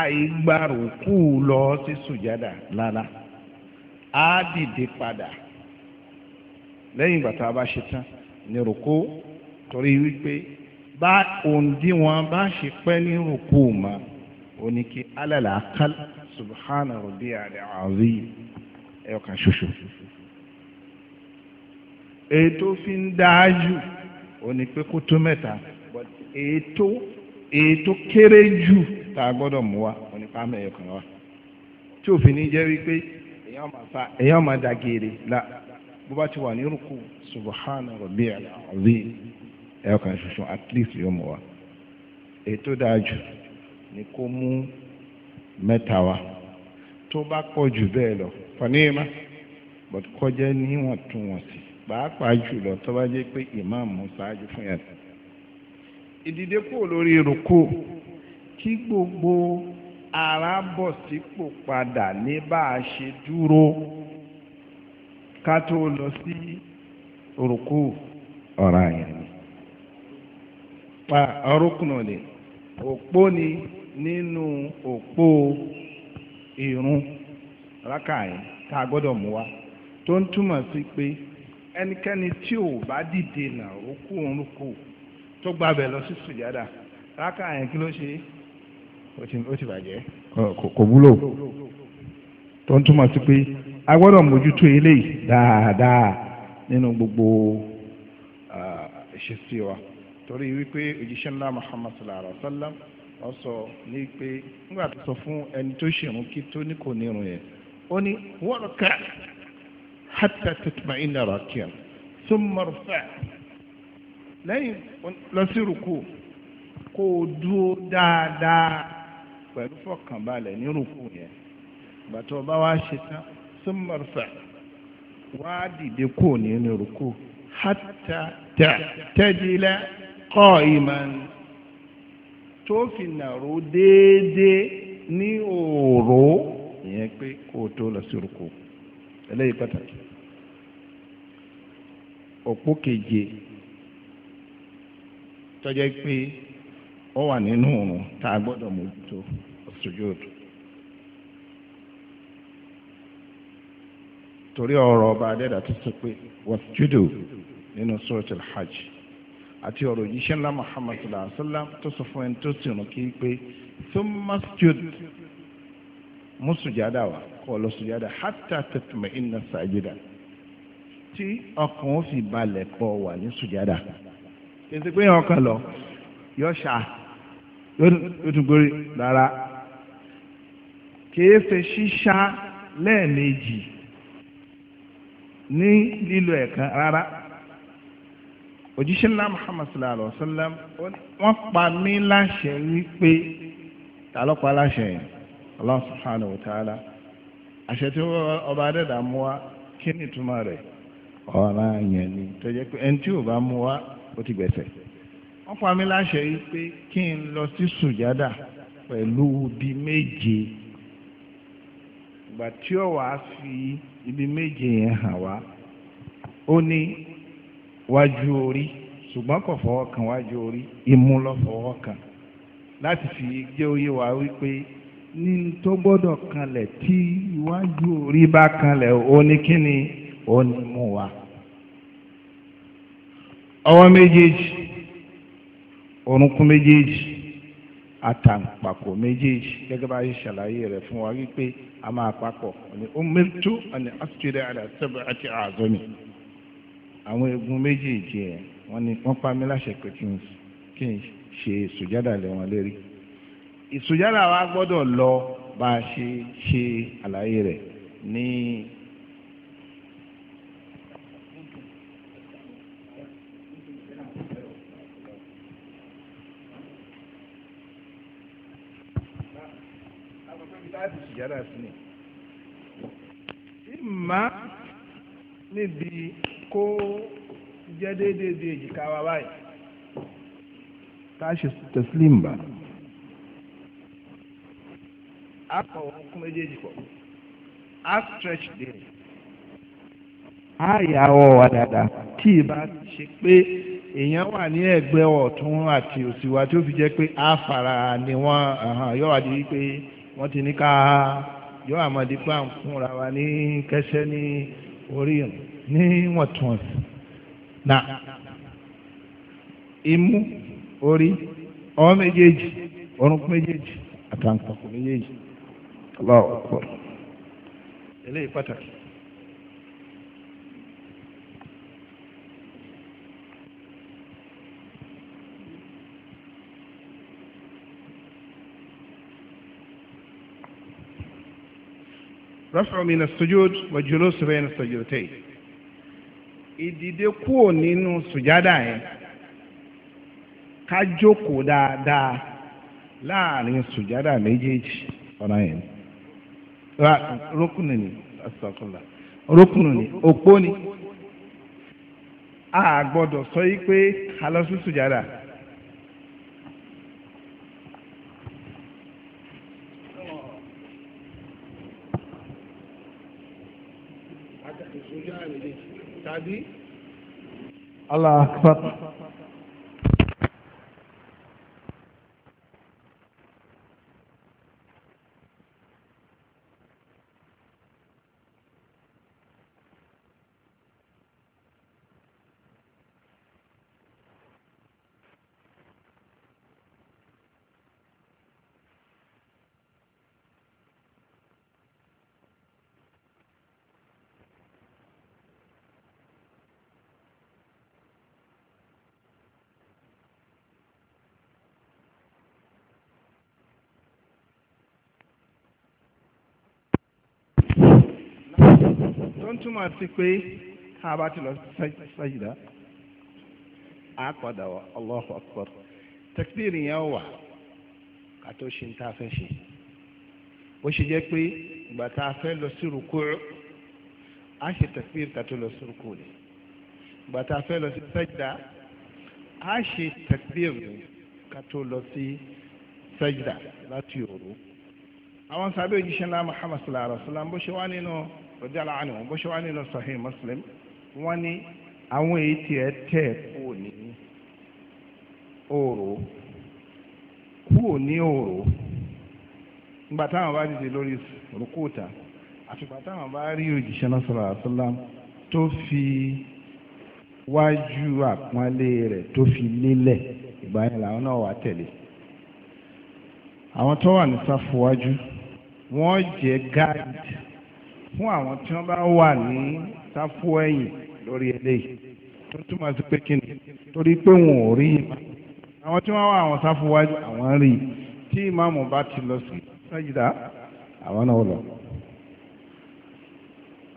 àìgbàròkú lọ sí sùjádà lára á dìde padà lẹ́yìn ìgbà tá a bá ṣe tán ní ròkó torí wípé bá òǹdíwọ̀n bá ṣe pẹ́ ní ròkó mọ́ oníke alàlà akal subhana rabbi al-azim ẹ̀ọ̀kan ṣoṣo ètò fi ń dáájú onípe kó tó mẹ́ta ètò ètò kéré jù tá a gbọ́dọ̀ mú wa onípàmọ́ ẹ̀yọ̀ kan wa tí òfin ní jẹ́ wípé èèyàn máa dàgèrè la bó bá ti wà ní rúkú subahana rabi alaazí ẹ̀yọ̀ kan ṣoṣo at least yóò mú wa ètò dáa ni kó mú mẹ́ta wa tó bá pọ̀ jù bẹ́ẹ̀ lọ fọníyìmá bọ̀dù kọjá níwọ̀ntúnwọ̀nsì pàápàá jùlọ tó bá jẹ́ pé ìmáàmù ṣáájú fún yàtọ̀ ìdìde kúrò lórí rúkú kí gbogbo ara bọ̀ sípò padà ní bá a ṣe dúró ká tó lọ sí òrùkú ọ̀ràn yẹn pa ọrùkùnà lè òpó ni nínú òpó ìrun rákà yẹn tá a gbọ́dọ̀ mú wa tó ń túmọ̀ sí pé ẹnikẹ́ni tí ò bá dìde nà òkú òun tó gbàbẹ̀ lọ sí sùjádà rákà kí ló ṣe é. ó ti kò wúlò tó ń túmọ̀ sí pé a gbọ́dọ̀ gbogbo ìṣesí wa torí wípé òjíṣẹ́ ńlá Muhammad sallallahu alaihi wa sallam wọ́n sọ ní pé nígbà tó sọ fún ẹni tó ṣèrún kí tó ní kò ní irun yẹn ó ní lẹ́yìn pẹ̀lú fọkànbalẹ̀ ní rúkú yẹn gbàtọ́ bá wá ṣe tán súnmọ́rọ̀fà wá dìde kú nínú rúkú hátà tẹ́jìlẹ̀ kọ́ ìmọ̀n tó fi nàró déédéé ní òòró ìyẹn pé kó o tó lọ sí rúkú eléyìí pàtàkì òpó keje tọ́jọ́ pé ó wà nínú òrùn tá a gbọ́dọ̀ mójútó sùjúdù. torí ọ̀rọ̀ ọba adẹ́dà tó sọ pé wasjudu nínú suratul hajj àti ọ̀rọ̀ òjíṣẹ́ ńlá muhammad sallallahu alaihi wa sallam tó sọ fún ẹni tó sìnrùn kí pé thumma sujud mú kọ́ lọ sùjádà hatta tatma'inna sajida tí ọkàn ó fi balẹ̀ pọ̀ wà ní sùjádà. èsì pé ọkàn lọ yọ ṣáà yóò tún gorí rárá kìí ṣe ṣíṣá lẹ́ẹ̀mejì ní lílo ẹ̀kan rárá òjíṣẹ́ ńlá muhammad sallallahu alaihi wa sallam wọ́n pa mí láṣẹ wípé ta láṣẹ yẹn allah subhanahu wa ta'ala àṣẹ tí ọba adẹ́dà mú wa kí ni ìtumọ̀ rẹ̀ ọ̀ràn yẹn ni tó jẹ́ pé ẹni tí ò bá mú wa ó ti gbẹ̀sẹ̀ wọ́n pa mí láṣẹ yìí pé kí n lọ sí sùjádà pẹ̀lú ibi méje ìgbà tí ó wàá fi ibi méje yẹn hàn wá ó ní wájú orí ṣùgbọ́n kò fọwọ́ kan wájú orí imú lọ fọwọ́ kan láti fi jẹ́ oyé wa wípé ní tó gbọ́dọ̀ kanlẹ̀ tí iwájú orí bá kanlẹ̀ ó ní kíni ó ní mú wa ọwọ́ méjèèjì orúnkún méjèèjì àtàǹpàkò méjèèjì gẹ́gẹ́ bá ṣe ṣàlàyé rẹ̀ fún wa wípé a máa papọ̀ ní umirtu àni asjida ala sab'ati a'zami àwọn egun méjèèjì ẹ̀ wọ́n ní wọ́n pa mí láṣẹ pé kí n ṣe sùjádà lé wọn lérí ìsùjádà wa gbọ́dọ̀ lọ bá a ṣe ṣe àlàyé rẹ̀ ní sùjádà sí ni ìmá níbi kó jẹ́ déédéé di èjìká wa báyìí tá tẹ̀sílìm bá a kọ̀ a stretch there a yà wọ̀ wá dáadáa tí ìbá ṣe pé èèyàn wà ní ọ̀tún àti òsì wa fi jẹ́ pé a fara ni wọ́n yọ̀ wá di wípé. wọ́n ti ní ká yọ àmọ́dé pa ń fúnra wa ní kẹsẹ́ ní orí ní wọ̀ntúnwọ̀nsì. na imú orí ọwọ́ méjèèjì rafu min as-sujud wa julus bayna as-sujudayn ìdìde kúrò nínú sùjádà yẹn ká jókòó dáadáa láàrin sùjádà méjèèjì ọ̀nà yẹn rúkùnù ni asàkùnlá rúkùnù ni òpó ni a gbọ́dọ̀ sọ yí pé a sùjádà. àbí. Allah akbar. túmọ̀ sí pé tá a bá ti lọ sájìdá a padà wá Allahu Akbar takbir yẹn wà ká tó ṣe ń tá a fẹ́ ṣe bó ṣe jẹ́ pé ìgbà tá a fẹ́ lọ sí rúkú a ṣe takbir ká tó lọ sí rúkú ni ìgbà tá a fẹ́ lọ sí sájìdá a ṣe takbir ká tó lọ sí sájìdá láti òru àwọn sábẹ́ òjíṣẹ́ ńlá Muhammad sallallahu alaihi wa sallam bó ṣe wá nínú rọjàlá àná wọn bó ṣe wá nínú Sahih Muslim wọn ní àwọn èyí tí ẹ tẹ kúò ní òòrò kúò ní òòrò ìgbà táwọn bá dìde lórí rúkúta àtìgbà táwọn bá rí òjìṣẹ́ náà sọ̀rọ̀ àtúlám tó fi wájú àpọ́nlé rẹ̀ tó fi lélẹ̀ ìgbà yẹn làwọn náà wà tẹ̀lé àwọn tó wà ní sáfù wájú wọ́n jẹ́ gáàdì fún àwọn tí wọ́n bá wà ní sáfù ẹ̀yìn lórí eléyìí tó túmọ̀ sí pé kí ni torí pé wọn ò rí ìmọ̀ àwọn tí wọ́n wà àwọn sáfù wájú àwọn rí i tí ìmáàmù bá ti lọ sí sájìdá àwọn náà lọ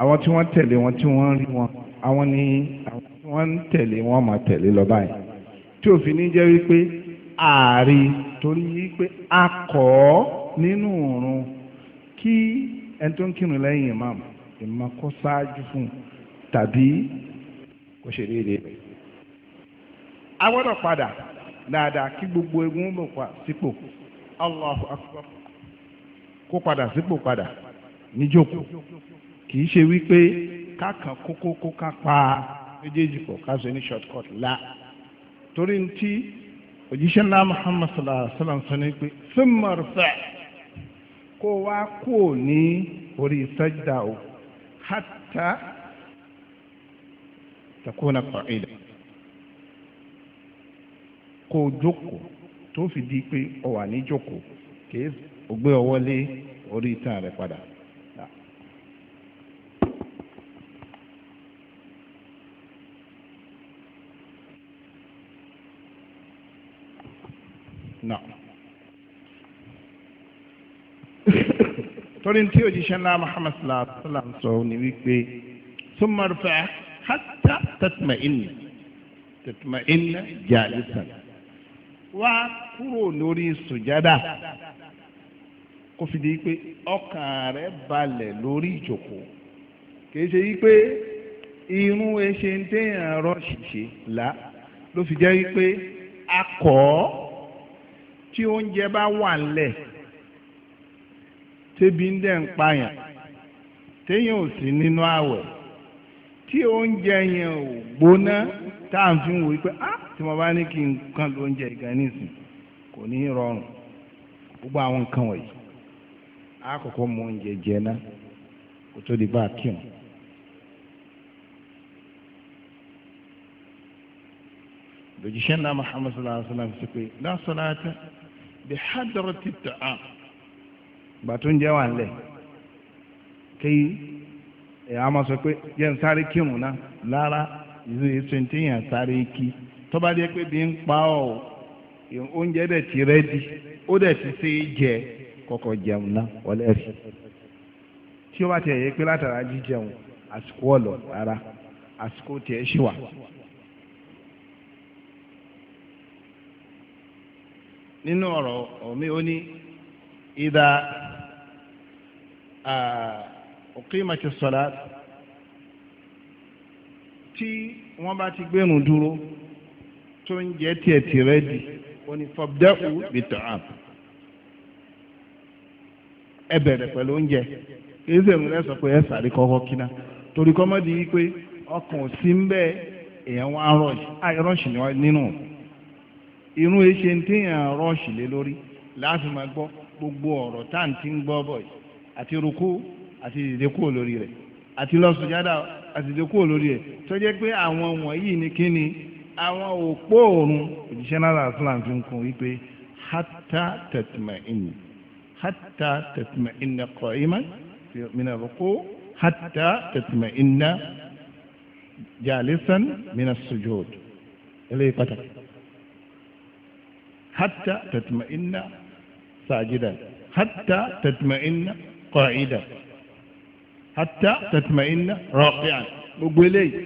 àwọn tí wọ́n tẹ̀lé wọn tí wọ́n rí wọn àwọn ni àwọn tí wọ́n ń tẹ̀lé wọn máa tẹ̀lé lọ báyìí tí òfin ní jẹ́ wípé ààrí torí wípé a kọ́ nínú òrun kí ẹni tó ń imam ìmọ̀ kó ṣáájú fún tàbí kó ṣe déédéé. a gbọ́dọ̀ padà dáadáa kí gbogbo egun lò pa sípò Allahu Akbar kó padà sípò padà níjókòó kì ṣe wípé kákan kókó kó ká pa méjèèjì la torí ti òjíṣẹ́ ńlá Muhammad sallallahu alaihi wa sallam sọ pé kó wá kúò ní orí sajda o hatta takuna qa'ida kó jókòó tó fi di pé ó wà ní jókòó kìí gbé ọwọ́ lé orí itan rẹ̀ padà. No. torí tí òjíṣẹ́ náà Muhammad sallallahu alaihi wa sallam sọ ni wípé summa rfa' hatta tatma'inna tatma'inna jalisan wá kúrò lórí sùjádà kó fi di pé ọkàn rẹ̀ balẹ̀ lórí ìjòkó kìí ṣe wípé irun ẹṣẹ ń téèyàn rọ ṣìṣe là ló fi jẹ́ wípé akọ̀ tí oúnjẹ bá wà ńlẹ̀. tébi ń dẹ̀ ń payàn si ni sí ti oúnjẹ yẹn ta gbóná tá wò ah tí mo bá ní kí n oúnjẹ kò ní rọrùn gbogbo àwọn nǹkan wọ̀nyí á di bá a kírun. lójúṣẹ́ náà Muhammadu sallallahu alaihi wa sallam sọ pé ìgbà tó ń jẹ́ wà ńlẹ̀ kí ẹ̀ á máa sọ pé jẹ́ ń sáré kírun náà lára ìlú ètò ìtìyàn sáré kí tó bá jẹ́ pé bí ń pa ọ́ oúnjẹ dẹ̀ ti rẹ́dí ó dẹ̀ ti ṣe é jẹ kọ́kọ́ jẹun náà wọlé rí tí ó bá tiẹ̀ yẹ pé látara jíjẹun àsìkò ọ̀lọ̀ rárá àsìkò tiẹ̀ ṣì wà. nínú ọ̀rọ̀ ọ̀mí ó ní ìdá ọ̀kímọ̀tì sọ̀lá tí wọ́n bá ti gbẹ̀rùn dúró tó ń jẹ́ tiẹ̀ tì rẹ́dì òní fọ̀bdẹ́kù bìtọ̀ àp ẹ bẹ̀rẹ̀ pẹ̀lú oúnjẹ kì í sèmú lẹ́sọ̀ pé ẹ sàrí kọ́kọ́ kíná torí kọ́mọ́dé yìí pé ọkàn ò sí ń bẹ́ẹ̀ èèyàn wá rọ́ọ̀ṣì àìrọ́ọ̀ṣì nínú irú eṣe ń téèyàn rọ́ọ̀ṣì lé lórí láti máa gbogbo ọ̀rọ̀ tá à ń àti rukú àti dìde kúrò lórí rẹ̀ àti lọ sùjádà àti dìde kúrò lórí rẹ̀ tó jẹ́ pé àwọn wọ̀nyí ni kí ni àwọn òpó òrun òjíṣẹ́ náà làásùlàm fi ń kún wípé hátà tẹ̀tìmẹ̀ ìnì hátà tẹ̀tìmẹ̀ ìnì kọ̀ ìmọ̀ mìnà rukú hátà tẹ̀tìmẹ̀ ìnì jàlísàn mìnà sùjúd eléyìí pàtàkì hátà tẹ̀tìmẹ̀ ìnì sàjídà hátà tẹ̀tìmẹ̀ ìnì qaida hatta tatma'inna raqi'an gbogbo eléyìí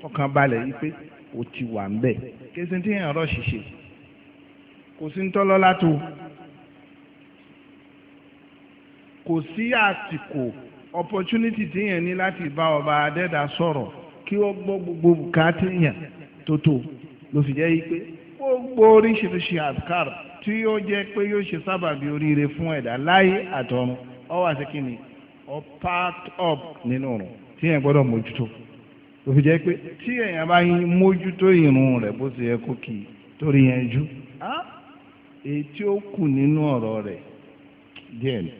kọkàn balẹ̀ yìí pé o ti wà ń bẹ̀ kéṣe tí yẹn rọ̀ ṣiṣẹ́ kò sí ń tọ́lọ́ látò kò sí àsìkò opportunity tí yẹn ní láti bá ọba adẹ́dà sọ̀rọ̀ kí ó gbọ́ gbogbo bùkátà yẹn tó tó ló fi jẹ́ yìí pé gbogbo oríṣiríṣi àkàrà tí yóò jẹ́ pé yóò ṣe sábàbí oríire fún ẹ̀dá láyé àtọ̀run ọ wà sí ọ part up nínú ọ̀rọ̀ tí yẹn gbọdọ mójútó tó fi jẹ́ pé tí èèyàn bá yín mójútó ìrun bó yẹ kó kì í torí yẹn jú èyí tí ó kù nínú ọ̀rọ̀ rẹ díẹ̀ ni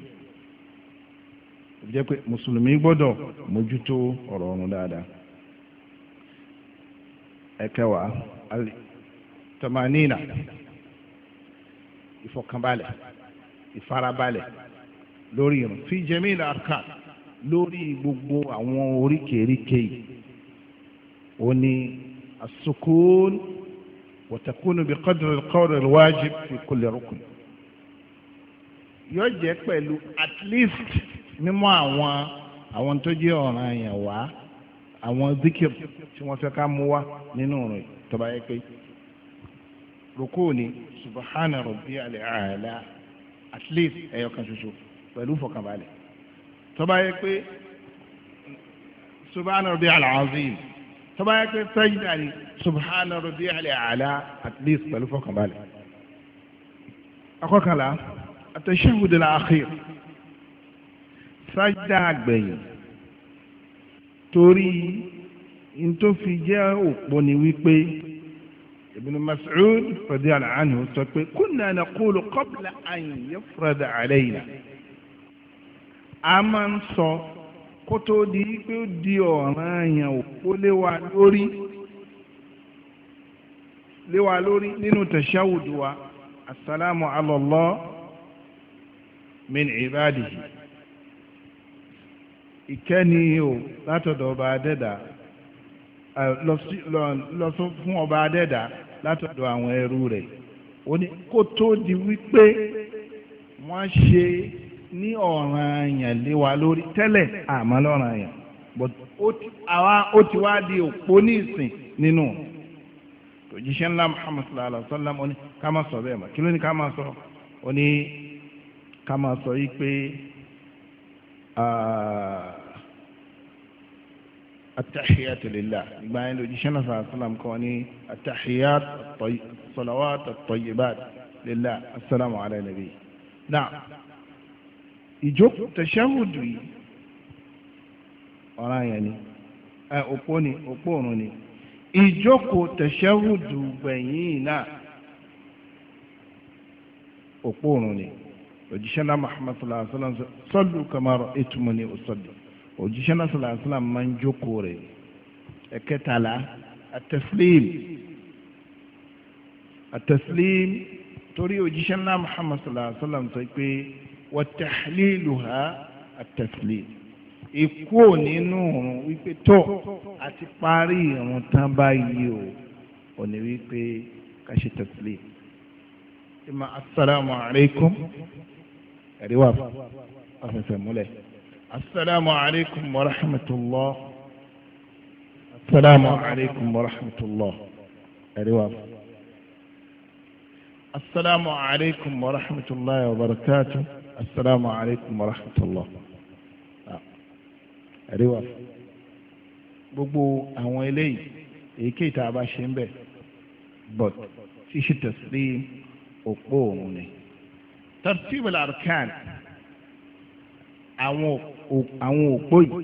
tó fi pé mùsùlùmí mójútó lórí irun fi jẹ́míìlì arkan lórí gbogbo àwọn oríkèéríkè yìí ó ní asukun wọ̀tẹ̀kùnú bí kọ́dùrú kọ́dùrú wájú fi kulẹ̀ rúkun yóò jẹ́ pẹ̀lú at least mímú àwọn àwọn tó jẹ́ ọ̀ràn àyàn wá àwọn zikir tí wọ́n fẹ́ ká mú wá nínú rẹ̀ tó bá yẹ pé rúkú ni subahana rabbi alaala at least ẹ̀yọ̀kan ṣoṣo. pẹ̀lú fọkànbalẹ̀ tó bá yẹ pé subhana rabbiyal azim tó bá yẹ pé sajda ni subhana rabbiyal a'la at least pẹ̀lú fọkànbalẹ̀. akọ́kànlá at-tashahhud al-akhir sajda àgbẹ̀yìn torí ntòfi jẹ́ òpó ni wípé. ابن مسعود رضي الله عنه تقول كنا نقول قبل أن يفرض علينا a máa ń sọ kó tó di pé ó di ọ̀ràn àyàn ó léwa lórí léwa lórí nínú tẹ̀síáwùdù wa asalaamu ala Allah min ibadihi ìkẹ́ni o látọ̀dọ̀ ọba adẹ́dà lọ fún ọba adẹ́dà látọ̀dọ̀ àwọn ẹrú rẹ̀ kó tó di wípé wọ́n ṣe ní ọ̀ràn àyàn lé wa lórí tẹ́lẹ̀ àmọ́ lọ́ràn àyàn but àwa ó ti wá di òpó ní ìsìn nínú òjíṣẹ́ ńlá muhammad sallallahu alaihi wa sallam ó ní ká máa sọ bẹ́ẹ̀ mọ́ kí ló ní ká máa sọ ó ní ká máa sọ yìí pé التحيات لله يبقى لو جينا صلى الله عليه وسلم كوني التحيات الصلوات الطيبات لله السلام على النبي نعم ìjókòó tẹ̀síáhùdù yìí ọ̀ràn yẹn ni òpó ni òpó òrùn ni ìjókòó tẹ̀síáhùdù gbẹ̀yìn náà òpó òrùn ni òjíṣẹ́ náà Muhammad sallallahu alaihi wasallam sallu kama ra'aytumuni usalli òjíṣẹ́ náà sallallahu alaihi wasallam máa ń jókòó rẹ̀ ẹ̀kẹtàlá àtẹ̀sílẹ̀m àtẹ̀sílẹ̀m torí òjíṣẹ́ náà Muhammad sallallahu alaihi wasallam sọ pé wọ́tẹ̀lélùhà àtẹ̀sílẹ̀ ìkúò nínú òrùn wípé tó àti parí ìrùn tán báyìí o ò ní wípé ká ṣe tẹ̀sílẹ̀ ìmọ̀ asalaamu alaykum ẹ̀rí wà múlẹ̀ asalaamu alaykum wa rahmatulah asalaamu alaykum wa السلام عليكم ورحمة الله وبركاته السلام عليكم ورحمة الله àríwá gbogbo àwọn eléyìí èyíkéyìí tá a bá ṣe ń bẹ̀ but ṣíṣe tẹ̀sí òpó òun ni tartibul arkan àwọn òpó yìí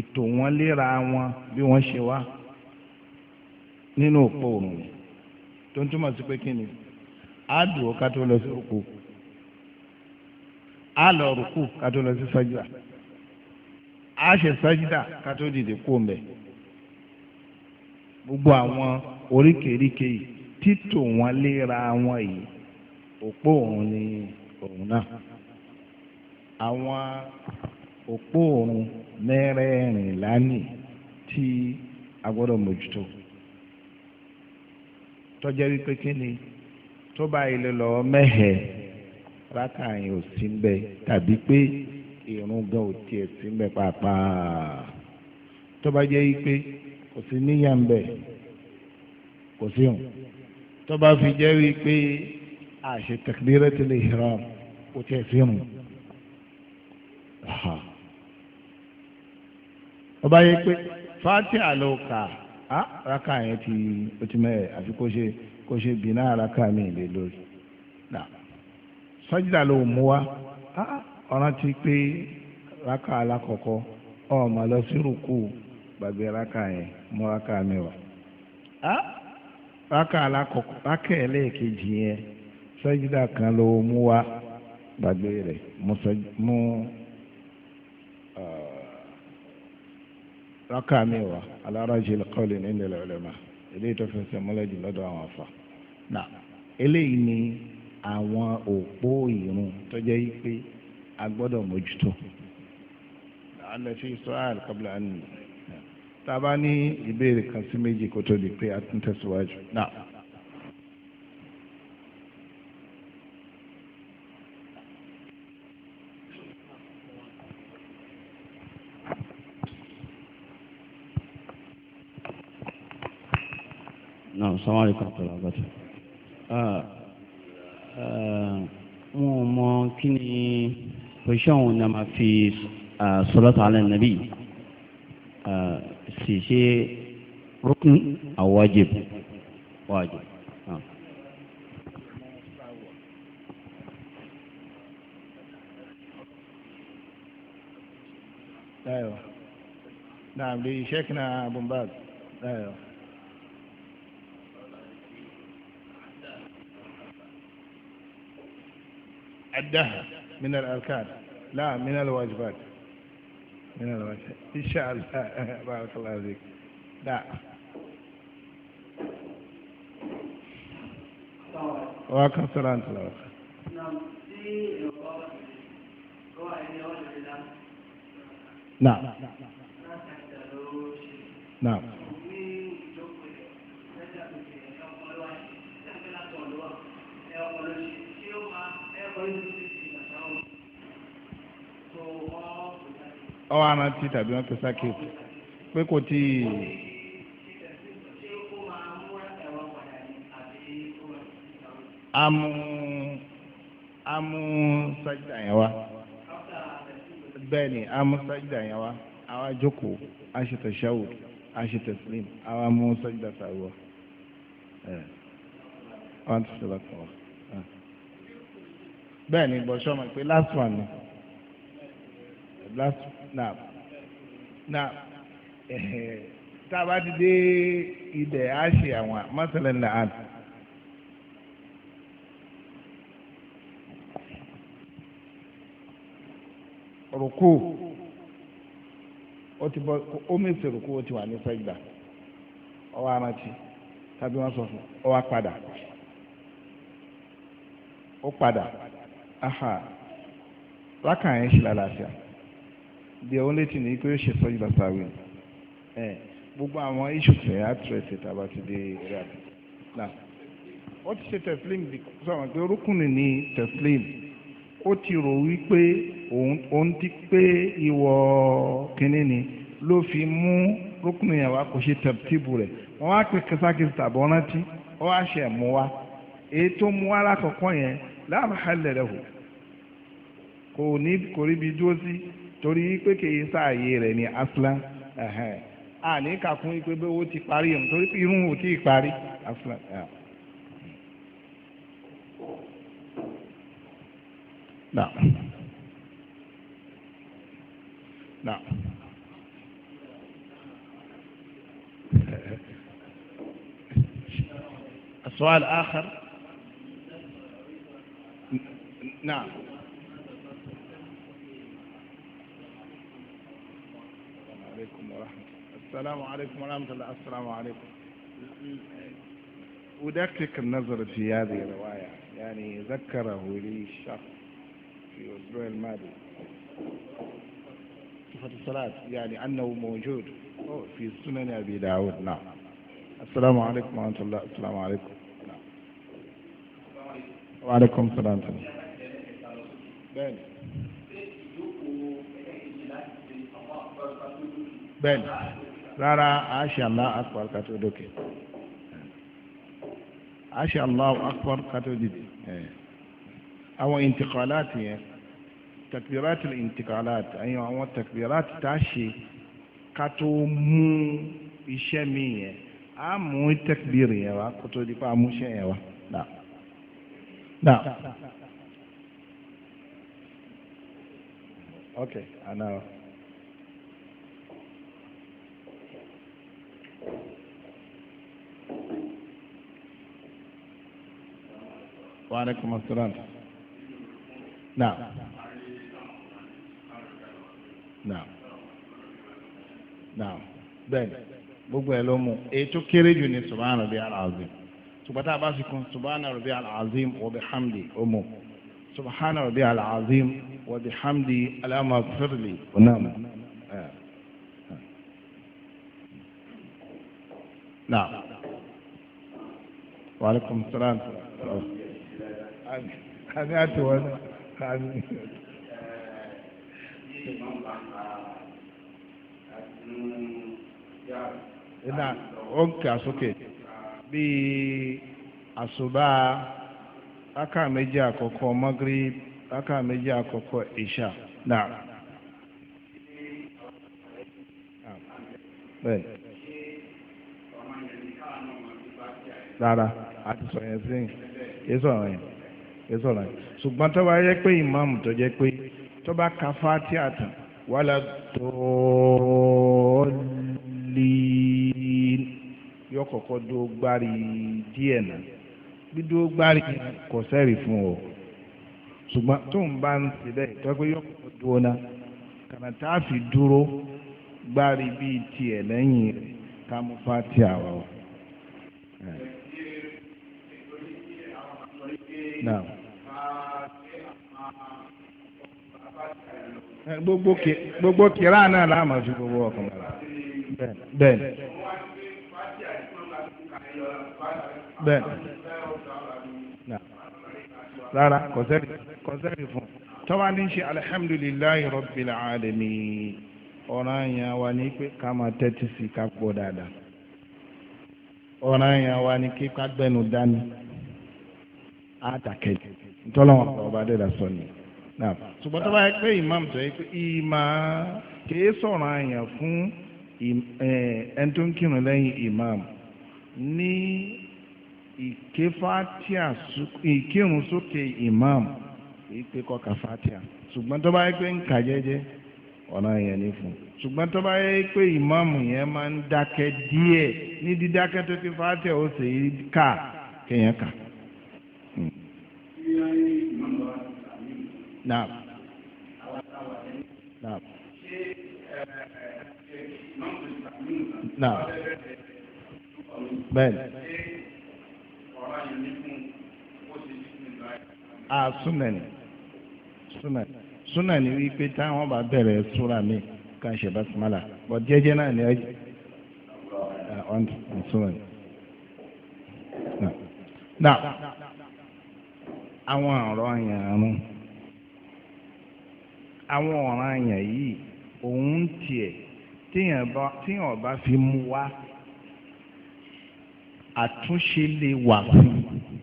ètò wọn léra wọn bí wọ́n ṣe wá nínú òpó òun ni tó ń túmọ̀ sí pé kí ni àádùn ọ̀ká tó lọ sí òpó á lọ rùkù ká tó lọ sí sájúdà á ṣe sájúdà ká tó dìde kú mbẹ gbogbo àwọn oríkèéríkè yìí títò wọn léra wọn yìí òpó òun ni òun náà àwọn òpó òun mẹ́rẹ̀ẹ̀rìnlá nì tí a gbọ́dọ̀ mójútó tọ́jẹ́ wípé kí ni tó bá ilé lọ mẹ́hẹ̀ẹ́ rákà yẹn ò sí mbẹ tàbí pé ìrun gan ò tiẹ̀ sí mbẹ pàápàá tó bá jẹ́ pé kò sí níyà mbẹ kò sí hàn tó bá fi jẹ́ pé àṣẹ takbiratul ihram kò tiẹ̀ sí hàn ó bá yẹ pé Fatiha ló á rákà yẹn ti ó ti mẹ́rẹ̀ àfi kó ṣe kó ṣe bìnnà rákà mi lè lórí náà sájídà ló mú wa ọ̀ràn ti pé rákà alákọ̀ọ́kọ́ ọ̀ọ́mà lọ sí rúkú gbàgbé rákà yẹn mú rákà mẹ́wàá rákà alákọ̀ọ́kọ́ rákà ẹlẹ́ẹ̀kejì yẹn sájídà kan ló mú wa gbàgbé rẹ̀ mú rákà mẹ́wàá alárajì kọ́lé nílẹ̀ ulama eléyìí tó fẹsẹ̀ múlẹ̀ jù lọ́dọ̀ àwọn afa eléyìí ni àwọn òpó ìrun tó jẹ́ pé a gbọ́dọ̀ mójútó. àlẹ́fí israel kọ́bílà ni tá a bá ní ìbéèrè kan sí méjì kó tó di pé a tún tẹ̀síwájú. náà. Naam, salaam alaikum warahmatullahi wabarakatuh. Ah, wọn ò mọ kí ni position wọn náà máa fi salatu ala nabi sì ṣe rukun aw wajib wajib. ايوه نعم لشيخنا بن باز ايوه عدها من الأركان لا من الواجبات من الواجبات إن شاء الله بارك الله فيك لا وعليكم السلام ورحمة الله نعم نعم نعم ọwọ́ arántí tàbí wọ́n pè sákèsì pé kò tí ì. amu amu sajida yẹn wa bẹ́ẹ̀ni amu sajida yẹn wa àwa jókòó a ṣe tẹ̀síáwò a ṣe tẹ̀sílìm àwa mú sajida sàrúwà ẹ̀ wọ́n ti sọ̀rọ̀ kàn wá bẹ́ẹ̀ni bọ̀ṣọ́ mọ̀ last one ni last one náà náà tá a bá ti dé ilẹ̀ á ṣe àwọn mọ́sálẹ̀ ńlá àná. rùkú ó ti bọ́ omi ti rùkú ó ti wà ní sẹ́gbà ọwọ́ arántí tàbí wọ́n sọ fún ọwọ́ padà ó padà aha rákà yẹn ṣe lálàáfíà the only thing ni pé ó ṣe sọ́jú bàtà wí ẹ̀ gbogbo àwọn iṣu tẹ̀ àtúrẹ̀sì tàbá ti di rẹ̀ náà ó ti ṣe tẹ̀sílìm sọ̀rọ̀ pé orúkùnrin ni tẹ̀sílìm ó ti rò wípé òun ti pé ìwọ kínní ni ló fi mú orúkùnrin yẹn wá kò ṣe tẹ̀síbù rẹ̀ wọ́n á pe kẹsàkẹsà tàbọ̀ rántí ó wá ṣe mú wa èyí tó mú wa lákọ̀ọ́kọ́ yẹn láàbà halẹ̀ hù kò ní kò ríbi dúró sí torí pé kìí sáàyè rẹ̀ ní aslan àní kàkún pé bí owó ti parí ẹ̀mú torí pé irun ò tí ì parí aslan. Now. Now. السؤال آخر نعم ورحمة الله السلام عليكم ورحمة الله السلام عليكم أدقق النظر في هذه الرواية يعني ذكره لي شخص في الأسبوع الماضي صفة الصلاة يعني أنه موجود في سنن أبي داود نعم السلام عليكم ورحمة الله السلام عليكم نعم. وعليكم السلام ورحمة الله bẹ́ẹ̀ni rárá àṣà Allahu akbar kátó dókè àṣà Allahu akbar kátó dìde àwọn intikaláàtì yẹn takbirati intikaláàtì àyàn àwọn takbirati tá a ṣe kátó mú iṣẹ́ mi yẹn a mú takbiri yẹn wa kótó dípò àmúṣe yẹn wa. Nah. Now. Okay, I know. Wa alaikum assalam. نعم، نعم، Naam. Bẹ́ẹ̀ni, gbogbo ẹ̀ ló mú. Ètò kéré jù ní Subhana Rabbiyal Azim. Tùbátà bá sì kún Subhana Rabbiyal Azim wa bihamdi ó mú. Subhana Rabbiyal Azim wa bihamdi alámà fẹ́rẹ̀lì ó náà mú. náà wàlúkùm sàlám àmì àti wọn àmì. Iná ó ń kà sókè bíi àṣùbà Magrib Isha Na. rárá àti sọ̀rọ̀ yẹn sẹ́yìn kì í sọ̀rọ̀ yẹn kì í sọ̀rọ̀ yẹn ṣùgbọ́n tó bá yẹ pé ìmáàmù tó jẹ́ pé tó bá ka fáti àtàn wàlá tóólì yóò kọ́kọ́ dúró gbárí díẹ̀ náà bí dúró gbárí kò sẹ́rì fún ọ ṣùgbọ́n tó ń bá ń ṣe bẹ́ẹ̀ tó pé yóò dúró náà kànà tá a fi dúró gbárí bíi tiẹ̀ lẹ́yìn rẹ̀ ká mú fáti àwa o. Eh, náà. gbogbo kìrá náà láàmú ju gbogbo ọkàn bàbá bẹ́ẹ̀ni bẹ́ẹ̀ni rárá kọsẹ́rì fún tọ́wá ní ṣe alihamdulilayi rọ́bìlà alẹ́mí ọ̀ràn yẹn wà ní pé ká máa tẹ́tí sí ká gbọ́ dáadáa ọ̀ràn yẹn wà ní kí ká gbẹ́nu dání. àtàkẹ́ ntọ́lọ́wọ́n ọba dẹ́dà sọ ni. ṣùgbọ́n tó bá yẹ pé imam tó yẹ pé ìmà kìí sọ̀rọ̀ àyàn fún ẹni tó ń kírun lẹ́yìn imam ní ìkírun sókè imam kìí pé kọ́ka fatia ṣùgbọ́n tó bá yẹ pé ń jẹ́jẹ́ ọ̀nà yẹn ní fún un ṣùgbọ́n tó bá yẹ pé ìmáàmù yẹn máa ń dákẹ́ díẹ̀ ní dídákẹ́ tó kí fatia ó sì ká kéèyàn kà. Naam. Naam. Naam. Bẹ́ẹ̀ni. ah súnà ni. Súnà ni. Súnà ni wípé táwọn bá bẹ̀rẹ̀ súnà mi kan ṣe bá sumala. Bọ̀ jẹ́jẹ́ náà ni ẹ jẹ́. Ọ̀n súnà Naam. Naam àwọn ọ̀rọ̀ yẹn rún àwọn ọ̀ràn yẹn yìí òun tiẹ̀ tíyàn bá fi mú wá àtúnṣe lè wà fún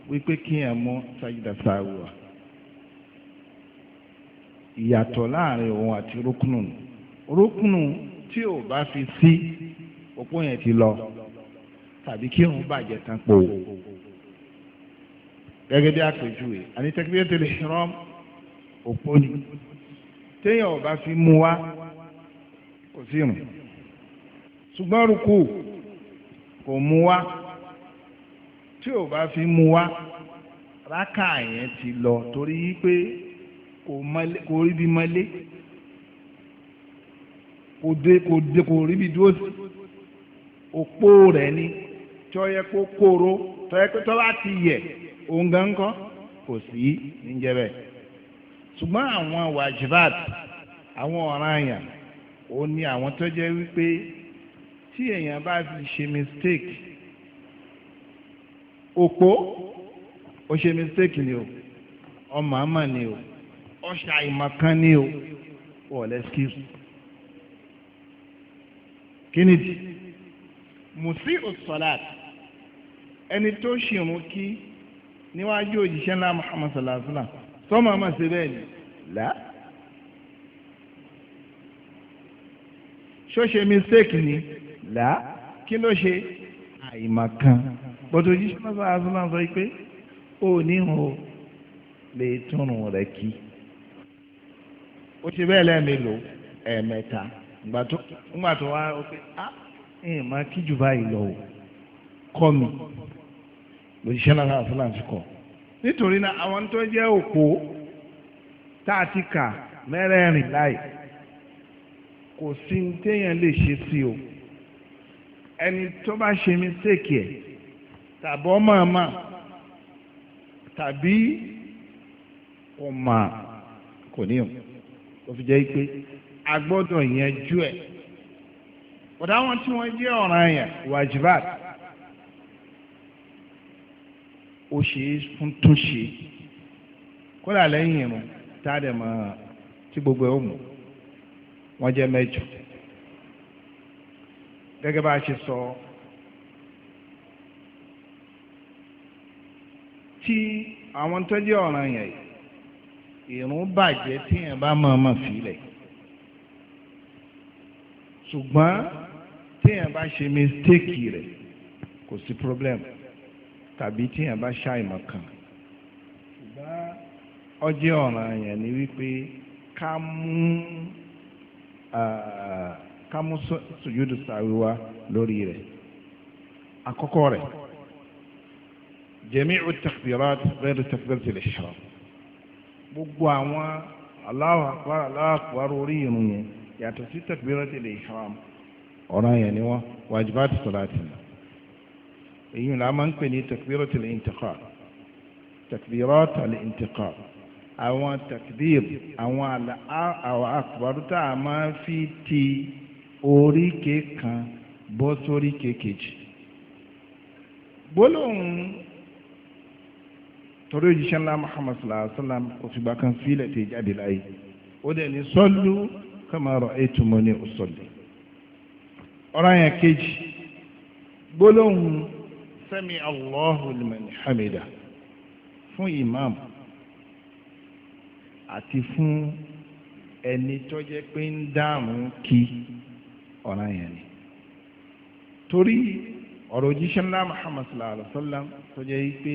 wípé kíyàn mú sájídà sáwùwà ìyàtọ̀ láàrin òun àti rúkúnù rúkúnù tí ò bá fi sí òpó yẹn ti lọ tàbí kí òun bàjẹ́ tán pò gẹ́gẹ́ bí àpèjúwe àní takbiratul ihram òpó ni téèyàn ò bá fi mú wá kò sí ìrun ṣùgbọ́n rúkú kò mú wá tí ò bá fi mú wá rákà yẹn ti lọ torí pé kò rí bí mọ́lé kò dé kò dé kò rí bí dúró sí òpó rẹ̀ ni tí ó yẹ kó kóró tí yẹ kó tó bá ti yẹ òun gan kọ́ kò sí níjẹ́ bẹ́ẹ̀ ṣùgbọ́n àwọn wajibat àwọn ọ̀ràn àyàn ó ní àwọn tó jẹ́ wípé tí èèyàn bá fi ṣe mistake òpó ó ṣe mistake ni o ọmọ àmà ni o ọṣà ìmọ̀kan ni o wọ́n lẹ́skíìsì kínìdì mùsí òsọ̀lá ẹni tó ṣìrún kí níwájú òjíṣẹ́ ńlá Muhammad sallallahu alaihi wa sallam sọ́mọ́ ọmọ ṣe bẹ́ẹ̀ ni là. ṣó ṣe mistake ni là kí ló ṣe àìmọ̀kan bọ́tò òjíṣẹ́ ńlá sallallahu alaihi wa sallam sọ pé ó ní ìhùn lè túnrun rẹ̀ kí ó ṣe bẹ́ẹ̀ lẹ́ẹ̀mélòó ẹ̀ẹ̀mẹ́ta ńgbà tó ó pé ah ìmọ̀ kíjù báyìí lọ kọ́ mi lòṣìṣẹ́ náà àfúlà ti kọ̀ nítorí náà àwọn tó jẹ́ òpó tá a ti kà mẹ́rẹ̀ẹ̀rin láì kò sí téèyàn lè ṣe sí o ẹni tó bá ṣe mistake ẹ̀ tàbí ọmọ ọmọ tàbí kò mà kò ní o ó fi jẹ́ pé a gbọ́dọ̀ yanjú ẹ̀ ọ̀dà àwọn tí wọ́n jẹ́ ọ̀ràn yẹn wàjibat ó ṣe é tún ṣe kódà lẹ́yìn irun tá a dẹ̀ mọ̀ tí gbogbo ẹ̀ ó mú wọ́n jẹ́ mẹ́jọ gẹ́gẹ́ bá a ṣe sọ tí àwọn tó jẹ́ ọ̀ràn yẹn irun bàjẹ́ téèyàn bá máa máa fi lẹ̀ ṣùgbọ́n téèyàn bá ṣe mistake rẹ̀ kò sí problem tàbí tíyàn bá ṣàìmọ̀ kan ṣùgbọ́n ọjọ́ ọ̀ràn yẹn ni wípé ká mú ká mú sùjúdù sàwí wá lórí rẹ̀ àkọ́kọ́ rẹ̀ jami'u takbirat ghayr takbiratil ihram gbogbo àwọn Allahu akbar Allahu akbar orí irun yẹn yàtọ̀ sí takbiratil ihram ọ̀ràn yẹn ni wọ́n wàjibá ti sọ̀rọ̀ àtìlá èyí là máa ń pè ní takbiratul intiqal takbiratul intiqal àwọn takbir àwọn àwọn akbaru tá a máa fi ti oríkè kan bọ́ sóríkè kejì gbólóhùn torí òjíṣẹ́ ńlá muhammad sallallahu alaihi wa sallam kò fìgbà kan sílẹ̀ tẹ̀ jáde láyé ó dẹ̀ ní sallu kama ra'aytumuni usalli ọ̀rọ̀ yẹn kejì gbólóhùn sami allahu liman hamida fún imam àti fún ẹni tó jẹ́ pé ń dáàmú kí ọ̀ràn yẹn ni torí ọ̀rọ̀ òjíṣẹ́ ńlá muhammad sallallahu alaihi wa tó jẹ́ pé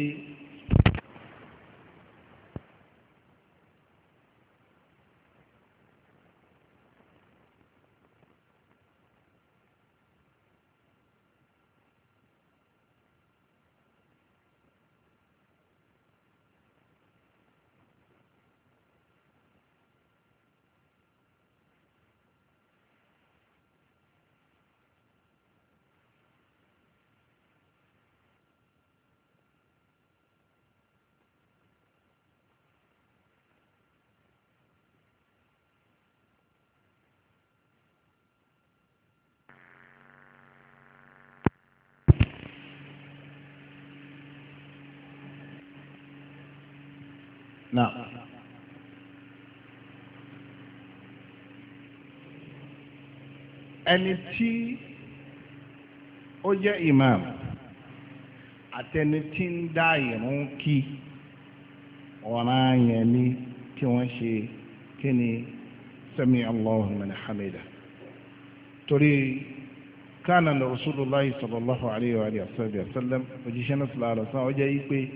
نعم، ẹni tí ó jẹ́ imam àtẹni tí ń dá ìrun kí ọ̀ràn yẹn ni kí wọ́n ṣe kí ni sami allahu min hamida torí kánà rasulullah sallallahu alayhi wa sallam òjíṣẹ́ náà sallallahu alayhi wa sallam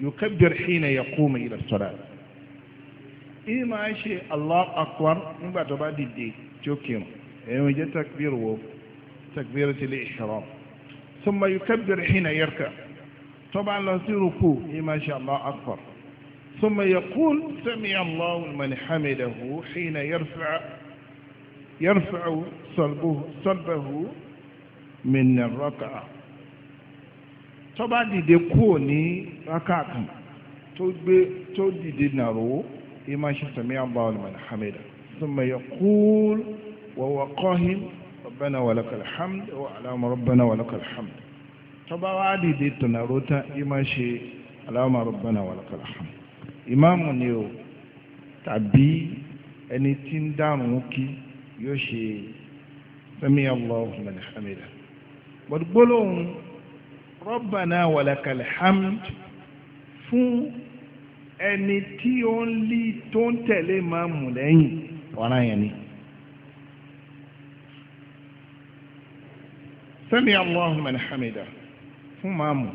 يكبر حين يقوم إلى الصلاة إيه ما شيء الله أكبر من بعد بعد دي جوكيم يعني وجه تكبير و تكبيرة الإحرام ثم يكبر حين يركع طبعا لا ركوع إيه ما شاء الله أكبر ثم يقول سمع الله من حمده حين يرفع يرفع صلبه صلبه من الركعه tó bá dìde kúò ní rákàtù tó gbé tó dìde nàró ima ṣe sami allah alimani hamida thumma yaqul wa huwa qahim rabbana wa lakal hamd wa alama rabbana wa lakal hamd tó bá wá dìde tó nàró tán ima ṣe alama rabbana wa hamd ìmáàmù ni o tàbí ẹni tí ń dárun kí yóò ṣe sami allah alimani hamida gbọdúgbọ́lóhùn rọ́bànà wàlàkàlẹ̀ hamd fún ẹni tí ó ń lí tó ń tẹ̀lé máa mú lẹ́yìn ọ̀ràn yẹn ni. sami allahu man hamida fún máàmù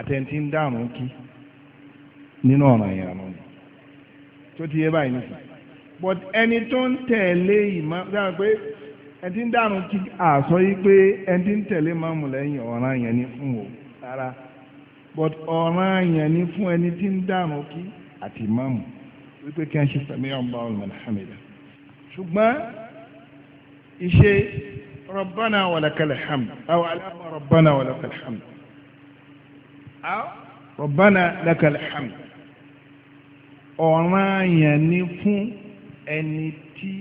àtẹ̀ntì ń dàrún kí nínú ọ̀ràn yẹn àná ni tó ti yé báyìí nìkan but ẹni tó ń tẹ̀lé ìmáàmù dáhùn pé ẹni tí ń dànù kí àsọ yìí pé ẹni tí ń tẹ̀lé máàmù lẹ́yìn ọ̀ràn yẹn ni fún o rárá but ọ̀ràn yẹn ni fún ẹni tí ń dànù kí àti máàmù wípé kí wọ́n ṣe sami Allahu liman hamidah ṣùgbọ́n ìṣe rabbana walakal ham." aw alama rabbana walakal hamd aw rabbana lakal hamd ọ̀ràn yẹn ni fún ẹni tí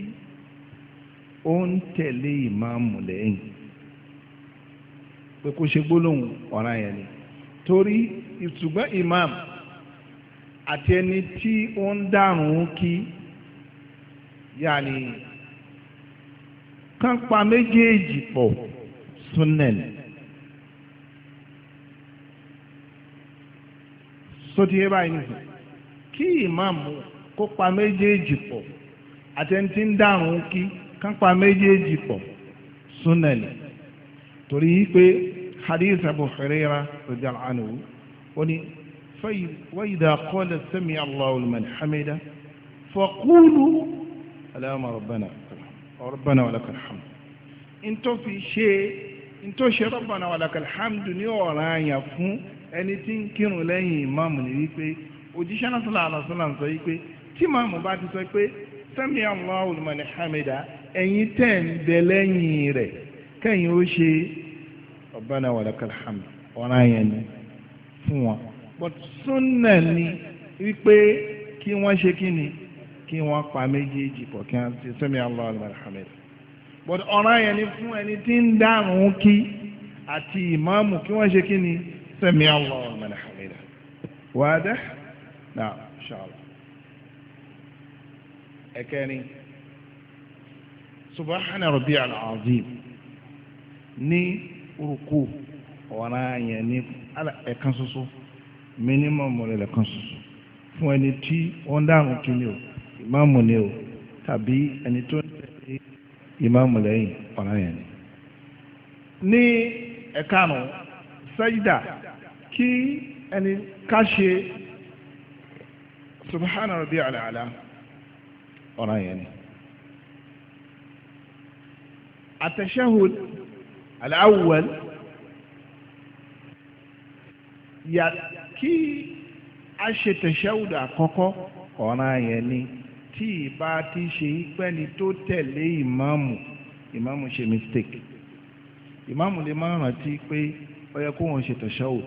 ó ń tẹ̀lé ìmáàmù lẹ́yìn pé kó ṣe gbólóhùn ọ̀ràn yẹn ni torí ìtùgbọ́n ìmáàmù àti ẹni tí ó ń dárùn kí yàní kán pa méjèèjì pọ̀ súnẹ̀lì. sóti yé báyìí nìyí kí ìmáàmù kó méjèèjì pọ̀ àti ẹni tí ń dárùn kí kápá méjèèjì pọ̀ súnẹ̀lì torí pé hadith abu huraira radiyallahu anhu ó ní wa idha qala sami allahu liman hamida faqulu allahumma rabbana rabbana wa lakal hamd in tó fi ṣe in tó ṣe rabbana wa lakal hamd ní ọ̀ràn àyà fún ẹni tí ń kírun lẹ́yìn ìmáàmù ní wípé òjíṣẹ́ náà sallallahu alaihi sọ wípé tí ìmáàmù bá ti sọ pé sami allahu hamida ẹ̀yin tẹ̀ ń bẹ lẹ́yìn rẹ̀ kẹ́yìn ó ṣe ọ̀bánà wàlákàlhàm ọ̀ràn yẹn ni fún wọn but súnà ni wípé kí wọ́n ṣe kí ni kí wọ́n pa méjèèjì pọ̀ kí wọ́n ti sẹ́mi allah alhamid but ọ̀ràn yẹn ni fún ẹni tí ń dárun kí àti ìmáàmù kí wọ́n ṣe kí ni sẹ́mi allah alhamid wàdà náà ṣàlọ́ ẹ̀kẹ́rin subahana rabi al-azim ní orúkọ ọ̀ràn yẹn ní ẹ̀kan ṣoṣo mínímọ̀mù rẹ̀ lẹ́kan ṣoṣo fún ẹni tí wọ́n ń dárun kí ni o ìmáàmù ni o tàbí ẹni tó ń tẹ̀lé ìmáàmù lẹ́yìn ọ̀ràn yẹn ni. ní ẹ̀karùn-ún sẹ́yìdà kí ẹni ká ṣe subahana rabi al-ala ọ̀ràn ni. التشهد الأول kí a ṣe tẹ̀ṣẹ́wùdà àkọ́kọ́ ọ̀ràn yẹn ni tí ìbá ti ṣe pẹ́ni tó tẹ̀lé ìmáàmù ìmáàmù ṣe mistake ìmáàmù lè máa rántí pé ó yẹ kó wọn ṣe tẹ̀ṣẹ́wùd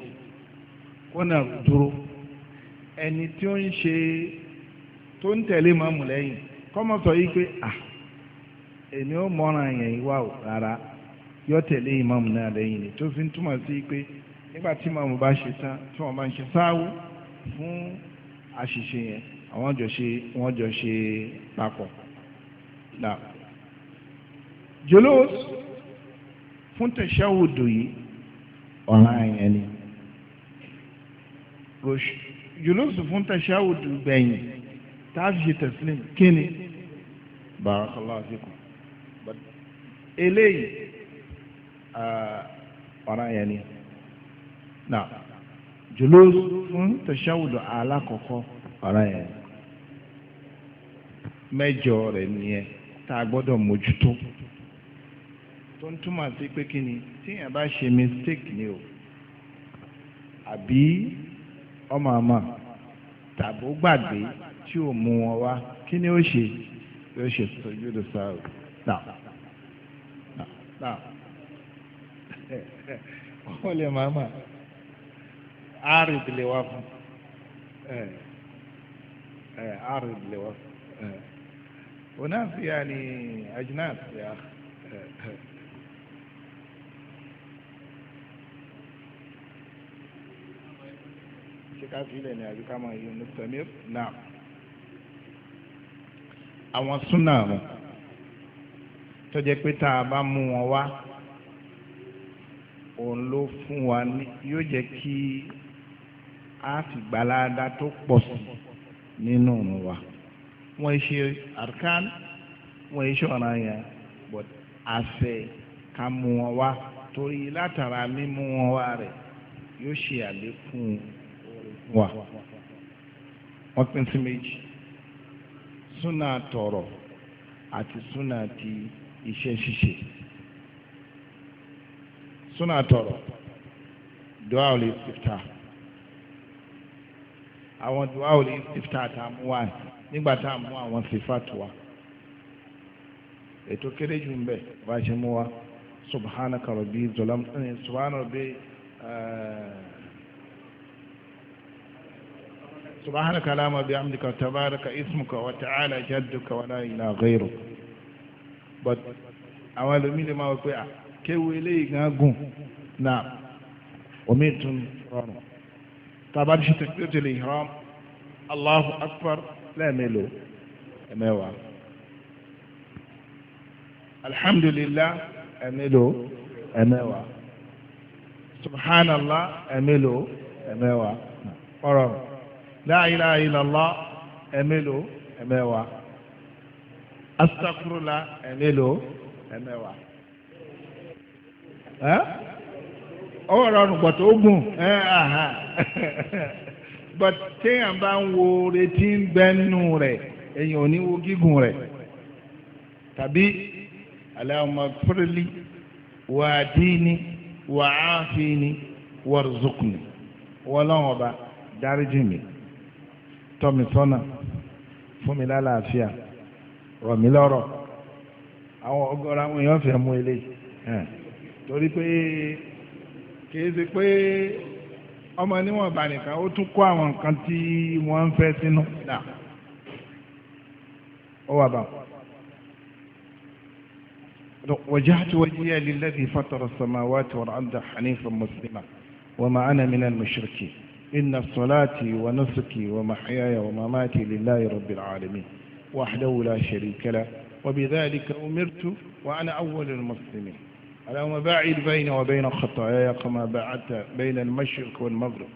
kó náà dúró ẹni tí ó ń ṣe tó ń tẹ̀lé ìmáàmù lẹ́yìn kọ́mọ̀tọ̀ yìí pé ah èmi ó mọ́ràn yẹn wá o rárá yóò tẹ̀lé ìmáàmù náà lẹ́yìn ni tó fi ń túmọ̀ sí pé nígbà tí ìmáàmù bá ṣe tán tí wọ́n bá ń ṣe sáwó fún àṣìṣe yẹn àwọn jọ ṣe wọ́n jọ ṣe papọ̀. jòlóòs fún tẹ̀síáwòdò yìí ọ̀ràn yẹn ni jòlóòs fún tẹ̀síáwòdò gbẹ̀yìn tá a fi ṣe tẹ̀sílẹ̀ kí ni barakallahu fikum. eléyìí ọ̀ràn yẹn ni na jùlọ fún tẹ̀síwájú alákọ̀ọ́kọ́ ọ̀ràn yẹn mẹ́jọ rẹ̀ nìyẹn tá a gbọ́dọ̀ mójútó tó ń túmọ̀ sí pé kí ni tíyẹn bá ṣe mistake ni o àbí ọmọ àmọ́ tàbó gbàgbé tí ò mú wọn wá kí ni ó ṣe yóò wọ́n lè máa mà áàrìd lè wá fún áàrìd lè wá fún onás yaani ajnas ya ṣe ká fi ilẹ̀ ní àbíká ní samir náà àwọn súnà wọn tó jẹ́ pé tá a bá mú wọn wá òun ló fún wa ní yóò jẹ́ kí a fi gbalada tó pọ̀ sí nínú òun wa wọ́n ṣe arkan wọ́n ṣe ọ̀ràn yẹn but àṣẹ ká mú wọn wá torí látara mímú wọn wá rẹ̀ yóò ṣe àlékún wa wọ́n pín sí méjì súnà tọ̀rọ̀ àti súnà ti iṣẹ́ ṣíṣe súnà tọrọ dua ò lè fìtà àwọn dua ò lè fìtà tá a mú wa nígbà tá a mú àwọn fífa tó wa ètò kéré jù ń bẹ bá a ṣe mú wa subhanaka rabbi zolam eh, eh, subhanaka rabbi. سبحانك اللهم بحمدك تبارك اسمك وتعالى جدك ولا إله غيرك but àwọn ẹlòmíì lè máa wọ pé kéwu eléyìí gan gùn náà omi tún rọrùn tàbá ti ṣe takbiratul ihram Allahu akbar lẹ́ẹ̀mélòó ẹ̀mẹ́wàá alhamdulillah ẹ̀mélòó ẹ̀mẹ́wàá subhanallah ẹ̀mélòó ẹ̀mẹ́wàá ọ̀rọ̀ la ilaha illallah ẹ̀mélòó ẹ̀mẹ́wàá. astakurula ẹ̀mẹ́lò emewa ẹ́ ọwọ́ rọrùn pọ̀tọ́ ogun but téèyàn bá ń wo retí ń bẹ́nu rẹ̀ èyàn ò ní wo gígùn rẹ̀ tàbí Allahumma firli wà dínì wà áfínì warzuqni wọ́lọ́wọ́n ọba dáríjì mi tọ́ mi sọ́nà fún mi lálàáfíà. rọ̀ mí lọ́rọ̀ àwọn ọ̀gọ̀rọ̀ àwọn èèyàn fẹ́ mú eléyìí torí pé kìí ṣe pé ọmọ níwọ̀nba nìkan ó tún kó àwọn nǹkan tí wọ́n ń fẹ́ sínú dà ó wà bá وجهت وجهي للذي فطر السماوات والأرض حنيفا مسلما وما أنا من المشركين إن صلاتي ونسكي ومحياي ومماتي لله رب العالمين وحده لا شريك له وبذلك أمرت وأنا أول المسلمين اللهم باعد بيني وبين خطاياي كما باعدت بين المشرق والمغرب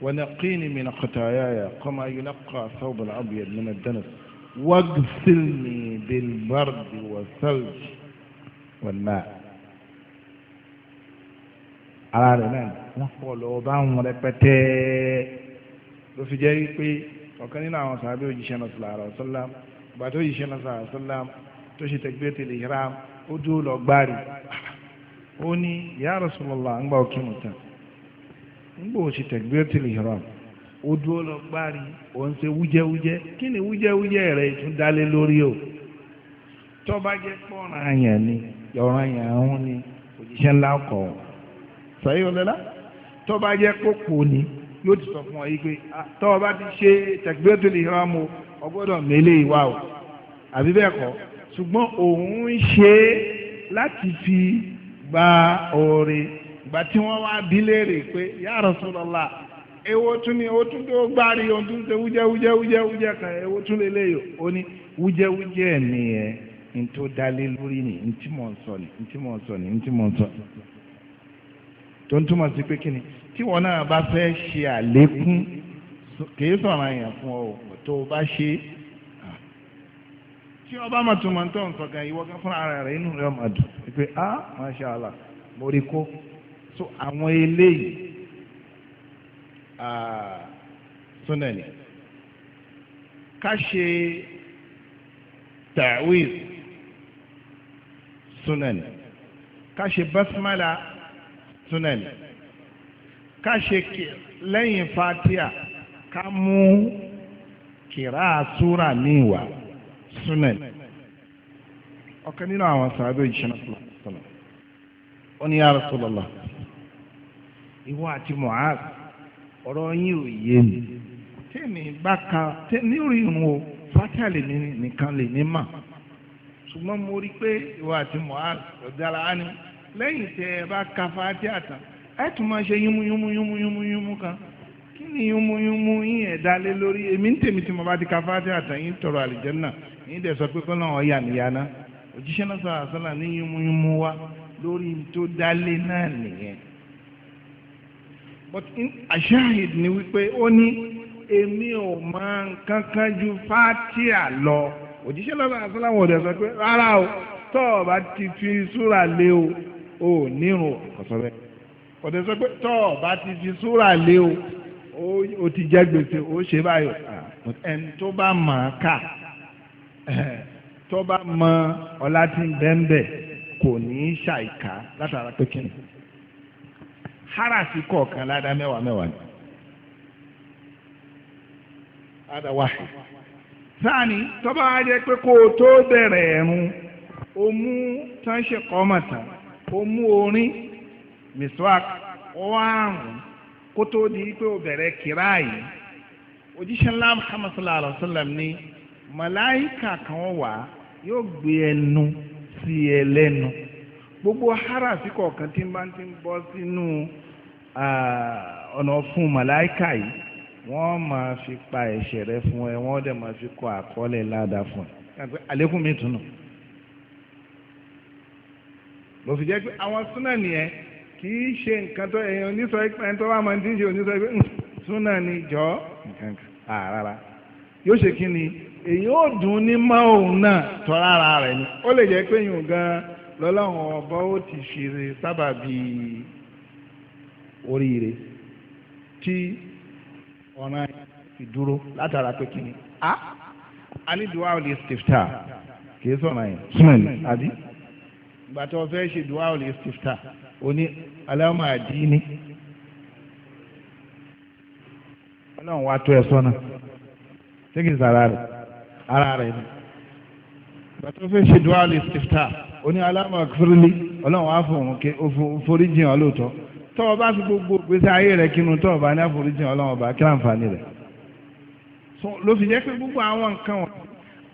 ونقيني من خطاياي كما ينقى ثوب الأبيض من الدنس واغسلني بالبرد والثلج والماء على rẹ̀ náà wọ́n pọ̀ lọ́wọ́ لو في rẹpẹtẹ ọ̀kan nínú àwọn sàábé òjíṣẹ́ náà sọ̀rọ̀ àrọ̀ sọ́lá ìgbà tó yíṣẹ́ náà sọ̀rọ̀ sọ́lá tó ṣe tẹ̀gbẹ́ tẹ̀lé ìhra ó dúró lọ gbárí ó ní ya Rasulullah ń gbà òkè mọ̀tàn ń gbà ó ṣe tẹ̀gbẹ́ tẹ̀lé ìhra ó dúró lọ gbárí ó ń ṣe wújẹ́wújẹ́ kí ni wújẹ́wújẹ́ rẹ̀ tún dálé lórí o tó bá jẹ́ pọ́nrán àyàn ni ọ̀ràn àyàn ọ̀hún ni òjíṣẹ́ ńlá kọ̀ sọ́yìn yóò ti sọ fún ọ yí pé ah, tọ́wọ́ bá ti ṣe tẹ̀gbẹ́tò lè rán mu ọgbọ́dọ̀ mélé ìwà o àbí bẹ́ẹ̀ kọ́ ṣùgbọ́n òun ń ṣe láti fi gba oore ìgbà tí wọ́n wá bí léèrè pé ya Rasulullah èwo tún ni èwo tún tó gbárí ohun tó ń ṣe wújẹ́wújẹ́ wújẹ́wújẹ́ kan èwo tún lè léyò ó ní wújẹ́wújẹ́ mi ẹ̀ ń tó dálé lórí ni ń tí mò ń sọ ni ń tí mò ń sọ ni ń tí mò ń sọ ni tó ń túmọ̀ sí pé kíni tí wọn náà bá fẹ́ ṣe àlékún kì í sọ̀rọ̀ àyàn fún ọ tó o bá ṣe tí ọba máa tún máa ń tọ́ ìwọ kan fúnra ara rẹ̀ inú rẹ̀ máa dùn pé a masha Allah mo rí kó so àwọn eléyìí súnà ni ká ṣe ta'wiz súnà ká ṣe basmala. súnẹ̀lì ká ṣe lẹ́yìn fatia ká mú kìrá súra ní ìwà súnẹ̀lì ọ̀kan nínú àwọn sàábẹ̀ ìṣẹ́nà sọ̀rọ̀ ó ní ya Rasulullah ìwọ àti Mu'az ọ̀rọ̀ yín ò yé mi tèmi bá ka tèmi rí irun o fatia lè ní nìkan lè ní mà ṣùgbọ́n mo rí pé ìwọ àti Mu'az ni. lẹ́yìn tẹ́ ẹ bá ka fàátì àtàn ẹ tún máa ṣe yúnmú yúnmú yúnmú yúnmú yúnmú kan kí ni yúnmú yúnmú yín ẹ̀ dálé lórí èmi ń tèmi tí mo bá ti ka fàátì àtàn yín tọrọ àlìjẹ́nà yín dẹ̀ sọ pé kọ́ náà ọ̀yà nìyàná òjíṣẹ́ náà sọ àṣọlá ní yúnmú yúnmú wa lórí tó dálé náà nìyẹn but àṣàhìd ni wípé ó ní èmi ò máa ń kankan ju fàtíà lọ òjíṣẹ́ náà sọ àṣọlá wọn ò dẹ̀ sọ pé rárá o tọ́ọ̀ bá ti fi súrà lé o o ò nírun ọ̀sán bẹ́ẹ̀. ọ̀dẹ sọ pé tọ́ ọ ti fi súrà lé o ó ti jẹ́ gbèsè ó ṣe báyọ̀ ah, ẹni tó bá mọ̀ ọ́n kà tó bá mọ ọlá tí ń bẹ́ẹ̀ bẹ́ẹ̀ kò ní í ṣàìkà látara pé kí ni háràsì kọ̀ọ̀kan ládá mẹ́wàá mẹ́wàá ni ada wahid sáàni tọ́ba á jẹ́ pé kó o tó bẹ̀rẹ̀ ẹ̀rùn o mú tán ṣe kọ́ mọ̀tàn ó mú orin miswak ọwọ́ àrùn kó tó di pé o bẹ̀rẹ̀ kíra yìí òjíṣẹ́ ńlá muhammad sallallahu alayhi wa sallam ni màláìkà kan wà yóò gbé ẹnu sí ẹ lẹ́nu gbogbo harafi kọ̀ọ̀kan tí ń bá ti ń bọ́ sínú ọ̀nà fún màláìkà yìí wọ́n máa fi pa ẹ̀ṣẹ̀ rẹ fún ẹ wọ́n dẹ̀ máa fi kọ àkọọ́lẹ̀ ládàá fún ẹ àlékún mi tún mo fi jẹ́ pé àwọn súnà nìyẹn kì í ṣe nǹkan tó ẹ̀yìn onísọ ẹni tó bá máa ń dín ṣe onísọ ẹgbẹ́ hmm, súnà ni jọ nǹkan kan rárá yóò ṣe kí ni èyí ò dùn ní mọ́ òun náà tọ́ rárá rẹ̀ ni ó lè jẹ́ pé yìí gan lọ́lọ́run ọba ó ti ṣe sábàbí oríire tí ọ̀ràn ìdúró látara pé kí ni a a ní duwa ò lè stifta kì í sọ̀rọ̀ yẹn súnmọ̀ ní àbí gbàtọ́ fẹ́ ṣe dùwà ò lè stifta oní aláwọ̀mà àdínní ọlọ́run wa tó ẹ sọ́nà ṣé kì í sara rẹ̀ ara rẹ̀ ni gbàtọ́ fẹ́ ṣe dùwà ò lè stifta oní aláwọ̀mà kúrúlí ọlọ́run wa fòun ké foríjìn ọlọ́tọ̀ tọ́ ọ bá fi gbogbo gbèsè ayé rẹ̀ kinu tọ́ ọ bá ní àforíjìn ọlọ́run ọba kí láǹfààní rẹ̀ ló jẹ́ pé gbogbo àwọn nǹkan wọ̀nyí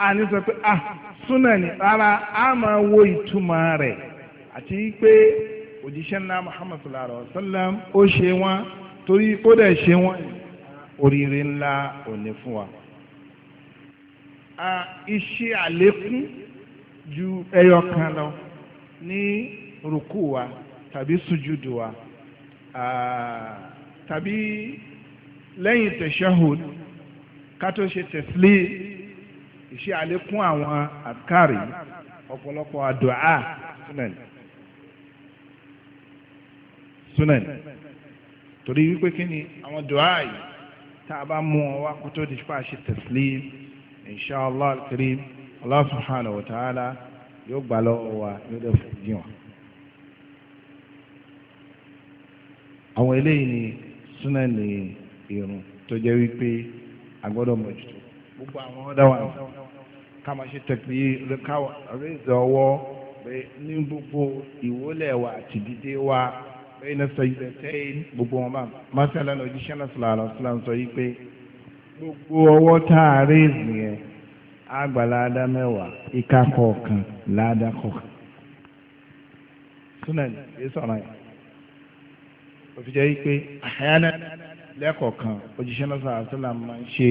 àní sọ pé ah súnà ni rárá a máa wo ìtumọ̀ rẹ̀ àti pé òjíṣẹ́ ńlá Muhammad sallallahu alaihi wa sallam ó ṣe wọ́n torí kó dẹ̀ ṣe wọ́n oríire ńlá òní fún wa. iṣẹ́ àlékún ju ẹyọ kan lọ ní rúkú wa tàbí sùjúdù wa tàbí lẹ́yìn tẹ̀ṣẹ́hùn ká tó ṣe tẹ̀sílẹ̀ ìṣe àlékún àwọn àkárì ọ̀pọ̀lọpọ̀ àdúà sunan sunan torí wípé kí ni àwọn dùá yìí tá a bá mú ọ wá kó tó di pa ṣe taslim inshallah alkarim Allah subhanahu wa ta'ala yóò gbà lọ́wọ́ wa yóò dẹ̀ fún àwọn eléyìí ni sunan ni irun tó jẹ́ wípé a mọ̀jútó gbogbo àwọn ọ̀dà wa ká máa ṣe tẹ̀pí káwọ́ àríṣẹ́ ọwọ́ ní gbogbo ìwólẹ̀ wa àti dídé wa bẹ́ẹ̀ ní sọ ìbẹ̀ tẹ́yìn gbogbo wọn bá mọ́sálà ní ojúṣẹ́ náà sọ̀rọ̀ àlọ́ sílá ń sọ yí pé gbogbo ọwọ́ tá a rí ìsìnyẹn àgbàláàdá mẹ́wàá ìka kọ̀ọ̀kan láàdá kọ̀ọ̀kan. súnà ní èso ọ̀ràn yìí òfin jẹ́ yí pé àyànnà lẹ́kọ̀ọ̀kan ojúṣẹ́ náà sọ̀rọ̀ àlọ́ sílá máa ń ṣe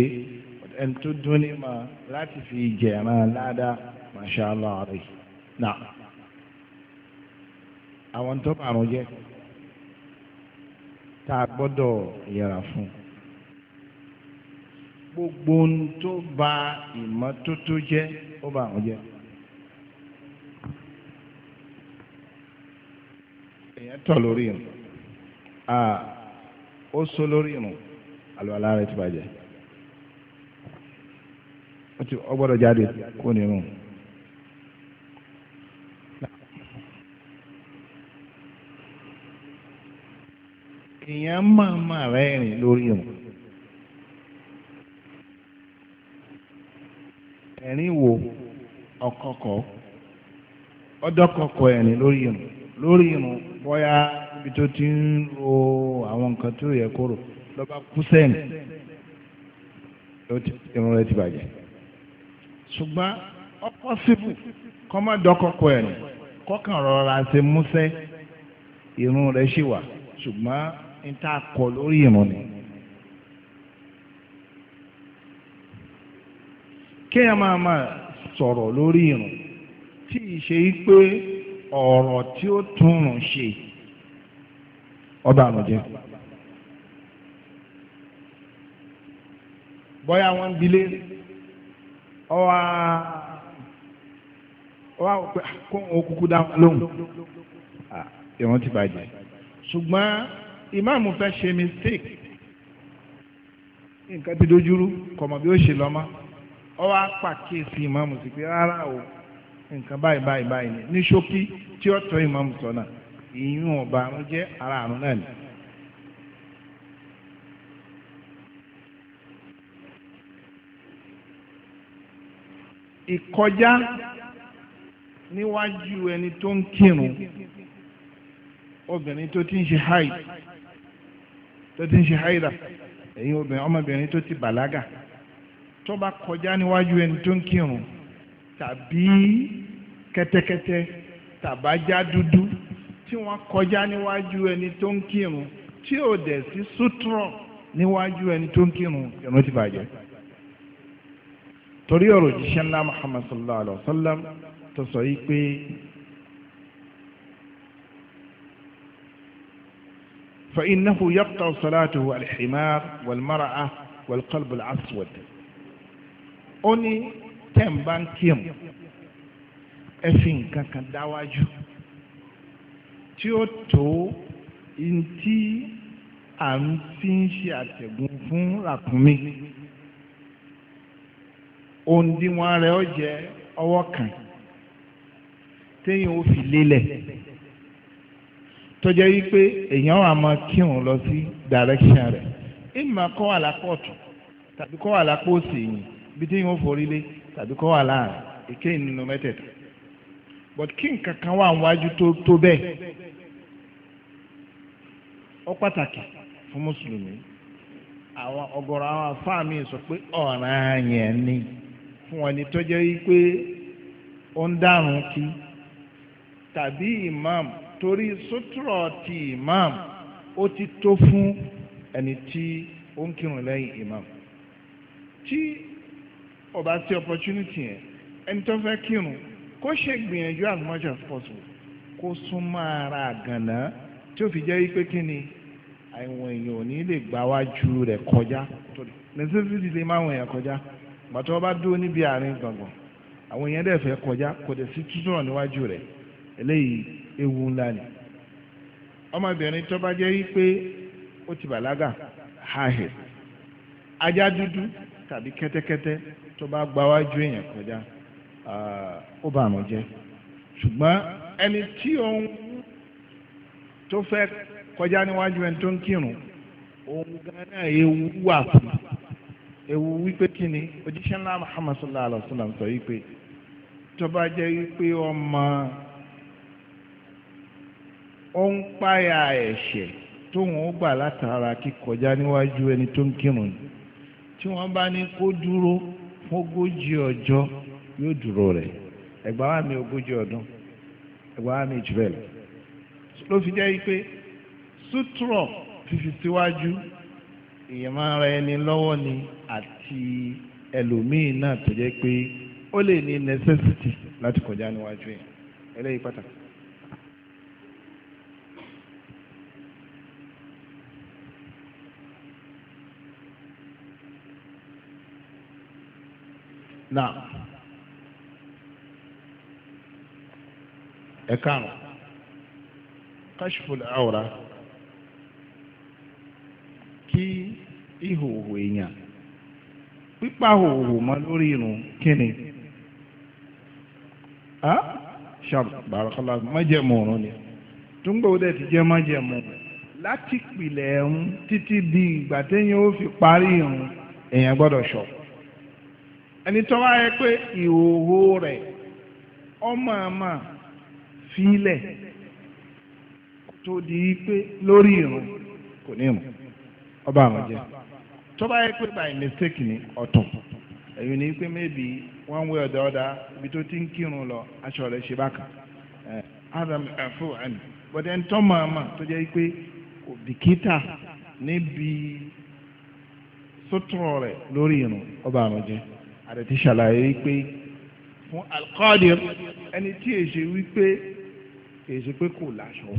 ẹni tó dún ní ma láti fi jẹ̀ràn ládàá masha Allah rẹ̀ náà àwọn tó bàrún jẹ́ tá a gbọ́dọ̀ yẹra fún gbogbo ohun tó ba ìmọ́tótó jẹ́ ó bàrún jẹ́. èèyàn tọ̀ lórí irun ó so lórí irun àlọ́ alárẹ̀ ti bàjẹ́ ó gbọ́dọ̀ jáde kó nínú. èèyàn máa máa rẹ́rìn lórí wọn. ẹ̀rín wo ọ̀kọ̀kọ̀ ọ̀dọ́kọ̀kọ̀ ẹ̀rín lórí irun lórí irun bóyá ibi tó ti ń ro àwọn nǹkan tó yẹ kó rò lọ́ba kú sẹ́yìn irun rẹ̀ ti bàjẹ́ ṣùgbọ́n ọ̀pọ̀ síbù kọ́mọ́dọ́kọ̀kọ̀ ẹ̀rìn kọ́kàn rọra ṣe músẹ́ irun rẹ̀ ṣì wà ṣùgbọ́n n ta kọ lórí irun ni. kéèyàn máa máa sọ̀rọ̀ lórí irun tí ì ṣe pé ọ̀rọ̀ tí ó tún rùn ṣe ọba àrùnjẹ. bóyá wọ́n ń bilé ọwọ́ ọwọ́ òkùnkùn dá lóhùn ìwọ̀n ti bàjẹ́ ṣùgbọ́n fẹ́ ṣe mistake nǹkan ti dojúrú kọ̀mọ̀ bí ó ṣe lọ́mọ́ sí pé rárá o nǹkan báyìí báyìí báyìí ní ṣókí tí ó tọ́ ìyún àrùn jẹ́ ara àrùn náà ni. ìkọjá níwájú ẹni tó ń kírun obìnrin tó ti ń ṣe haid tó ti ń ṣe haida ẹ̀yin obìnrin ọmọbìnrin tó ti bàlágà tó bá kọjá níwájú ẹni tó ń kírun tàbí kẹ́tẹ́kẹ́tẹ́ tàbájá dúdú tí wọ́n kọjá níwájú ẹni tó ń kírun tí ò dẹ̀ sí sútúrọ̀ níwájú ẹni tó ń kírun ìrun ti bàjẹ́ torí ọ̀rọ̀ òjíṣẹ́ ńlá muhammad sallallahu alaihi wa sallam tó sọ yìí pé فإنه يقطع صلاته الحمار والمرأة والقلب الأسود ó ní tẹ́ǹbá ń kí mu ẹ fi nǹkan kan dáwájú tí ó tó ntí à ń fi ń ṣe àtẹ̀gùn fún ràkúnmí. òǹdíwọ̀n rẹ̀ ó jẹ́ kan téèyàn o fi lélẹ̀ tọ́jọ́ yìí pé èèyàn wà lọ sí direction rẹ̀ ìmọ̀ kọ́ wà lápò tàbí kọ́ wà lápò òsì yìí bí téèyàn ó forí lé tàbí kọ́ wà láàrin èké but kí nǹkan kan wà níwájú tó bẹ́ẹ̀ ó pàtàkì fún mùsùlùmí àwọn ọ̀gọ̀rọ̀ àwọn afáàmì sọ pé ọ̀ràn yẹn ni. fún ẹni tó jẹ́ wípé ó ń dárun kí tàbí imam torí sútúrọ̀ ti imam ó ti tó fún ẹni tí ó ń kírun lẹ́yìn imam tí ó bá opportunity yẹn ẹni tó fẹ́ kírun kó ṣe gbìyànjú as much as possible kó súnmọ́ ara àgànná tí ó fi jẹ́ wípé kí ni àwọn èèyàn ò ní lè gbáwájú rẹ̀ kọjá necessity lè máa wọ̀nyàn kọjá bàtọ́ bá dúró níbi àárín gbọ̀ngàn àwọn èèyàn dẹ̀ fẹ́ kọjá kò dẹ̀ sí túnú hàn níwájú rẹ̀ eléyìí ewu ńlá ni ọmọbìnrin tó bá jẹ́ wípé ó ti bàlágà hahẹ̀ ajá dúdú tàbí kẹ́tẹ́kẹ́tẹ́ tó bá gbáwájú èèyàn kọjá ó bà mọ́ jẹ́ ṣùgbọ́n ẹni tí òun tó fẹ́ kọjá níwájú ẹni tó ń kírun òun gan náà ewu wà fún un. ewu wípé kí ni òjíṣẹ́ ńlá Muhammad sallallahu alayhi wa sallam sọ wípé tó bá wípé ọmọ ó ń páyà ẹ̀ṣẹ̀ gbà látara kíkọjá níwájú ẹni tó ń kírun tí wọ́n bá ní kó dúró fún ogójì ọjọ́ yóò dúró ìyẹ̀mára ẹni lọ́wọ́ ni àti ẹlòmíì náà tó jẹ́ pé ó lè ní necessity láti kọjá níwájú ẹ̀ eléyìí pàtàkì. Now, ẹ kashful awra. pípàhòhò mọ́ lórí irun kíni ni ti láti pìlẹ̀ títí di ìgbà téèyàn ó fi parí irun èèyàn gbọ́dọ̀ ṣọ ẹni pé rẹ̀ tó di pé lórí irun kò ní ọba àwọn tó bá yẹ pé by mistake ni ọ̀tọ̀ èyí ni pé maybe one way or the other ibi tó ti ń kírun lọ aṣọ rẹ̀ ṣe bákan adam ẹ̀fọ́ ẹ̀mí But then tọ́ màmá tó jẹ́ pé kò bìkítà níbi sótúrọ̀ rẹ̀ lórí irun ọba àrùn jẹ́ àdẹ̀tí ṣàlàyé pé fún alqadir ẹni tí èṣe wípé èṣe pé kò láṣọ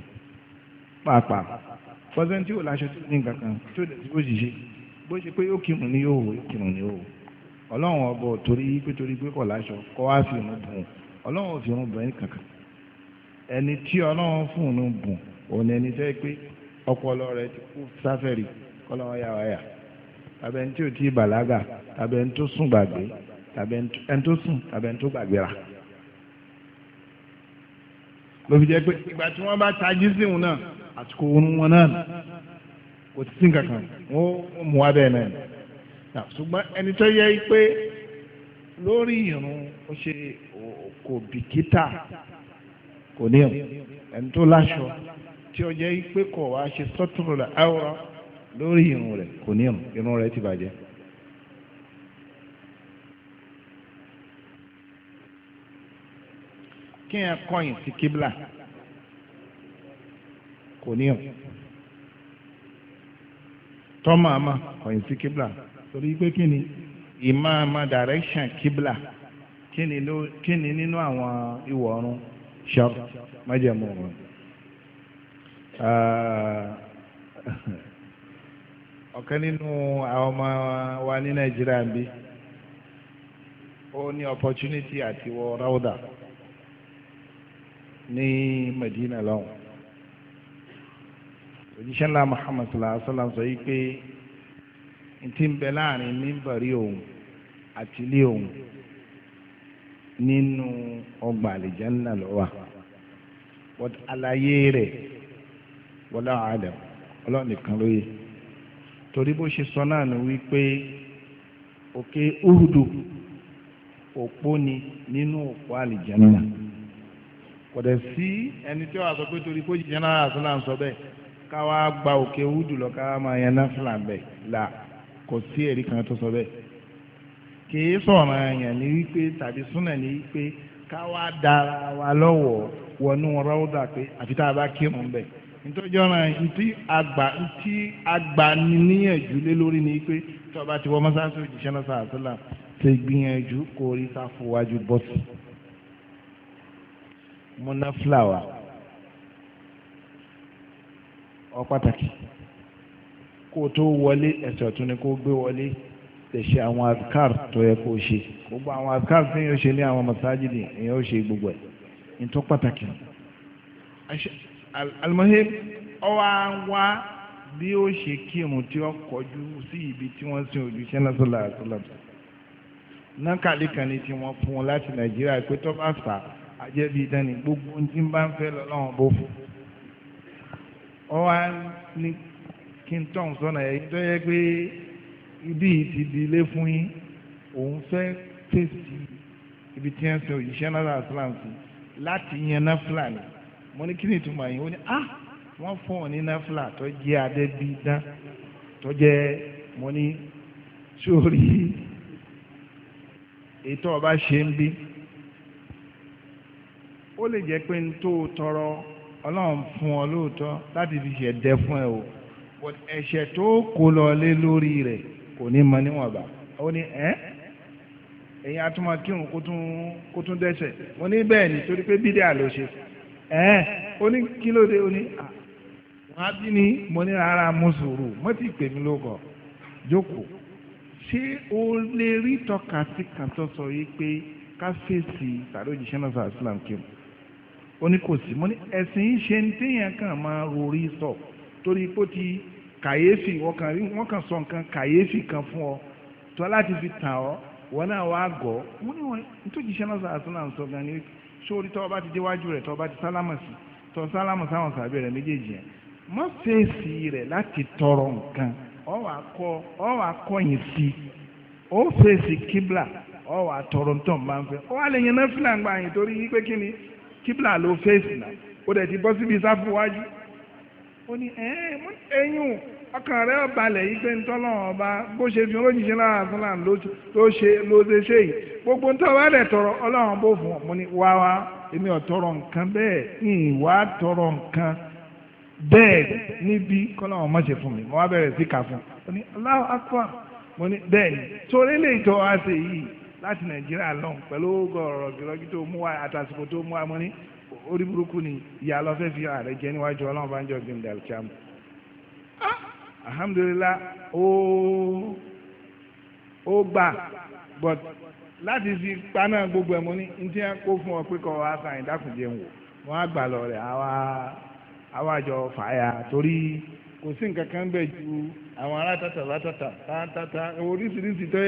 pàápàá pọ́sẹ́ntì ò láṣọ tó ní nǹkan kan tó dẹ̀ tí ó ṣiṣẹ́ bó ṣe pé yóò kírun ní yóò yóò kírun ní yóò ọlọ́run ọbọ̀ torí pé torí pé kọ̀ láṣọ kọ́ wá fi irun bùn ọlọ́run ò fi irun bùn ẹni kankan ẹni tí ọlọ́run fún un bùn òun ẹni tẹ́ pé ọpọlọ rẹ ti kú sáfẹ́rì kọ́lọ́run yà wáyà tàbí ẹni tí ò tí ì bàlágà tàbí ẹni tó sùn gbàgbé tàbí ẹni tó sùn tàbí ẹni tó gbàgbéra ló fi jẹ́ pé ìgbà tí wọ́n bá tají sí òun náà àsìkò òun wọn náà kò sí kankan wọ́n mú abẹ́ náà nà ṣùgbọ́n ẹni tó yẹ pé lórí irun ó ṣe kò bìkítà kò ní irun ẹni tó láṣọ tí ó yẹ pé kò wá ṣe sọ́tùrù rẹ̀ áwòrán lórí irun rẹ̀ kò ní irun irun rẹ̀ ti bàjẹ́. kí ẹ kọyìn sí kíbla kò ní irun. tọ́mọ̀ àmà kọ̀yìn sí kíbla torí pé kí ni ìmọ̀ àmà direction kíbla kí ni nínú àwọn ìwọ̀ ọ̀run ṣọ́ọ̀ ọ̀kan nínú àwọn ọmọ wa ní nàìjíríà ń bí ó ní opportunity àti wọ ráúdà ní Medina lọ́wọ́. òjíṣẹ́ ńlá Muhammad sallallahu alaihi wa sallam sọ yìí pé ti ń bẹ láàrin mímbàrí òun àti ilé òun nínú ọgbà àlìjánná lọ́wọ́ but àlàyé rẹ̀ wọlé àdàm ọlọ́run nìkan ló yẹ torí bó ṣe sọ náà ni wípé òkè uhudu òpó ni nínú òpó àlìjánná kò dẹ̀ sí ẹni tí wàá sọ pé torí kó jìjẹ́ náà àti náà bẹ́ẹ̀ ká wá gba òkè wúdù lọ ká máa yan náfìlà bẹ́ẹ̀ là kò sí ẹ̀rí kan tó sọ bẹ́ẹ̀ kìí sọ̀rọ̀ àyàn ní wípé tàbí súnà ní wípé ká wá dára wa lọ́wọ́ wọnú rọ́ọ̀dà pé àfi tá a bá kírun bẹ́ẹ̀ nítorí ọ̀ràn ntí àgbà ntí àgbà níyànjú lé lórí ni pé tí ti wọ mọ́sáàsì òjíṣẹ́ náà sàásìlà ti gbìyànjú kó orí wájú bọ́sì múnáfìlà wa ọ pàtàkì kó o tó wọlé ẹsẹ̀ ọ̀tún ni kó o gbé wọlé lè ṣe àwọn adkar tó yẹ kó ṣe gbogbo àwọn adkar tí yóò ṣe ní àwọn masajidi èèyàn ó ṣe gbogbo ẹ̀ ní tó pàtàkì almuhim ọwọ́ wa bí ó ṣe kírun tí ó kọjú sí ibi tí wọ́n sin òjíṣẹ́ lásìlá àtúlá náà kàlí kan ní tí wọ́n fún un láti nàìjíríà pé tó bá fà á jẹ́ bí dání gbogbo ohun tí ń bá ń fẹ́ lọ́wọ́ bó fún un. ọwá ní kí n tọ́ sọ́nà yẹ pé ibi ti di ilé fún yín òun fẹ́ ibi tí wọ́n sọ òyìṣẹ́ náírà síláǹsì láti yan ni mo ní kí ni ìtumọ̀ yìí ó ní ah wọ́n fún ọ ní náfìlà tó jẹ́ adé bí dán tó jẹ́ mo ní sórí ètò ọba ṣe ń bí ó lè jẹ́ pé n tó tọrọ ọlọ́run fún ọ lóòótọ́ láti fi ṣẹ̀dẹ́ fún ẹ o ẹ̀ṣẹ̀ tó kó lọ lé lórí rẹ̀ kò ní mọ níwọ̀nba ó ní ẹ́ ẹ̀yin atúmọ̀ kírun kó tún dẹ́ṣẹ̀ mo ní bẹ́ẹ̀ ni torí pé bídíà ló ṣe ẹ́ ó ní kí ló dé ó ní wọ́n á bí ní mo ní rárá mo mo ti pè mí ló kọ̀ jókòó ṣé o lè rí tọ́ka sí sọ yìí pé ká fèsì tàbí òjìṣẹ́ náà sọ àṣìlám kírun. ó ní kò sí mo ní ẹ̀sìn ṣe ń téèyàn kàn máa rorí sọ torí pé ó ti kàyéfì wọ́n sọ nǹkan kàyéfì kan fún ọ tó láti fi tàn ọ́ wọn náà wàá gọ̀ mo ní wọn nítorí iṣẹ́ náà sàásùn náà sọ gan ni sórí tọ́ ọba ti déwájú rẹ̀ tọ́ ọba ti sálámà sí tọ́ sálámà sáwọn sàbẹ̀ rẹ̀ méjèèjì yẹn mọ́ fèsì rẹ̀ láti tọrọ nǹkan ọ wàá kọ̀yìn sí ó kíbla ló fèsì náà ó dẹ̀ ti bọ́ síbi sáfù wájú ó ní ẹ̀yìn ọkàn rẹ̀ balẹ̀ yí pé ń tọ́lọ̀ ọba bó ṣe fi olójijì lára fún là ló ṣe ló ṣe ṣe yìí gbogbo ń tọ́wọ́ rẹ̀ tọrọ ọlọ́run bó fún ọ mo ní wá wá èmi ò tọrọ nǹkan bẹ́ẹ̀ ìwà tọrọ nǹkan bẹ́ẹ̀ níbi kọ́lọ́run má ṣe fún mi mo wá bẹ̀rẹ̀ sí kà fún un mo ní Allahu akbar mo ní bẹ́ẹ̀ ni torí lè tọ́ wá ṣe yìí láti nàìjíríà lọ́n pẹ̀lú ọ̀rọ̀ gírọ́gí tó mú wa àtàsìkò tó mú wa mọ́ ní orí burúkú ni ìyá fi ààrẹ níwájú ọlọ́run bá ń jọ ah! alhamdulilah ó ó gbà but láti fi paná gbogbo ẹ̀ mọ́ ní ní fún ọ pé kọ́ wa sàn ìdákùnjẹ́ wò wọ́n á gbà lọ rẹ̀ àwa àwa jọ fàáyà torí kò sí nǹkan kan bẹ̀ ará tata oríṣiríṣi tó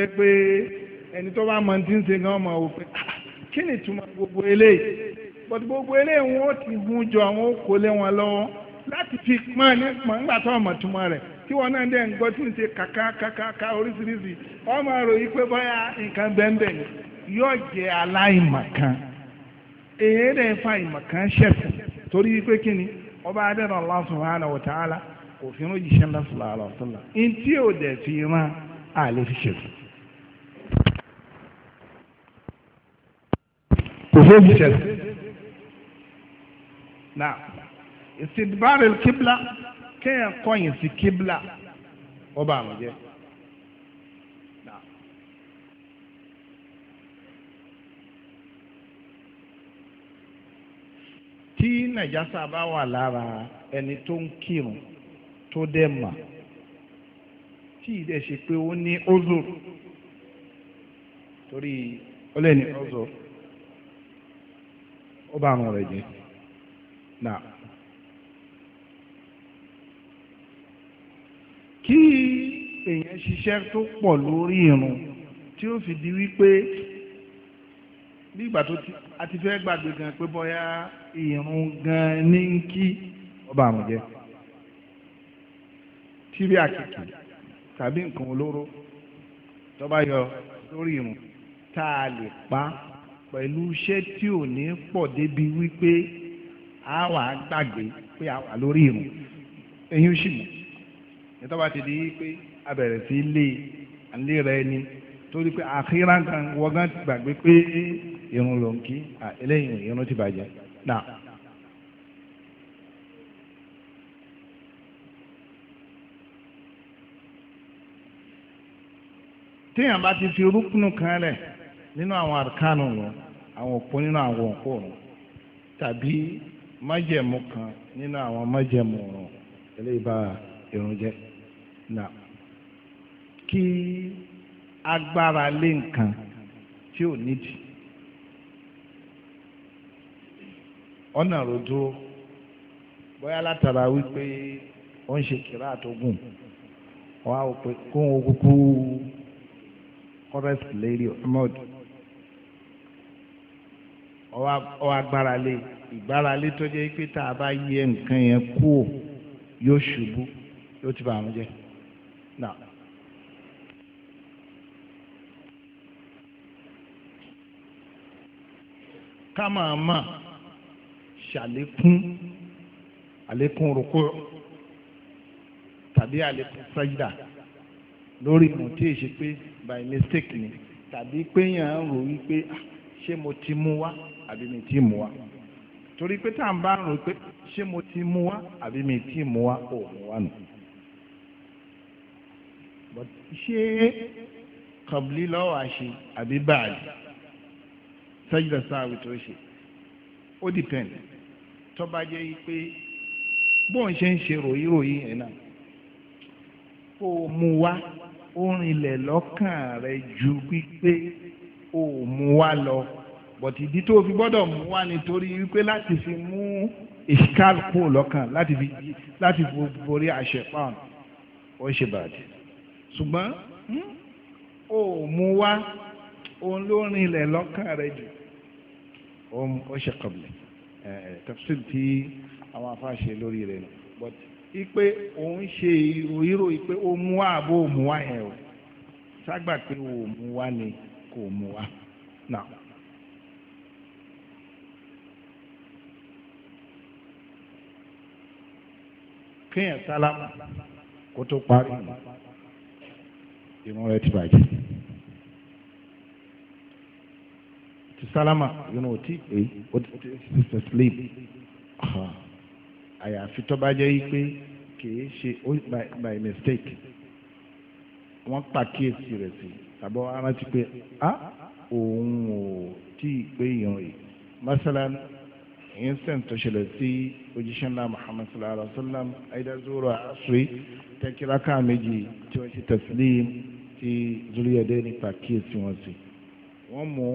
ẹni tó bá mọ̀ tí ń gan ah, kí ni túmọ̀ gbogbo eléyìí but gbogbo eléyìí wọn ó ti mú jọ àwọn ó wọn lọ́wọ́ láti fi pọ́n nípa ńgbà tó ọmọ túmọ̀ rẹ̀ tí wọn náà dẹ̀ ń gbọ́ tí ń ṣe kàkà kàkà ká oríṣiríṣi ọmọ ròyìn pé nǹkan bẹ́ẹ̀ yóò jẹ́ aláìmọ̀kan èyí dẹ̀ fa ìmọ̀kan torí pé kí ni ọba adẹ́nà wa kò sóòjì ṣẹlẹ̀. na ìsìdìbárè kíbla kéèyàn kọ̀yìn sí kíbla ọba àrùn jẹ. tí nàìjásá bá wà lára ẹni tó ń kírun tó dẹ̀ mà tí ìdẹ̀ ṣe pé ó ní ozoro torí ó lè ní ó bá àrùn rẹ̀ jẹ́ náà. kí èèyàn ṣiṣẹ́ tó pọ̀ lórí irun tí ó fi di wípé bí ìgbà tó a ti fẹ́ gbàgbé gan pé bóyá irun gan ní kí ó bá jẹ́ tí àkìkì tàbí nǹkan olóró tó bá yọ lórí irun tá a lè pa á pẹ̀lú iṣẹ́ tí ò ní pọ̀ débi wípé a wà gbàgbé pé a wà lórí irun eyín sì mú nítorí bá ti di pé a bẹ̀rẹ̀ sí lé alẹ́ rẹ ni torí pé àkírá kan wọ́gán ti gbàgbé pé irun ló ń kí eléyìí irun ti bàjẹ́ náà. téèyàn bá ti fi orúkúnù kan lẹ̀. nínú àwọn àrùkánù wọn àwọn òpó nínú àwọn òpó wọn tàbí májẹ̀mú nínú àwọn májẹ̀mú wọn eléyìí bá irun jẹ́ kí agbára lé nǹkan tí ò nídìí ọ̀nà rodo bóyá látara wípé ó ń ṣe kìrá àtọ́gùn á wò pé kóhun kúkú ọ agbára lé ìgbára lé tó jẹ́ pé tá a bá yẹ nǹkan yẹn kú ò yóò ṣubú yóò ti bàrún jẹ́ náà. ká máa mà ṣàlékún àlékún rúkú tàbí àlékún sájídà lórí mo tí ì ṣe pé by mistake ni tàbí pé yàn án rò wípé ah, ṣé mo ti mú wá àbí mi ti mú wa torí pé tá à ń bá rò pé ṣé mo ti mú wa àbí mi ti mú wa ò mú wa nù. ṣé kọ̀bìlì lọ́wọ́ àṣe àbí báàlì sẹ́jìdà sáàwì tó ṣe ó dìpẹ́ǹd tó bá jẹ́ pé bóun ṣe ń ṣe ròyìn ròyìn yẹn náà kó o mú wa ó rinlẹ̀ lọ́kàn rẹ ju pípé ó mú wa lọ but ìdí tó fi gbọ́dọ̀ mú wá nítorí wípé láti fi mú ìṣkáàlù kú lọ́kàn láti fi láti fi borí àṣẹ pound ó ṣe bàjẹ́ ṣùgbọ́n hmm, ó mú wá òun ló rinlẹ̀ lọ́kàn rẹ jù ó ṣe kọ̀bìlẹ̀ tafsir tí àwọn afáṣe lórí rẹ̀ nù but ipe òun ṣe ìròyìnrò ipe ó mú wá àbó òmùwá yẹn o ságbà pé òmùwá ni kò mú wá náà. kéèyàn sálámà kó tó parí ìrun rẹ̀ ti bàjẹ́ ti sálámà ìrun ò tí pé ó ti ṣe sleep àyàfi tó bá jẹ́ pé kìí ṣe by mistake wọ́n pàkíyèsí rẹ̀ sí tàbí wọ́n á rántí pé ah òun ò tí ì pé ìrun yìí masalan instant tó ṣẹlẹ̀ sí òjíṣẹ́ ńlá muhammad sallallahu alaihi wa sallam aidazoro asri tẹ́kíráká méjì tí wọ́n ṣe taslim tí zuliyade nípa kíyèsí wọn sí wọ́n mú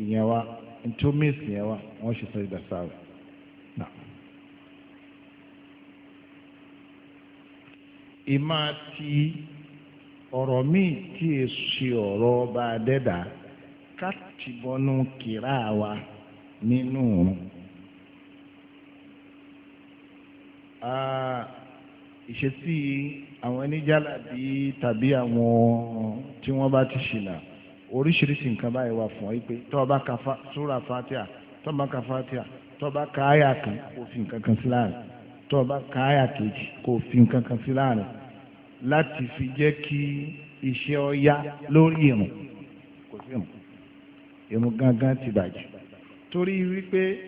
ìyẹn wa ntomis ìyẹn wa wọ́n ṣe sọ́jà sáré. ìmá ti ọ̀rọ̀ míì tí è ṣe ọ̀rọ̀ ọba adẹ́dà ká tìbọnú kìrá wa nínú òun. ìṣesí àwọn oníjàlá bíi tàbí àwọn tí wọ́n bá ti ṣìnà oríṣiríṣi nǹkan báyìí wà fún ọ yìí pé tó bá ka súra fatia tó bá ka fatia tó bá ka àyà kan kò fi nǹkan kan sí láàrin tó bá ka àyà kejì kò fi nǹkan kan sí láàrin láti fi jẹ́ kí iṣẹ́ ọ lórí ìrùn kò sí ìrùn ìrùn gangan ti bàjẹ́ torí wípé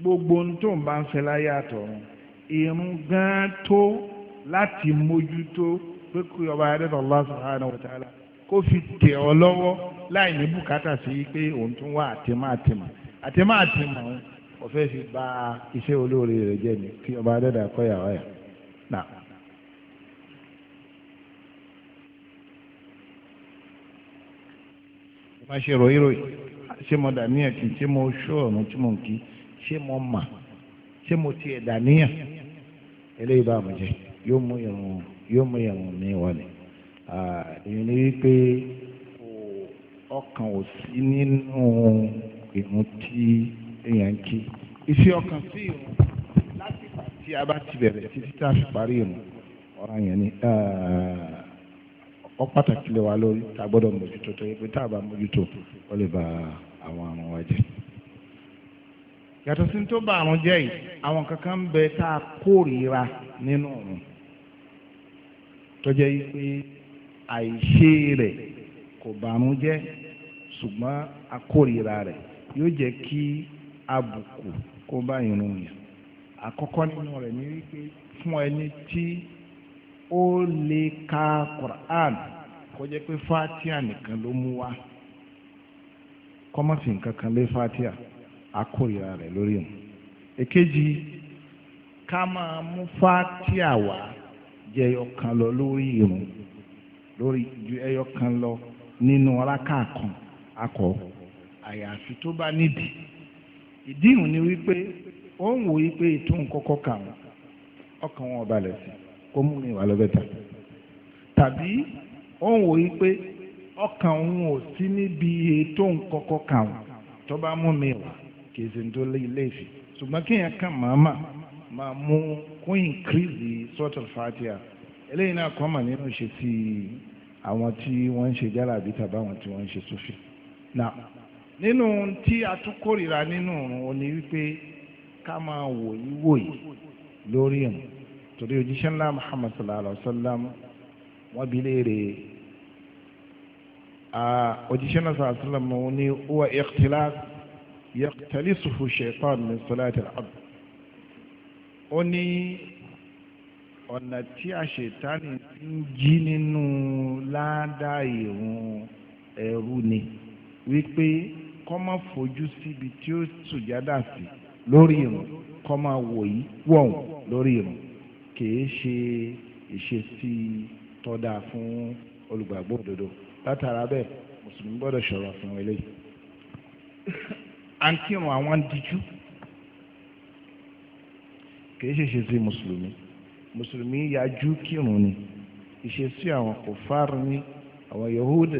gbogbo ohun tó ń bá ń fẹ́ láyé àtọ̀run irun gan tó láti mójútó pé kí ọba adẹ́tọ̀ Allah subhanahu wa ta'ala kó fi tẹ̀ ọ lọ́wọ́ láì ní bùkátà sí pé òun tún wá àtìmọ́ àtìmọ́ àtìmọ́ àtìmọ́ òun ọ̀fẹ́ fi bà iṣẹ́ olóore rẹ̀ jẹ́ ni kí ọba adẹ́dà kọ́yà wáyà náà. má ṣe ròyìn ṣé mo dàníyàn kì í ṣé mo ṣó ọ̀run tí mo ń kí ṣé mo mà ṣé mo tiẹ̀ dàníyàn eléyìí bá mu jẹ yóò mú ìrùn yóò mú ìrùn mi wọlé èyí ni wípé ọkàn ò sí nínú ìrùn tí èèyàn ń kí iṣẹ́ ọkàn sí ìrùn láti ìgbà tí a bá ti bẹ̀rẹ̀ títí tá a fi parí ìrùn ọ̀rọ̀ yẹn ni ọ pàtàkì lè wa lórí tá a gbọ́dọ̀ mójútó tó yẹ pé tá a bá mójútó ó lè ba àwọn àrùn wa jẹ́ yàtọ̀ sí tó bá àrùn jẹ́ yìí àwọn kankan ń bẹ tá a kórìíra nínú òun tó jẹ́ yìí pé àìṣe rẹ̀ kò bàrùn jẹ́ ṣùgbọ́n a kórìíra rẹ̀ yóò jẹ́ kí àbùkù kó bá irun yẹn àkọ́kọ́ nínú rẹ̀ ni wípé fún ẹni tí ó lè ka Quran kó jẹ́ pé fatia nìkan ló mú wá kọ́mọ̀sì nǹkan kan lé fatia. akórira rẹ̀ lórí wọn. èkejì ká máa mú jẹyọ kan lọ lórí irun lórí ju ẹyọ kan lọ nínú rákà kan akọ àyàfi tó bá nídìí ìdíhùn ni wípé ó ń wò wípé ètò nkọkọ kàwọn ọkàn wọn sí kó mú tàbí ó ń wò ọkàn òun ò sí níbi ètò nkọkọ tó bá mú kìí ṣe tó lé ìfì ṣùgbọ́n kéèyàn kan màmá máa mú kó ìnkírìsì sọ́tọ̀ fàtíà eléyìí náà kọ́ mà nínú ṣe ti àwọn tí wọ́n ń ṣe jálàbí tàbí àwọn tí wọ́n ń ṣe sófì náà nínú tí a tún kórìíra nínú òrùn òní wípé ká máa wòyí wòyí lórí ẹ̀mú torí òjíṣẹ́ ńlá muhammad sallallahu alayhi wa sallam wọ́n bi léèrè òjíṣẹ́ náà sallallahu alayhi wa sallam ní huwa ikhtilat yaqtalisuhu shaitan min salati al-abd ó ní ọ̀nà tí a ṣètánì ń jí nínú ládàá ìrun ẹ̀rú ni wípé kọ́ má fojú síbi tí ó sùjádà sí lórí ìrun kọ́ má wòyí wọ̀hún lórí ìrun kìí ṣe ìṣesí tọ́da fún olùgbàgbọ́ òdodo látara bẹ́ẹ̀ mùsùlùmí gbọ́dọ̀ ṣọ̀rọ̀ fún eléyìí àǹtí wọn àwọn ń dijú kìí ṣe ṣe sí mùsùlùmí mùsùlùmí yájú kírun ni ìṣesí àwọn kòfàr ni àwọn yahudu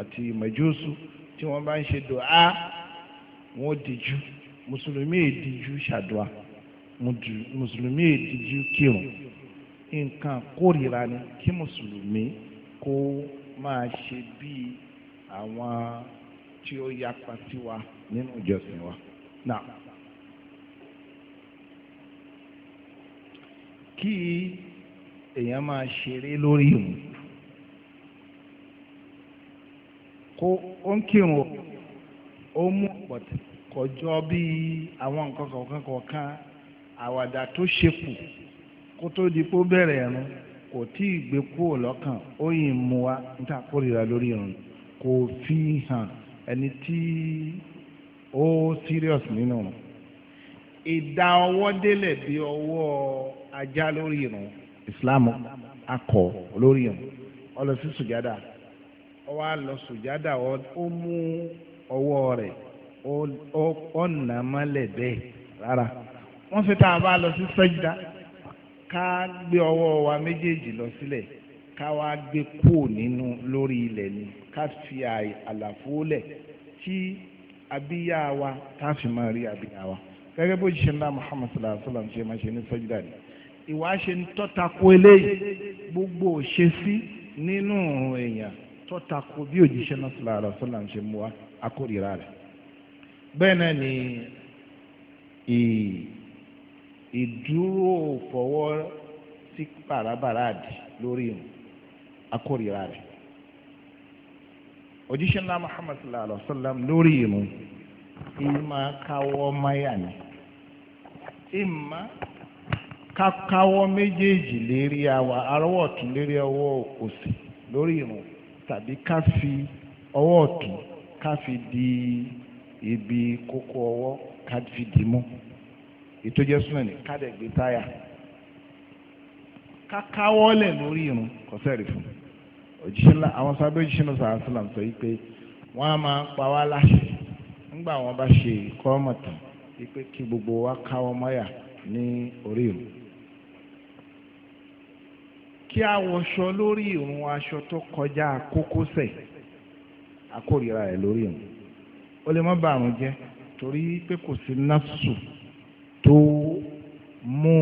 àti mẹjọsù tí wọn bá ń ṣe dùá wọn dijú mùsùlùmí èdìjú ṣàdùá mùsùlùmí èdìjú kírun nǹkan kórìíra ni kí mùsùlùmí kó máa ṣe bíi àwọn tí ó yapa sí wa. nínú ìjọsìn wa náà kí èèyàn máa ṣeré lórí ìrun kó ó ń kírun ó mú pọ̀tì kọjọ́ bí àwọn nǹkan kọ̀ọ̀kan kọ̀ọ̀kan àwàdà tó ṣekù kó tó di pé ó bẹ̀rẹ̀ ẹ̀rùn kò tí ì gbé kúrò lọ́kàn ó yìn mú wa níta kórìíra lórí ìrun kò fi hàn ẹni tí. ó serious nínú wọn ìdá ọwọ́ délẹ̀ bí ọwọ́ ajá lórí irun islam akọ lórí irun ọlọ sí sùjádà ọwọ́ àlọ sùjádà ó mú ọwọ́ rẹ̀ ó nà mọ́lẹ̀ bẹ́ẹ̀ rárá wọ́n fi tá a bá lọ sí sẹ́jìdá ká gbé ọwọ́ wa méjèèjì lọ sílẹ̀ ká wá gbé kúò nínú lórí ilẹ̀ ni ká fi àlàfo lẹ̀ tí abíyá wa tá a fi máa wa gẹ́gẹ́ bó ṣe ńlá Muhammad sallallahu alaihi wa sallam ṣe máa ṣe ní sọ́jídà ni ìwà ṣe ń tọ́tako eléyìí gbogbo ṣe sí nínú èèyàn tọ́tako bí òjíṣẹ́ náà sallallahu alaihi wa sallam ṣe mú wa akórira rẹ̀ bẹ́ẹ̀ náà ni ìdúró fọwọ́ sí bàràbàrà àdì lórí akórira rẹ̀ òjíṣẹ́ ńlá muhammad sallallahu alaihi wa sallam lórí ìmú ìmọ̀ káwọ́ máyà ni ìmọ̀ káwọ́ méjèèjì lérí àwa arọ́wọ́ ọ̀tún lérí ọwọ́ òsì lórí ìmú tàbí ká fi ọwọ́ ọ̀tún ká fi di ibi kókó ọwọ́ ká fi dì mú ìtọ́jẹ́ súnmọ́ ní ká gbé táyà ká lẹ̀ lórí ìrun kọ́sẹ́rì fún un òjíṣẹ́ ńlá àwọn sábẹ́ òjíṣẹ́ ńlá sàrà sílà sọ yìí pé wọ́n á máa pa wá láṣẹ nígbà wọn bá ṣe kọ́ yìí pé kí gbogbo wa káwọ́ mọ́yà ní orí ìrun kí a wọṣọ lórí ìrun aṣọ tó kọjá kókósẹ̀ akórira rẹ̀ lórí ìrun ó lè má bàrùn jẹ́ torí pé kò sí násù tó mú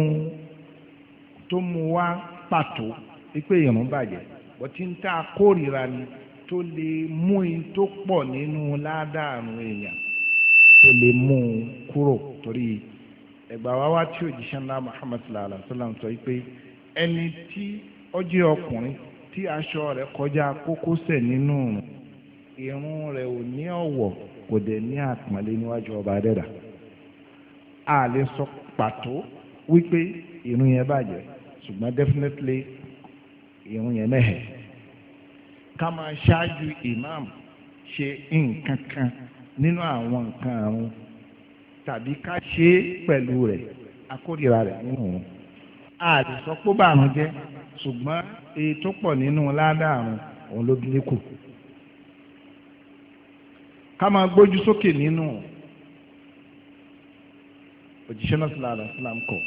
tó mú wá pàtó wípé ìrun bàjẹ́ bọ́tí ń tá a kórìíra ni tó lè mú in tó pọ̀ nínú ládàrún èèyàn tó lè mú un kúrò torí ẹgbà wa wá tí òjíṣẹ́ ńlá Muhammad sallallahu alaihi wa sallam sọ pé ẹni tí ó ọkùnrin tí aṣọ rẹ̀ kọjá kókósẹ̀ nínú irun rẹ̀ ò ní ọ̀wọ̀ kò dẹ̀ ní àpọ́nlé níwájú ọba adẹ́dà a lè sọ pàtó wípé irun yẹn bàjẹ́ ṣùgbọ́n definitely ìrun yẹn mẹ́hẹ̀ ká máa ṣáájú imam ṣe nǹkan kan nínú àwọn nǹkan àrùn tàbí ká ṣe é pẹ̀lú rẹ̀ akórira rẹ̀ nínú òun a lè sọ pé bàrùn jẹ́ ṣùgbọ́n èyí tó pọ̀ nínú ládàrún òun ló dín kù ká máa gbójú sókè nínú òjíṣẹ́ náà sílára sílám kọ̀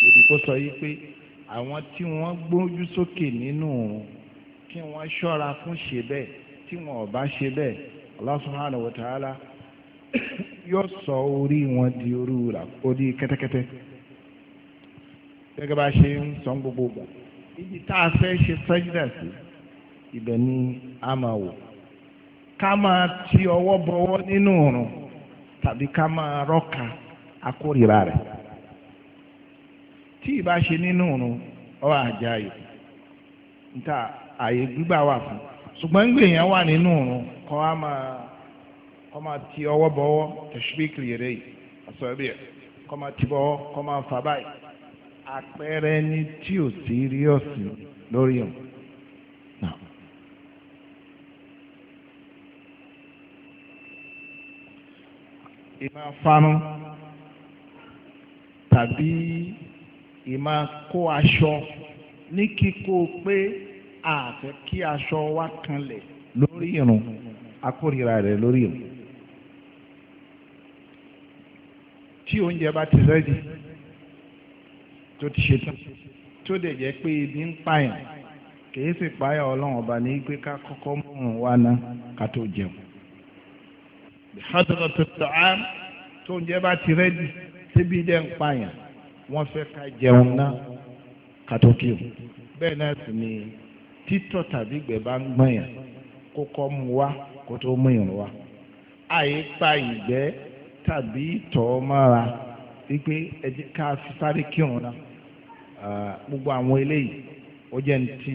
lórí kó sọ yìí pé àwọn tí wọ́n gbójú sókè nínú kí wọ́n ṣọ́ra fún ṣe bẹ́ẹ̀ tí wọ́n ò ṣe bẹ́ẹ̀ Allah subhanahu wa ta'ala yóò sọ orí wọn di orú rà orí kẹ́tẹ́kẹ́tẹ́ gẹ́gẹ́ bá ṣe ń sọ gbogbo gbà ibi tá a fẹ́ ṣe sẹ́jìdà sí ibẹ̀ ni a máa wò ká máa ti ọwọ́ bọwọ́ nínú òrùn tàbí ká máa rọ́ka akórira rẹ̀. tí ìbá ṣe nínú òrùn ọ àjà ayò níta àyè gbígbà wà fún ṣùgbọ́n ń gbèyàn wà nínú òrùn kọ́ á máa kọ́ máa ti ọwọ́ bọ́wọ́ tẹ̀síbíkì rẹ̀ yìí ọ̀sọ̀ bí ẹ̀ kọ́ máa ti bọ́wọ́ kọ́ máa fà báyìí àpẹẹrẹ ni tí ò sí rí ọ̀sìn lórí ọ̀hún. ìmọ̀ afánú tàbí ìmá kó aṣọ ní kíkó pé àfẹ́ kí aṣọ wa kanlẹ̀ lórí irun akórira rẹ̀ lórí irun. tí oúnjẹ bá ti rẹ́dì tó ti ṣe tán tó dẹ̀ jẹ́ pé ibi ń pààyàn kìí sì páyà ọlọ́run ọba ní pé ká kọ́kọ́ mú wa ná ká tó jẹun. bí hadrat tó tó á bá ti rẹ́dì síbi dẹ́ ń pààyàn wọ́n fẹ́ ká jẹun náà kàtókì o bẹ́ẹ̀ náà sì ni títọ́ tàbí ìgbẹ́ bá ń gbọ̀n yàn kó kọ́ mu wá kó tó mú ìrùn wá àyípa ìgbẹ́ tàbí ìtọ̀ mára wípé ẹ ká fi sáré kírun náà gbogbo àwọn eléyìí ó jẹ́ ní ti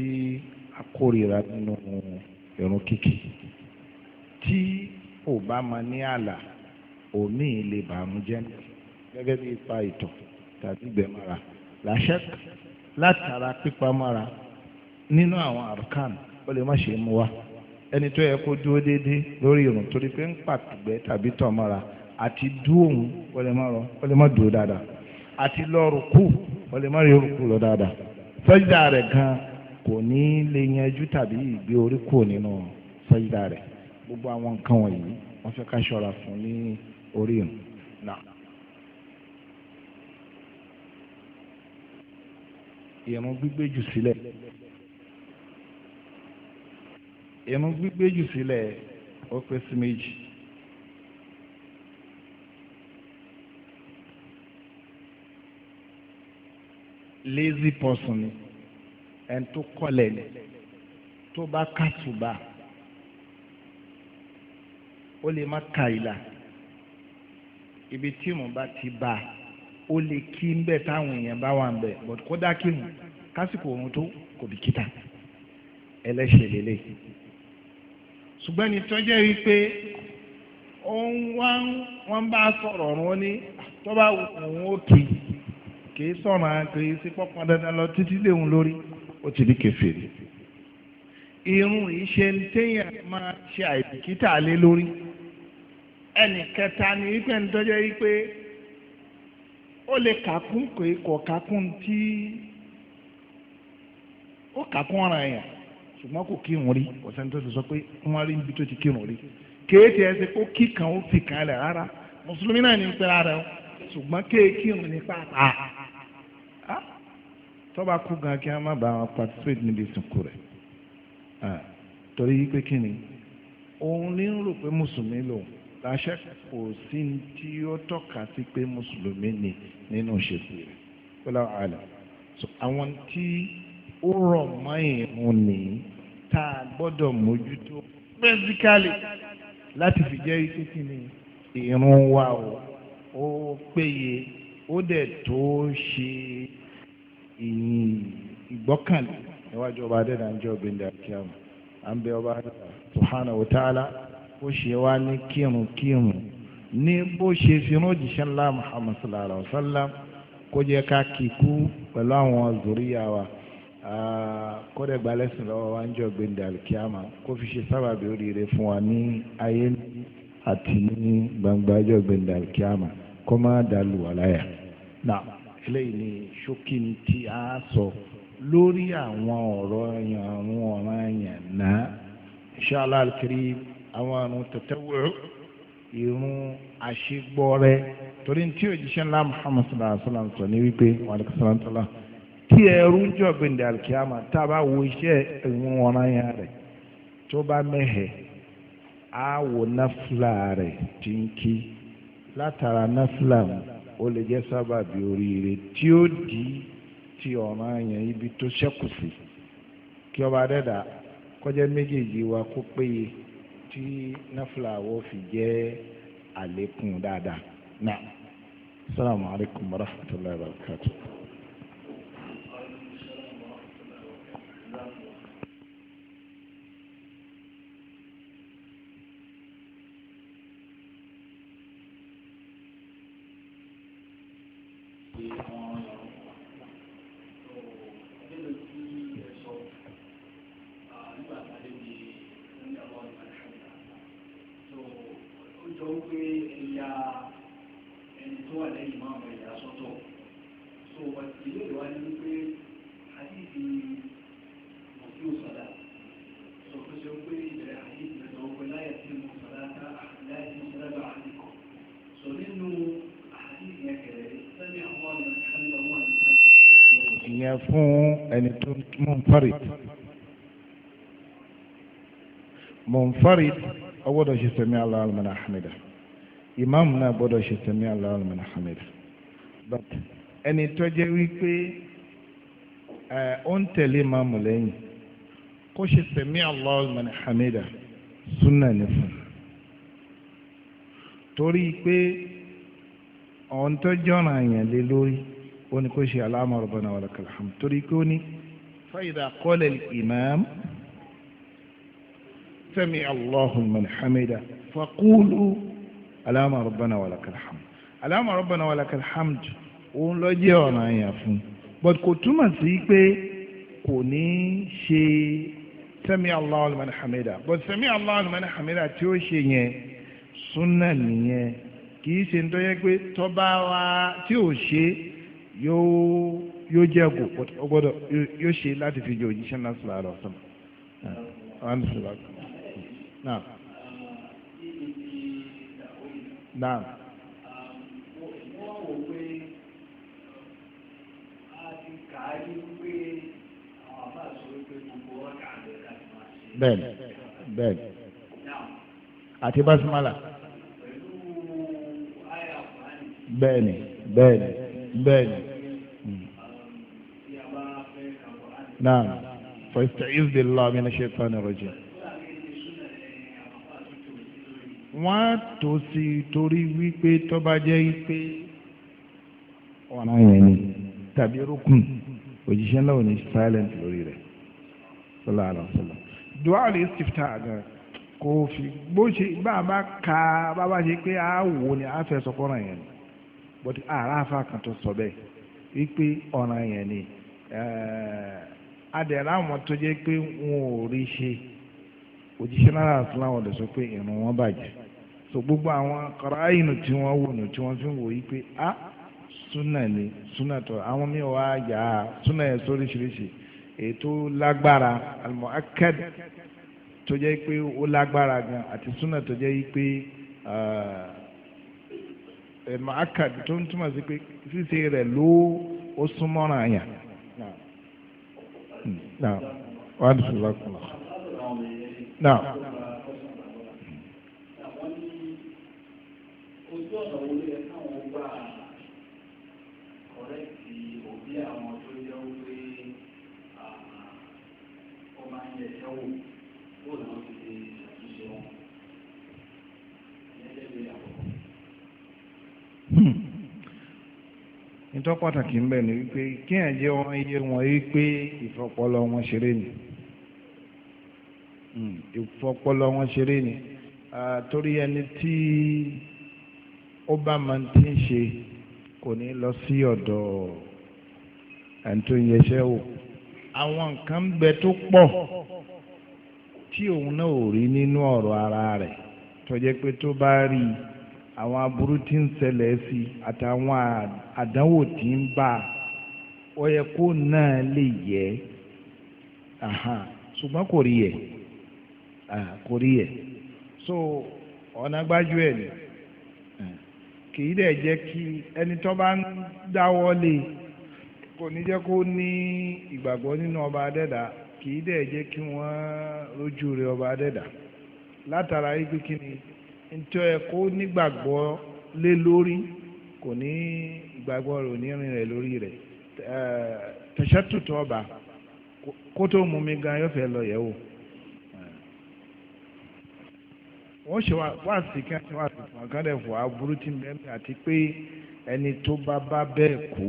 akórira nínú ìrun kíkì tí kò bá máa ní ààlà òmíì lè bàmú jẹ́ gẹ́gẹ́ bí ipa ìtọ̀ tàbí ìgbẹ́mára làṣẹ látara pípamára nínú àwọn arkan ó lè má ṣe mú wa ẹni tó yẹ kó dúró déédéé lórí irun torí pé ń pàtìgbẹ́ tàbí tọ̀mọ́ra àti dúró òun ó lè má rọ ó lè má dúró dáadáa àti lọ rùkú ó lè má rí rùkú lọ dáadáa sọ́jídà rẹ̀ gan kò ní lè yanjú tàbí ìgbé orí kù nínú sọ́jídà rẹ̀ gbogbo àwọn nǹkan wọ̀nyí wọ́n fẹ́ ká ṣọ́ra fún ní orí irun náà. ìrun gbígbé jù sílẹ̀ ìrun gbígbé jù sílẹ̀ ó pé sí méjì. lazy person ni ẹni tó kọlẹ̀ ni tó bá kàtúbà ó lè má ka ibi tí mo bá ti bá a ó lè kí ń bẹ̀ táwọn èèyàn bá wà ń bẹ̀ but kódà kírun kásìkò òun tó kò bìkítà ẹlẹ́ṣẹ̀ lélẹ̀ ṣùgbọ́n ní tọ́jẹ́ rí pé òun wọ́n bá sọ̀rọ̀ ọ̀run ní tọ́ba òun ó kì í kìí sọ̀rọ̀ àgbè sí pọ́pọ́n dandan lọ títí léun lórí ó ti di kèfèrí irun ìṣe ń téèyàn máa ṣe àìbìkítà lé lórí ẹnì kẹta ni wípé ń tọ́jọ́ wípé o le kàkún pé kò kàkún tí o kàkún ara yẹn ṣùgbọ́n kò rí ọ̀sẹ̀ tó sọ pé wọ́n rí ibi tó ti kírun rí kéèké ẹsẹ̀ kó kíkan ó fi kan lẹ̀ rárá mùsùlùmí náà ní pẹ́ ara ṣùgbọ́n ní tọ́ba kú gan kí ni òun ní ń rò láṣẹ kò sí tí ó tọ́ka sí pé mùsùlùmí ni nínú ìṣètò rẹ̀ pẹ̀lú àlẹ́ àwọn tí ó rọ̀ mọ́ ìrun ní tá a gbọ́dọ̀ mójútó pẹ́síkálì láti fi jẹ́ ike kí ni ìrun wa o ó péye ó dẹ̀ tó ṣe ìgbọ́kànlé níwájú ọba adẹ́dàá ń jẹ́ obìnrin dàkíyàmù à ń bẹ ọba adẹ́dàá subhanahu wa ta'ala kó ṣe wá ní kírunkírun ní bó ṣe fi rán òjíṣẹ́ ńlá muhammad sallallahu alaihi wa sallam kó jẹ́ ká kíkú pẹ̀lú àwọn zòríyà wa kó dẹ̀ gba lẹ́sìn lọ́wọ́ wa ń jọ gbẹ̀ndẹ̀ alikiyama kó fi ṣe sábàbí oríire fún wa ní ayé àti ní gbangba jọ gbẹ̀ndẹ̀ alikiyama kó má dàlù wà láyà. eléyìí ni ṣókí tí a sọ lórí àwọn ọ̀rọ̀ yẹn àwọn ọ̀rọ̀ yẹn náà inshallah al àwọn àrùn tẹ̀tẹ̀wẹ̀ ìrun àṣegbọ́rẹ́ torí tí òjíṣẹ́ ńlá Muhammad sallallahu alayhi wa sallam sọ ní wípé wàlúkà sàlàntàlà kí ẹrú ń jọ gbèndé alikiyama tá a bá wo iṣẹ́ ìrun ọ̀ràn yẹn rẹ̀ tó bá mẹ́hẹ̀ á wò náfìlà rẹ̀ tí látara náfìlà ó lè jẹ́ sábàbí oríire tí ó di ti ọ̀ràn yẹn ibi tó ṣẹ́kù sí kí ọba dẹ́dà kọjá méjèèjì wa kó péye tí náfìlà wo fi jẹ́ àlékún dáadáa náà salamu alaykum wa rahmatulahi wa barakatuh. munfarid munfarid ó gbọ́dọ̀ ṣe sami Allahu liman hamida imam náà gbọ́dọ̀ ṣe sami Allahu liman hamida but ẹni tó jẹ́ wípé ó ń tẹ̀lé imam lẹ́yìn kó ṣe sami Allahu liman hamida súnà ní fún torí pé ọ̀hún tó jọ́ràn àyàn ó ní kó ṣe Allahumma rabbana wa lakal torí pé ó ní. فإذا قال الإمام سمع الله من حمده فقولوا اللهم ربنا ولك الحمد اللهم ربنا ولك الحمد òun lọ jẹ́ ọ̀ràn àyàn fún but kò túmọ̀ sí pé kò ní ṣe sami allah alimani hamida but sami allah alimani hamida tí ó ṣe yẹn súnà nìyẹn kì í ṣe ń tọ́jẹ́ pé tọ́ba wa tí ò ṣe yóò yóò jẹ́ ẹ̀gùn ó gbọ́dọ̀ yóò ṣe láti fi jẹ òjíṣẹ́ náà sílá rẹ̀ ọ̀sán. Ah, Naam. Naam. Bẹ́ẹ̀ni, bẹ́ẹ̀ni. Àti Báṣímálà. Bẹ́ẹ̀ni, bẹ́ẹ̀ni, bẹ́ẹ̀ni. نعم فاستعذ بالله من الشيطان الرجيم wọ́n tó sí torí wípé tó bá jẹ́ wípé ọ̀ràn yẹn ni tàbí rúkùn òjíṣẹ́ náà ní silent lórí rẹ̀ sallallahu alaihi wasallam dua lè kò fi bó ṣe bá a bá ka bá bá ṣe pé a wò ni a fẹ́ sọ yẹn ni but àrà afa kan tó sọ bẹ́ẹ̀ wípé yẹn adẹ̀rẹ̀ àwọn tó jẹ́ pé wọn ò rí ṣe òjíṣẹ́ náírà fúláwọ̀ lè sọ pé ìrun wọn bàjẹ́ so gbogbo àwọn kọ̀ráyìnù tí wọ́n wò nù tí wọ́n fi ń wò yí pé a súnà ni súnà tó àwọn míì wá yà á súnà yẹn sóríṣiríṣi ètò lágbára àlùmọ́ akẹ́d tó jẹ́ pé ó lágbára gan àti súnà tó jẹ́ yí pé ẹ̀mọ́ akẹ́d tó ń túmọ̀ sí pé ṣíṣe rẹ̀ ló ó súnmọ́ràn yàn náà wàá dùsùn lákùnrin náà. nítorí pàtàkì ń bẹ̀ ni wípé kí ẹ̀ jẹ́ wọn iye wọn wípé ìfọpọlọ wọn ṣeré ni hmm, ìfọpọlọ wọn ṣeré ni torí ẹni tí ó bá máa ti ń ṣe kò ní lọ sí ọ̀dọ̀ ẹni tó ń àwọn nǹkan ń bẹ tó pọ̀ tí òun náà ò rí nínú ọ̀rọ̀ ara rẹ̀ tó pé tó bá rí i. àwọn aburú tí ń ṣẹlẹ̀ sí àtàwọn àdánwò tí ń bá ọ yẹ kó náà lè yẹ ṣùgbọ́n kò rí yẹ kò rí yẹ so ọ̀nà gbájú ẹ̀ ni kì í dẹ̀ jẹ́ kí ẹni tó bá ń dáwọ́ lé kò ní jẹ́ kó ní ìgbàgbọ́ nínú ọba adẹ́dà kì í dẹ̀ jẹ́ kí wọ́n rójú rẹ̀ ọba adẹ́dà látara ibi kí ni. ntọ́ ẹ kó nígbàgbọ́ lé lórí kò ní ìgbàgbọ́ rẹ̀ onírin rẹ̀ lórí rẹ̀ tẹ̀sẹ̀ tuntun ọba kó tó mú mi gan yóò fẹ́ lọ yẹ̀ wò wọ́n ṣe wá sí kí wọ́n sì fún akádẹ́ fún aburú tí bẹ́ẹ̀ àti pé ẹni tó bá bá bẹ́ẹ̀ kú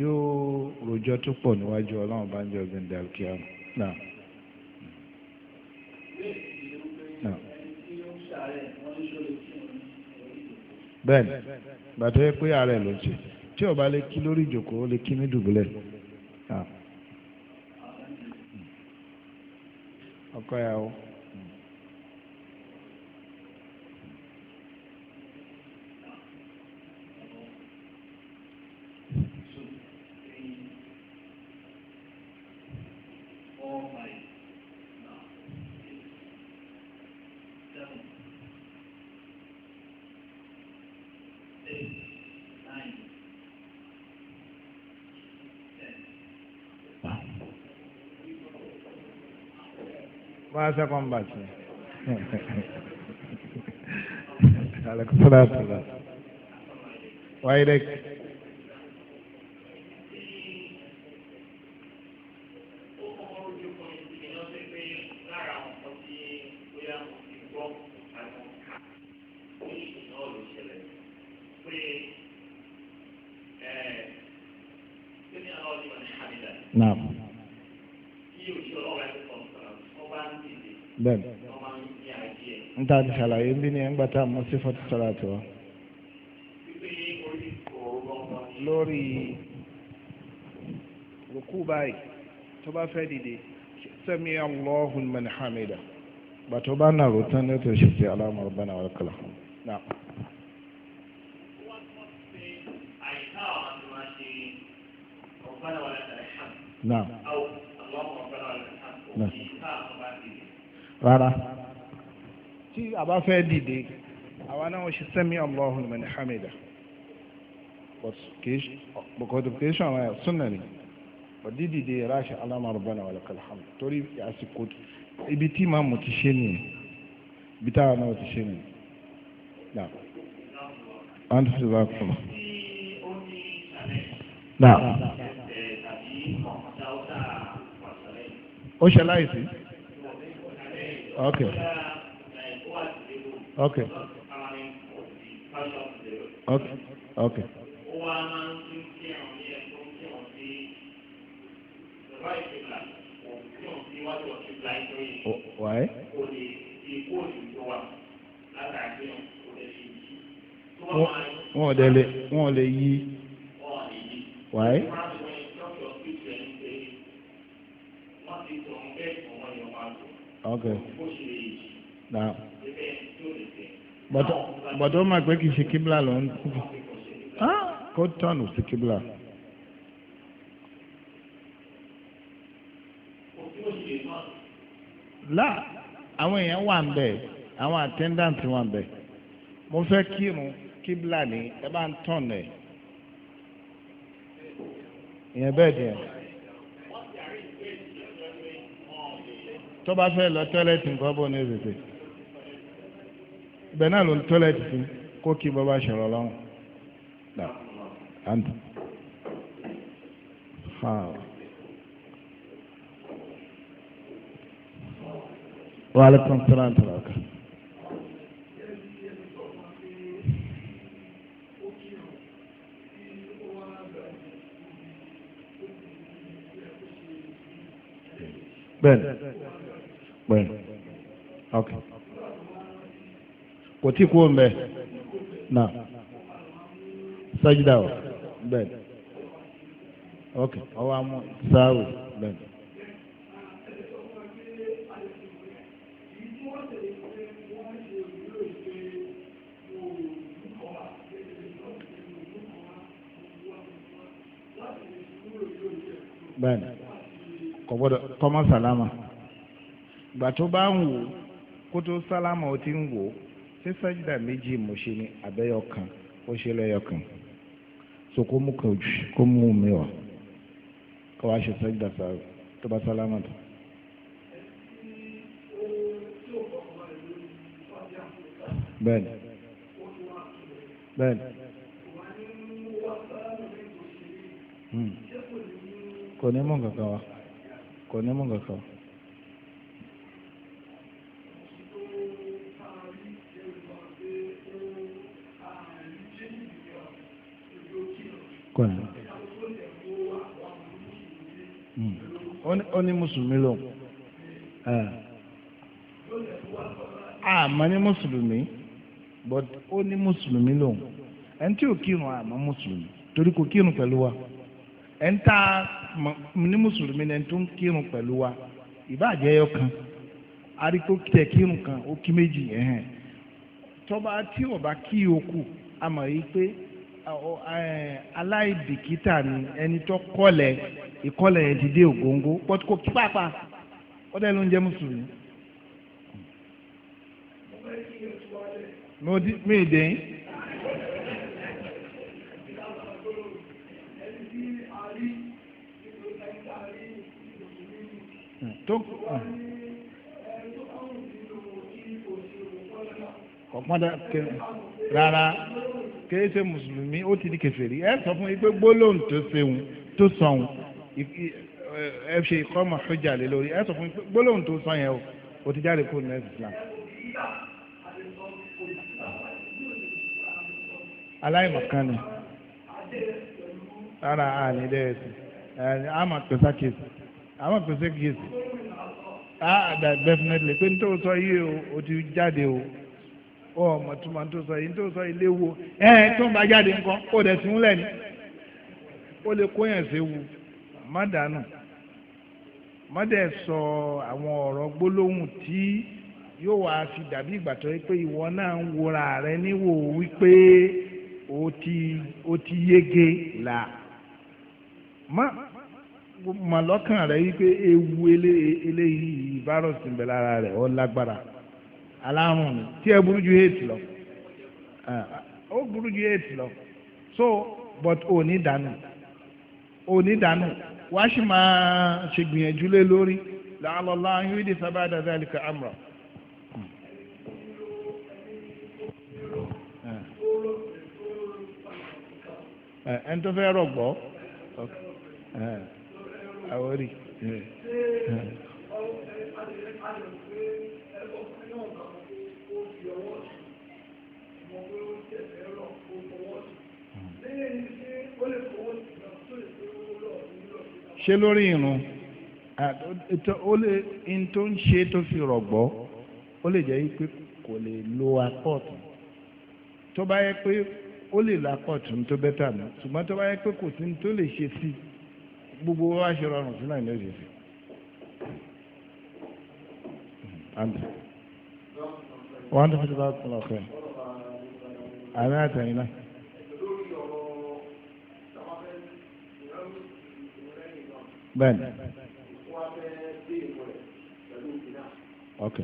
yóò rojọ́ tó pọ̀ níwájú ọlọ́run bá ń jọ gbẹ̀ndẹ̀ àlùkìyàmù náà. No bẹ́ẹ̀ni gbàtọ́ yẹ pé ààrẹ ló ṣe tí ó bá lè kí lórí ìjòkó lè kí ní dùbúlẹ̀ ah. ọkọ ìyàwó. wọ́n á sẹ́kọ̀ọ́ bá tiẹ̀. Aleykum salaam wa rahmatulah. tá a ti ṣàlàyé ń bí ní ẹgbà tá a mọ́ sí fọ́tí sọ́ra tó. lórí rukú báyìí tó bá fẹ́ dìde sẹ́mi Allahu liman hamida bàtọ́ bá nà rò tán ní ètò ìṣèṣẹ́ aláàmọ̀rọ̀ bá nà wà kàlà. Naam. Rárá àbá fẹ́ dìde àwa náà wọ́n ṣe sẹ́mi Allahu liman hamida bọ̀kọ̀tù kìí ṣe àwọn súnà ni ọ̀dí dìde ráṣẹ Allahumma rabbana wa lakal hamd torí àsìkò ibi tí màmú ti ṣe nìyẹn ibi táwa náà ti ṣe nìyẹn. Anta fi ba kuma. Naa. Ó ṣe láìsí. Okay ok ok ok. Oh, Why？wọ́n ò lè wọ́n ò lè yí wàá. Okay. Now bọ̀dọ̀ máa pé kìí ṣe kíbla lọ kó tọ́nù sí kíbla. lá àwọn èèyàn wà ń bẹ̀ àwọn attendant wà ń bẹ̀ mo fẹ́ kírun kíbla ni ẹ bá ń tọ̀nù ẹ̀ ìyẹn bẹ́ẹ̀ dẹ̀. tó bá fẹ́ lọ tọ́lẹ̀tì nǹkan bó ní èsì ibẹ̀ náà ló ń tọ́lẹ̀tì sí kó kí bọ́ bá ṣọ̀rọ̀ lọ́wọ́ bẹ́ẹ̀ni bẹ́ẹ̀ni ok. okay kò tí kú mbẹ na sajida o bẹẹ ok ọwọ amú sáwù bẹẹ. bẹẹni kò gbọ́dọ̀ kọmọ salama gbàtó bá ń wò kótó sálámà ó ti ń wò ṣé sájúdà méjì mo ṣe ní abẹ́yọ kan ó ṣe lẹ́yọ kan so kó mú kan jù kó mú mi wá kó wá ṣe sájúdà sáré tó bá sálámà tó. bẹ́ẹ̀ni bẹ́ẹ̀ni hmm. kò ní mú nǹkan kan wá kò ní mú nǹkan kan wá. ó mùsùlùmí lò àmọ́ ní mùsùlùmí but ó ní mùsùlùmí lò ẹni tí ò kírun àmọ́ mùsùlùmí torí kò kírun pẹ̀lú wa ẹni tá ní mùsùlùmí ni ẹni tó ń kírun pẹ̀lú wa ìbáàjẹ́ ẹyọ kan arígbó tẹ kírun kan ó kí méjì ẹ̀hẹ́n tọ́ba tí ò bá kí yòókù a yìí pé aláìbìkítà ni ẹni tó ìkọlẹ̀ yẹn ti dé ògóńgó pọtukọ pápá ọdẹ ló ń jẹ mùsùlùmí. mi ì dẹ́yìn. tó ọ̀pọ̀n rárá kìí ṣe mùsùlùmí ó ti di kèfèrí ẹ sọ fún yín pé gbólóhùn tó ṣeun tó sọ̀hún ẹ eh, ṣe ìkọ́mà sójà lé lórí ẹ sọ fún gbólóhùn tó sọ yẹn o ò ti jáde kúrò nẹ́ẹ̀sì Islam. aláìmọ̀kan ni rárá àní dẹ́ẹ̀sì àmọ̀ pèsè kìsì àmọ̀ pèsè kìsì àdà definitely pé nítorí sọ yìí o ti jáde o ó ọmọ túmọ̀ nítorí sọ yìí nítorí sọ yìí léwu ẹ tó ń bá jáde nǹkan ó dẹ̀ sí ń lẹ̀ ó lè kó yẹn sí wu má dànù má dẹ̀ sọ àwọn ọ̀rọ̀ gbólóhùn tí yóò wá fi dàbí ìgbà tó yẹ pé ìwọ náà ń wora rẹ níwò wípé o ti o ti yege là má mà lọ́kàn rẹ wípé ewu eléyìí virus ń lára rẹ ó lágbára alárùn ni tí ẹ burú ju eight lọ ó burú ju eight lọ so but òní dànù òní dànù wàá sì máa ṣègbìyànjú lé lórí làálọ́lá yóò dé sábà dáadáa lìkà amra. ẹni tó fẹ́ rọ̀gbọ́ àwọn rí. Thank you ṣe lórí irun ó lè in tó ń ṣe tó fi rọ̀gbọ́ ó lè jẹ́ pé kò lè lo apá ọ̀tún tó bá yẹ pé ó lè lo apá ọ̀tún tó bẹ́tà ní ṣùgbọ́n tó bá yẹ pé kò sí ní tó lè ṣe sí gbogbo wa ṣe rọrùn sí náà ní ọ̀sẹ̀ wọ́n á tún fi bá kún lọ́kẹ́ àmì àtẹ̀yìn náà. bẹ́ẹ̀ni. ok.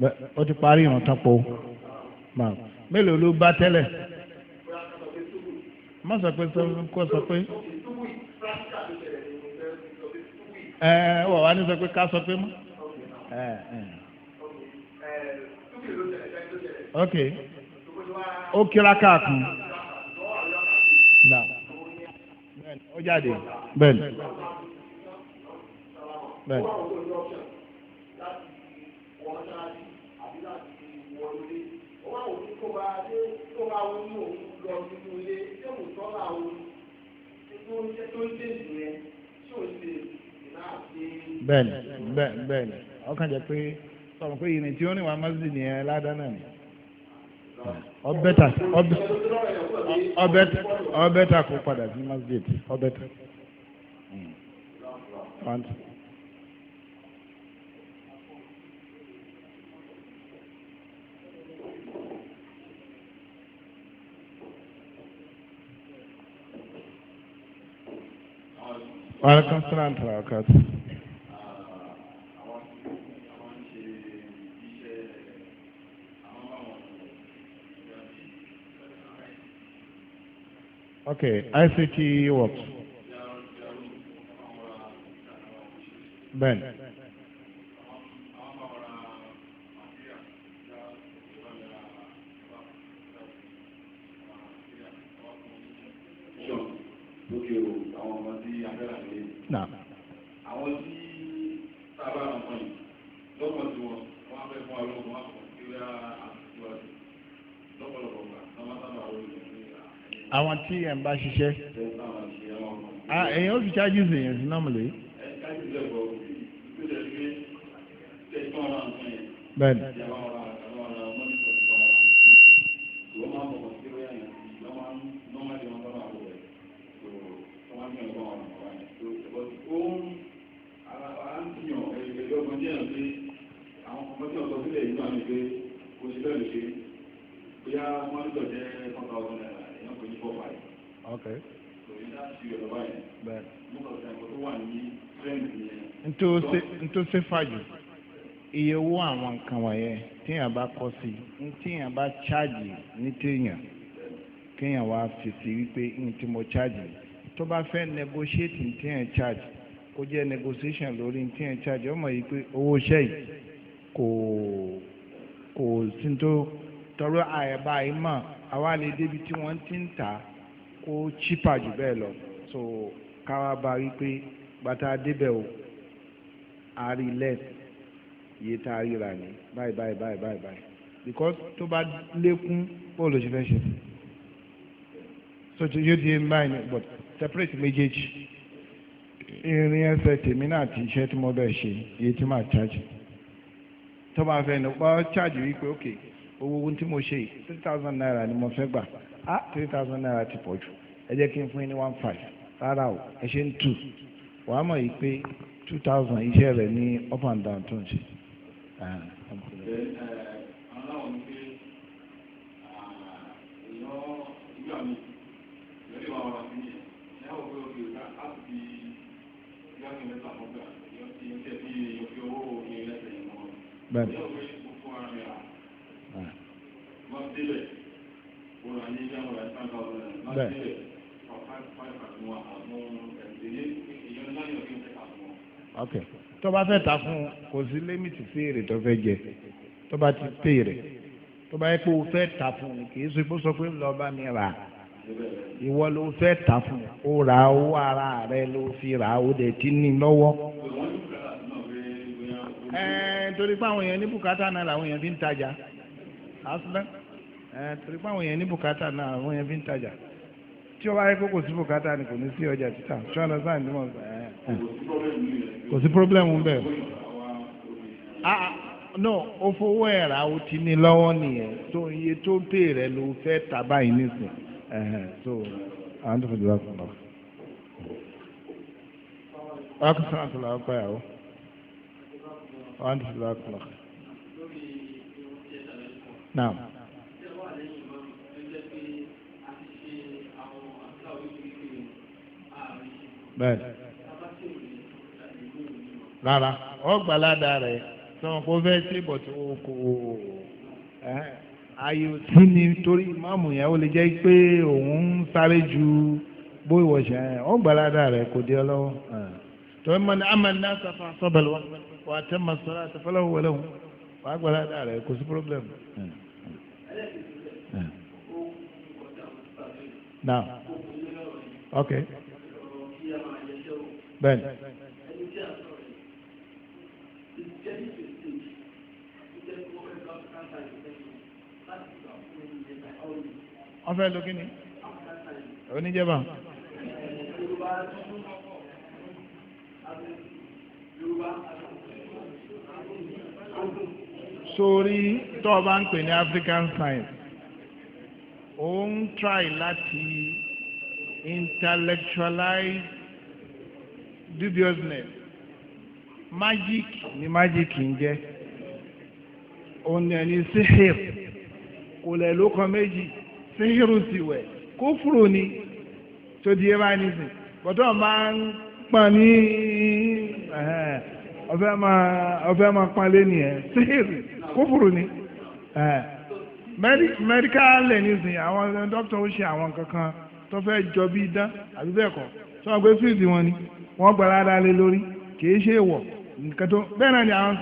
bẹ́ẹ̀ ó ti parí ìrun tán po mélòó ló bá tẹ́lẹ̀ má sọ pé kó sọ pé ẹ wọ̀ wá ní sọ pé ká sọ pé mọ́. ok. okay. okay. okay. okay. okay. okay. okay. ó kíra káàkiri ó jáde bẹ́ẹ̀ni bẹ́ẹ̀ni. bẹ́ẹ̀ni bẹ́ẹ̀ni ọkàn jẹ́ pé sọ̀rọ̀ pé tí ó ni ọbẹ̀tà ọbẹ̀tà kò padà sí masjid ọbẹ̀tà. Wa alaikum salaam wa rahmatullahi Okay, ICT works. Ben. Now. tí ẹ̀ ń bá ṣiṣẹ́ èyàn ó fi charges èyàn sí náà bẹ́ẹ̀ni. sífà jù iye owó àwọn nǹkan wọ̀nyẹn téèyàn bá kọ́ sí ní téèyàn bá ṣáàjì ní téèyàn kéèyàn wá fi wípé ní tí mo ṣáàjì tó bá fẹ́ negotiate ní téèyàn ṣáàjì kó jẹ́ negotiation lórí ní téèyàn ṣáàjì ó mọ̀ yìí pé owó iṣẹ́ yìí kò kò sí tó tọrọ àyẹ̀bá yìí mọ̀ àwa lè débi tí wọ́n ti ń tà kó cheaper jù bẹ́ẹ̀ lọ so káwa bá rí pé bàtà débẹ̀ o àárí less iye tá a ríra ní báyìí báyìí báyìí báyìí báyìí because tó bá lékún bóòlù ṣe so to yóò di mine but separate méjèèjì irin ẹsẹ̀ tèmi náà ti iṣẹ́ tí mo bẹ̀ ṣe iye tí màá charge tó bá fẹ́ ní pa charge wípé ok owó ohun tí mo ṣe three thousand naira ni mo fẹ́ gbà ah three thousand naira ti pọ̀ jù ẹ jẹ́ kí n fún yín ní one five rárá o ẹ ṣe ń tù wàá mọ̀ yìí pé 2000 thousand iṣẹ́ rẹ̀ ní up and down tó ń ṣe. Bẹ́ẹ̀ni ok tó bá fẹ́ ta fún kò sí límìtì sí èrè tó fẹ́ jẹ tó bá ti pè rẹ̀ tó bá yẹ pé o fẹ́ ta fún kì í ṣe kó sọ pé lọ bá mi rà ìwọ ló fẹ́ ta fún o rà owó ara rẹ ló fi rà o dẹ̀ ti ní lọ́wọ́. ẹ ẹ torí pé àwọn èèyàn ní bùkátà náà làwọn èèyàn fi ń tajà aslan ẹ torí pé àwọn èèyàn ní bùkátà náà làwọn èèyàn fi ń tajà tí o bá yẹ kó kò sí bùkátà ni kò ní sí ọjà títà tí wọn lọ sáà ní mọ̀ ẹ kò sí pírọ́blẹ́mù bẹ́ẹ̀ ah, ah, no o fowó ẹ̀ rà o ti ní lọ́wọ́ nìyẹn tó iye tó ń pè rẹ ló fẹ́ tà báyìí nísìn so à ń tó fẹ́ jù wá fún ọ. wàá kó sọ́nà tó lọ́wọ́ pẹ́ àwọn wàá tó fẹ́ lọ́wọ́ pẹ́ lọ́wọ́. naam. bẹ́ẹ̀ rárá ọgbàládà rẹ̀ sọ̀rọ̀ kó fẹ́ sí bọ̀tí oko ayò tí ni torí ìmáàmù yẹn ó lè jẹ́ pé òun ń sáré ju bó ìwọ̀sẹ̀ yẹn ọgbàládà rẹ̀ kò dé ọlọ́wọ́ torí mọ́ni amẹ́ni náà sọ́fà sọ́bẹ̀lì wọn wà á tẹ́ mọ́ sọ́lá àtẹ́fọ́lọ́wọ́ wọlé wọn wà á gbàládà rẹ̀ kò sí pírọ́blẹ̀mù. Now, okay. Ben. wọ́n fẹ́ lo kíni oníjẹba. sórí tó o bá ń pè ní African science ó ń try láti intellectualize dubiousness magic ni magic ń jẹ́ òun ni ẹni síhìr kò lẹ̀ ló méjì. síhìrù tiwẹ̀ kófùrù ni tó di ẹbá ní sìn bọ́tọ̀ máa ń pọn ní ọ̀fẹ́ máa ọ̀fẹ́ máa pọn lé nìyẹn síhìrù kófùrù ni medical lenisin àwọn doctor ó ṣe àwọn kankan tó fẹ́ jọ bí idán àbí bẹ́ẹ̀ kọ́ tó wọ́n gbé fíìsì wọn ni lé lórí kì í ṣe nǹkan tó bẹ́ẹ̀ náà ni àwọn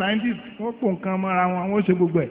wọ́n pò nǹkan wọn wọ́n ṣe gbogbo ẹ̀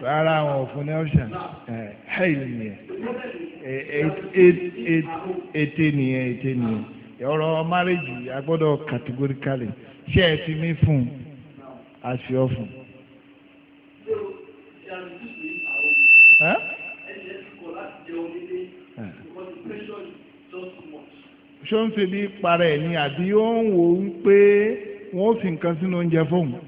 rárá àwọn òfin ní option hail eh, nìyẹn ète eh, eh, nìyẹn ète nìyẹn ọ̀rọ̀ márèjì agbọ́dọ̀ categorically ṣé ẹ ti mí fún un a ṣe ọ fún un. ṣó ń ṣe bí parẹ́ ẹ̀ ni àbí ó ń wò ó pé wọ́n ó fi nǹkan sínú oúnjẹ fóun.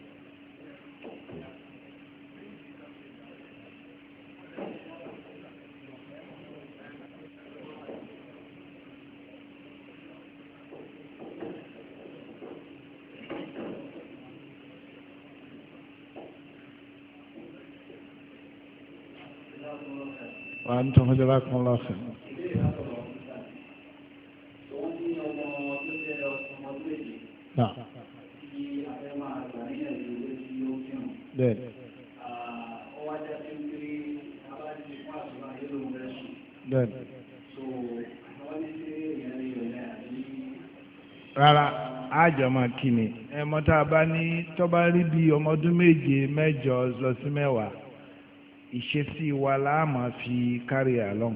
Jazakallah khair. Bẹ́ẹ̀ni. Bẹ́ẹ̀ni. Rárá, àjọ máa kí ni. Ẹ̀mọ́ta bá ní tọ́ba rí bí ọmọ ọdún méje mẹ́jọ lọ sí mẹ́wàá ìṣesí wa láàmà fi kárí àlọ́n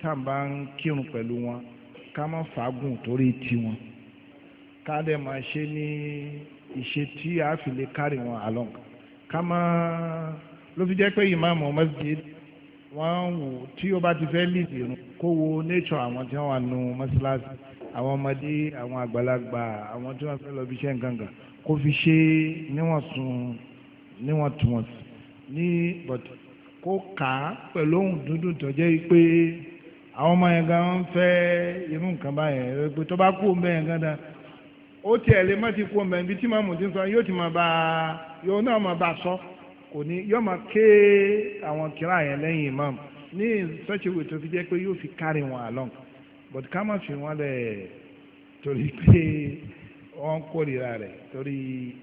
tàbá ń kírun pẹ̀lú wọn ká má fàágùn torí tiwọn ká dẹ̀ máa ṣe ní ìṣe tí a fi lè kárí wọn àlọ́n ká má ló fi jẹ́ pé ìmáàmù masjid wọ́n wò tí ó bá ti fẹ́ lìdì kó wo nature àwọn tí wọ́n wà nù mọ́ṣáláṣí àwọn ọmọdé àwọn àgbàlagbà àwọn tí wọ́n fẹ́ lọ fi ṣe nǹkan kan kó fi ṣe níwọ̀n sun níwọ̀ntúnwọ̀nsì ní but kó kà á pẹ̀lú ohun dúndùn tó jẹ́ pé àwọn ọmọ yẹn gan ń fẹ́ irú nǹkan báyẹn pé tó bá kú òun bẹ́ẹ̀ gan dá ó tiẹ̀ lè má ti kú òun bẹ́ẹ̀ ibi tí màmú ti ń sọ yóò ti máa bá a yóò náà máa bá a sọ kò ní yóò máa ké àwọn kíra yẹn lẹ́yìn imam ní such a way tó fi jẹ́ pé yóò fi carry wọn along but ká má fi wọn lẹ̀ torí pé wọ́n kórìíra rẹ̀ torí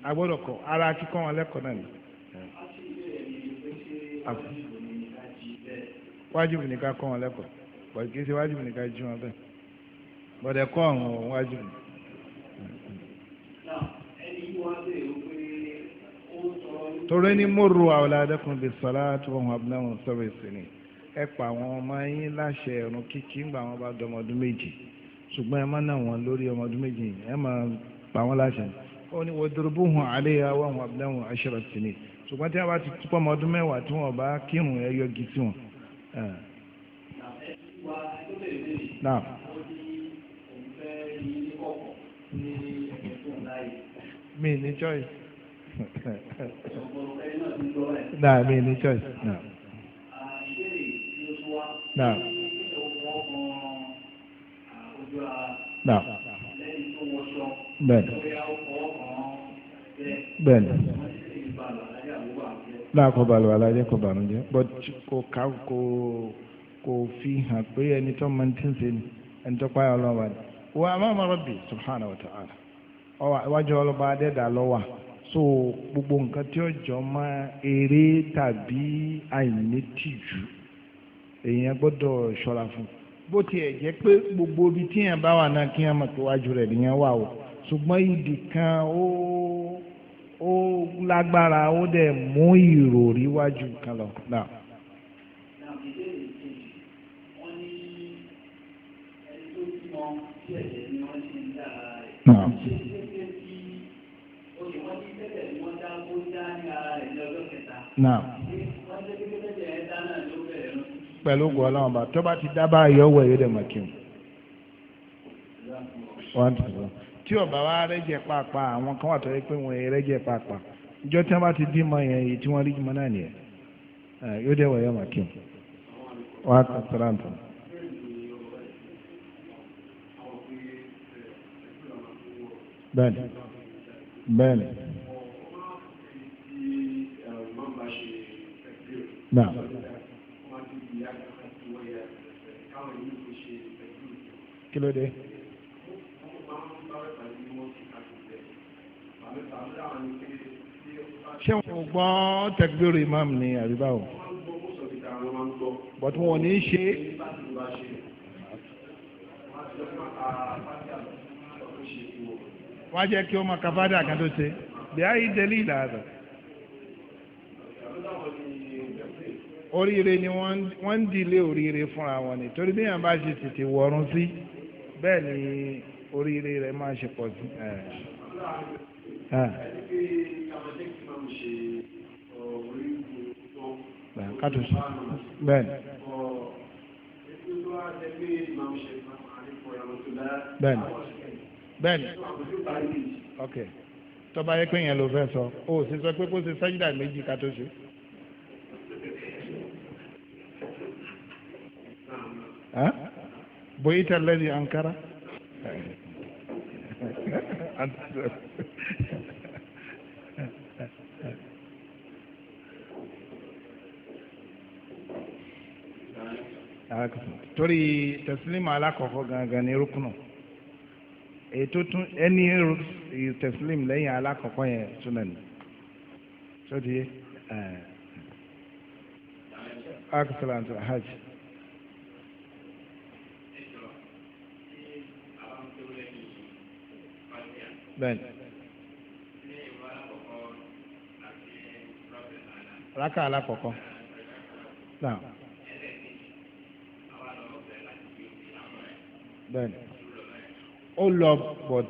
agbọ́dọ̀ kọ ara kíkọ́ wọn lẹ́kọ̀ọ́ náà wájúbù ní ká kọ́ wọn lẹ́kọ̀ọ́ bọ̀ kì í ṣe wájúbù ní ká jí wọn bẹ́ẹ̀ bọ̀dẹ̀ kọ́ àwọn òun wájúbù. torí ní múru àwòládẹ́kùn bíi sọlá tí wọ́n hàn náà sọ̀rọ̀ ìsìnì ẹ pa àwọn ọmọ yín láṣẹ ẹ̀rùn kíkí ńgbà wọn bá dọmọ ọdún méjì ṣùgbọ́n ẹ má nà wọn lórí ọmọ ọdún méjì ẹ má pa wọn láṣẹ ó ní wọ́n dúró bóhùn àléyàwó àwọn abúlé wọn aṣọ ìsìnì ṣùgbọ́n tí a bá ti túpọ̀ ọmọ ọdún mẹ́wàá tí wọ́n bá kírun ẹ yọgi sí wọn. mi ní choice. na mi ní choice. na. na. na. bẹ́ẹ̀ni. bẹ́ẹ̀ni láàkó balùwẹ̀ alájẹ́ kó bànújẹ́ but kò ká kò kò fi hàn pé ẹni tó máa ń tí ń ni ẹni tó pààyà ọlọ́wà ni wọ́n a máa ma rọ́bì subhanahu wa ta'ala ọwà iwájú ọlọ́ba adẹ́dà lọ́wà so gbogbo nǹkan tí ó jọ máa eré tàbí àìnítìjú èèyàn gbọ́dọ̀ ṣọ́ra fún bó tiẹ̀ jẹ́ pé gbogbo ibi tí èèyàn bá wà náà kí èèyàn mọ̀ pé wájú rẹ̀ nìyẹn wà o ṣùgbọ́n ibì kan ó ó lágbára ó dẹ̀ mú ìròrí wájú kan lọ náà. Now. Pẹ̀lú ògùn ọlọ́run ọba tó bá ti dábàá yọ̀wọ̀ yóò dẹ̀ mọ̀ kí n tí ọba wa rẹjẹ pàápàá àwọn kan wà tó yẹ pé wọn ẹ rẹjẹ pàápàá ìjọ tí wọn bá ti dín mọ yẹn èyí tí wọn rí jùmọ náà nìyẹn yóò dé wọ̀nyọ́ màkì wọn á kà sọ́ra nǹkan. bẹ́ẹ̀ni bẹ́ẹ̀ni. Naam. Kí ló dé? ṣé wọn gbọ́ tẹ̀gbẹ́rẹ́ imam ní àríbá o but wọn ò ní ṣe. wọ́n á jẹ́ kí ó máa ka fádà kan tó ṣe bí a yìí délé ìlànà. oríire ni wọ́n ń dilé oríire fúnra wọn ni torí bí yàn bá ṣe tètè wọ̀run sí bẹ́ẹ̀ ni oríire rẹ̀ máa ṣe pọ̀ sí kátó ah. sí bẹ́ẹ̀ bẹ́ẹ̀ bẹ́ẹ̀ ok tó bá yẹ pé yẹn ló fẹ́ sọ ó sì sọ pé kó ṣe sẹ́jìdà méjì kátó sí. bóyá ìtàlẹ́dì ankara. akẹ́sùn torí tẹ̀sílímù alákọ̀ọ́kọ́ gangan ní rúkúnù ètò tún ẹni tẹ̀sílímù lẹ́yìn alákọ̀ọ́kọ́ yẹn súnà ní sọ́dí akẹ́sùn àti hajj. bẹ́ẹ̀ni. raka alákọ̀ọ́kọ́. náà. bẹ́ẹ̀ ó lọ but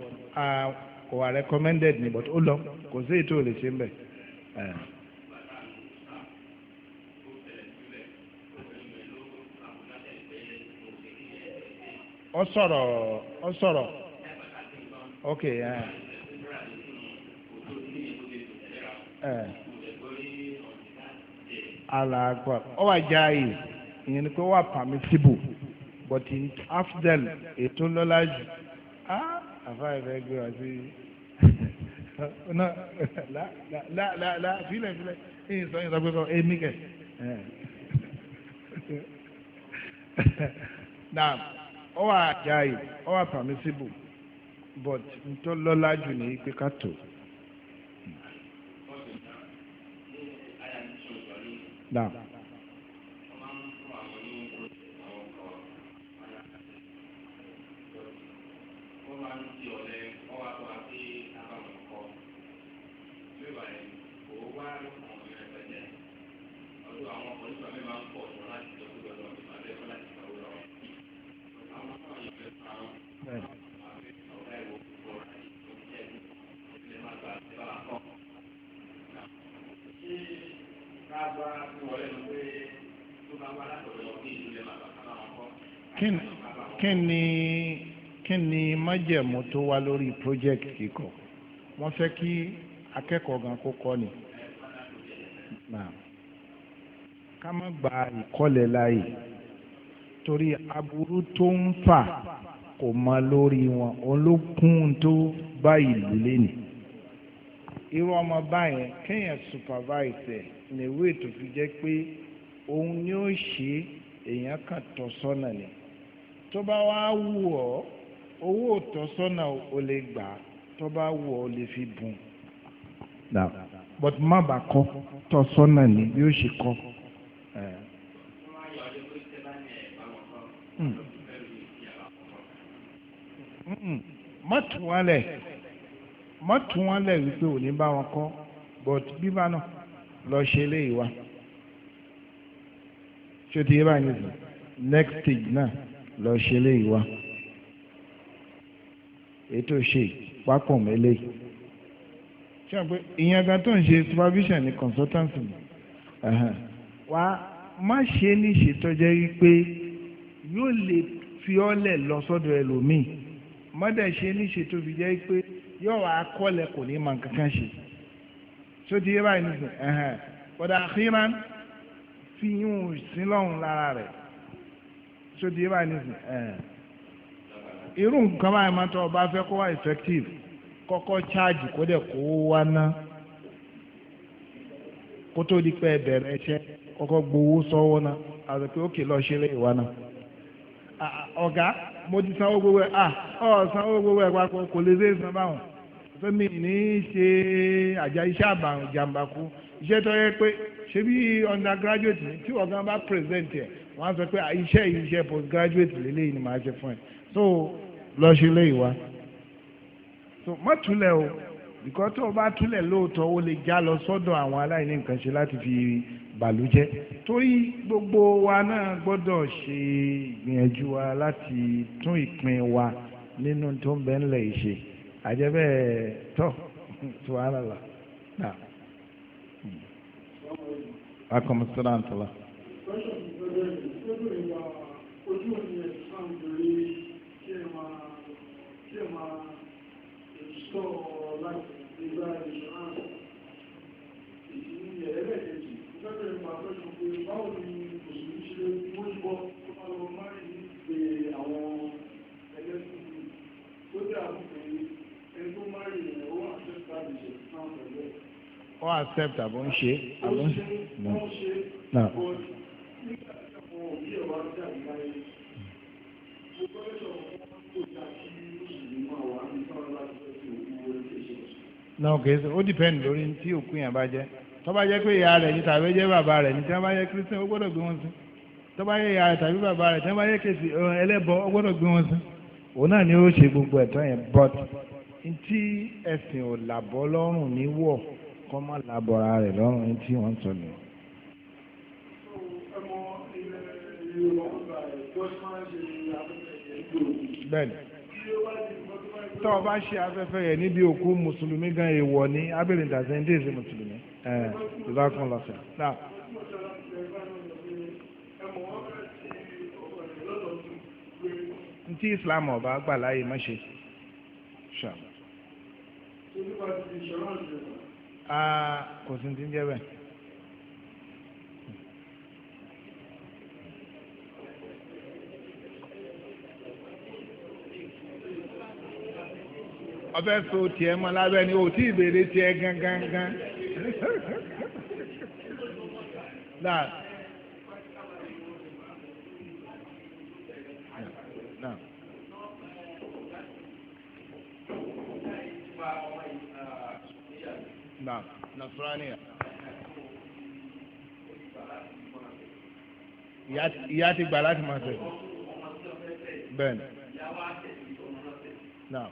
kò wà recommended ni but ó lọ kò sí ètò ò ń bẹ̀. ọ sọ̀rọ̀ ọ sọ̀rọ̀ ok. alaakpa eh. eh. ọ wà jaayi ìyẹn ni pé But bọ̀tí afdal ètò lọ́lá jù á ah, àfáàfẹ́ gbé wá sí láàlá fílẹ̀ fílẹ̀ èyí sọ yín sọ pé kọ́ èmi kẹ̀. Now, ọ wà àjáyè, ọ wà permissible, but ntọ́ lọ́lá jù ní pé ká tó. Now. májẹ̀mú tó wá lórí project kíkọ wọ́n fẹ́ kí akẹ́kọ̀ọ́ gan kó kọ́ ni ká má gba ìkọ́lẹ̀ láàyè torí aburú tó ń fà kò mọ lórí wọn olókùn tó bá ìlú léni irú ọmọ báyẹn kéèyàn supervise ẹ̀ ní ìwé fi jẹ́ pé òun ni ó ṣe èèyàn kan tọ́ sọ́nà ni tó bá wá wù ọ́ owó òtọ́sọ́nà ò lè gbà tó bá wù ọ́ lè fi bùn. but má bàa kọ́ tọ́sọ́nà ni bí ó ṣe kọ́. Hmm. Hmm. má tún wọn lẹ̀ má wọn lẹ̀ wípé ò ní bá wọn kọ́ but bíbá náà lọ ṣe eléyìí wa ṣé ti yé báyìí next stage náà lọ ṣe eléyìí wa ètò ṣe pápọ̀ mẹ́lẹ̀ yìí ṣé o ìyẹn gan tó ń ṣe supervision ní consultancy ni wà á má ṣe ní ṣètọ́jẹ́ wípé yóò lè fi ọ́lẹ̀ lọ sọ́dọ̀ ẹlòmíì mọ́dẹ̀ ṣe ní ṣètò fi jẹ́ pé yóò wá kọ́lẹ̀ kò ní mọ kankan ṣe tó ti yé báyìí nìsín ọ̀dà àkíran fi yíwọ̀n sílọ́hún lára rẹ̀ tó ti yé báyìí nìsín irú nǹkan báyìí máa tọ́ ọba fẹ́ kó wá effective kọ́kọ́ charge kó dẹ̀ kó wá ná kó tó di pé bẹ̀rẹ̀ iṣẹ́ kọ́kọ́ gbowó sọ́wọ́ ná àti pé ókè lọ ṣe léyìn wá ná. ọ̀gá mo ti sanwó gbogbo ẹ̀ à ọ̀ sanwó gbogbo ẹ̀ papọ̀ kò lè ṣeé san báwọn fẹ́mi ní í ṣe àjà iṣẹ́ àbàrùn jàǹbá kú iṣẹ́ tó yẹ pé ṣé bí undergraduate ni tí ọ̀gá bá present ẹ̀ wọ́n á sọ pé iṣẹ́ iṣẹ́ postgraduate lélẹ́yìn ni màá ṣe fún ẹ̀ so lọ́ṣẹ́ lé ìwà so má túlẹ̀ o nǹkan tó o bá túlẹ̀ lóòótọ́ o lè já lọ sọ́dọ̀ àwọn aláìní nǹkan ṣe láti fi bàlújẹ́ torí gbogbo wa náà gbọ́dọ̀ ṣe ìgbìyànjú wa láti tún ìpín wa nínú tó ń bẹ ńlẹ̀ ìṣe àjẹbẹ́ tọ́ tó ara là náà. akọ̀mọ̀sọ́lá sọ̀rọ̀ láti ìgbà ìṣòro ìṣòro ẹlẹ́ẹ̀kejì lọ́dẹ̀ pàtó sọ pé báwo ni òṣèlú ṣe mú ìbọn tó bá lọ máa ń pe àwọn ẹlẹ́sìn tó dẹ̀ àbúkẹ́ ẹni tó máa ń rìn ó wà sẹ́ta ìṣẹ̀lẹ̀ náà àwọn kèésì ó dìpẹ́ǹdì lórí tí òkú yẹn bá jẹ́ tó bá jẹ́ pé ìyá rẹ̀ ní tàbí jẹ́ bàbá rẹ̀ ní tí wọ́n bá jẹ́ kírísítẹ́n ó gbọ́dọ̀ gbé wọn sí tó bá jẹ́ ìyá rẹ̀ tàbí bàbá rẹ̀ tí wọ́n bá jẹ́ kèsì ẹlẹ́bọ ó gbọ́dọ̀ gbé wọn sí òun náà ni ó ṣe gbogbo ẹ̀tọ́ yẹn but ntí ẹ̀sìn ò làbọ́ lọ́rùn ní wọ̀ kọ́ má làbọ̀ra rẹ̀ lọ́rùn ní wọ́n sọ nù. bẹ́ẹ̀ni tọ́ ọ bá ṣe afẹ́fẹ́ yẹn níbi òkú mùsùlùmí gan èèwọ̀ ní abẹ́rẹ́ ìdàsẹ́ ń dèsè mùsùlùmí ẹ̀ ìbákan lọ́sẹ̀ náà. ntí islam ọba gbà láàyè má ṣe ṣàmù. Ah, kò sí ti ń jẹ́ bẹ́ẹ̀. ọfẹ́ so tiẹ̀ mọ́ lábẹ́ ni ò tí ì béèrè tiẹ̀ gangan. Naam, Nasrania. Ìyá ti gbà láti máa tẹ̀lé. Bẹ́ẹ̀ni. Naam.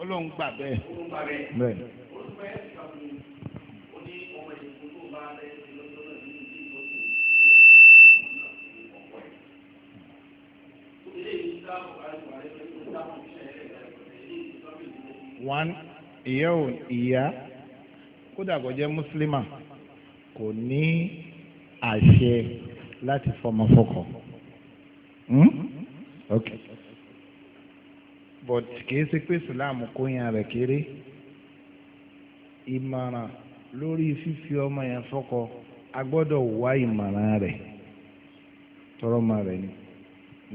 olóhùn gbà bẹ́ẹ̀. bẹ́ẹ̀. one ìyá ò ìyá kódà kò jẹ́ mùsùlùmá kò ní àṣẹ láti fọmọ fọkọ. Hmm? ok. okay but kìí ṣe pé sùláàmù kóyan rẹ̀ kéré ìmọ̀ràn lórí fífi ọmọ yẹn fọ́kọ a gbọ́dọ̀ wá ìmọ̀ràn rẹ̀ tọrọmọ rẹ̀ ni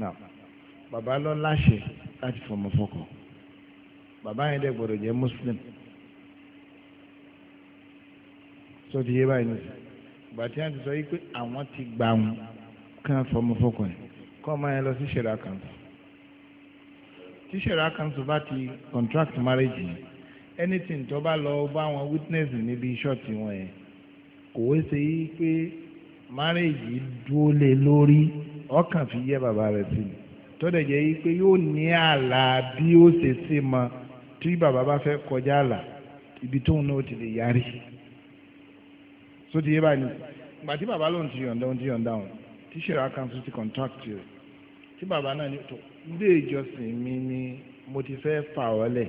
now bàbá lọ láṣẹ láti fọmọ fọ́kọ bàbá yẹn dẹ̀ gbọ́dọ̀ jẹ́ muslim sọ ti yé báyìí nìyí bàtí wọn ti sọ yìí pé àwọn ti gbà wọn kí fọmọ fọ́kọ yẹn kọ́ ọmọ yẹn lọ sí ṣẹ̀dá kan fún tí ṣẹ̀rá council bá ti contract marriage yìí anything tó bá lọ bá wọn witness níbi ṣọ́ọ̀tì wọn yẹn kò wé ṣe yí pé marriage yìí dúró lé lórí ọkàn fi yẹ bàbá rẹ̀ sí ni tó dẹ̀ jẹ́ yí pé yóò ní ààlà bí ó ṣe ṣe mọ tí bàbá bá fẹ́ kọjá ààlà ibi tóun náà ti lè yarí sóti yé báyìí nígbà bàbá lòun ti yọ̀ǹda òun ti yọ̀ǹda òun tí ṣẹ̀rá council ti contract rẹ̀ tí bàbá náà ní tó ilé ìjọsìn mi ni mo ti fẹ́ fà ọ́ lẹ̀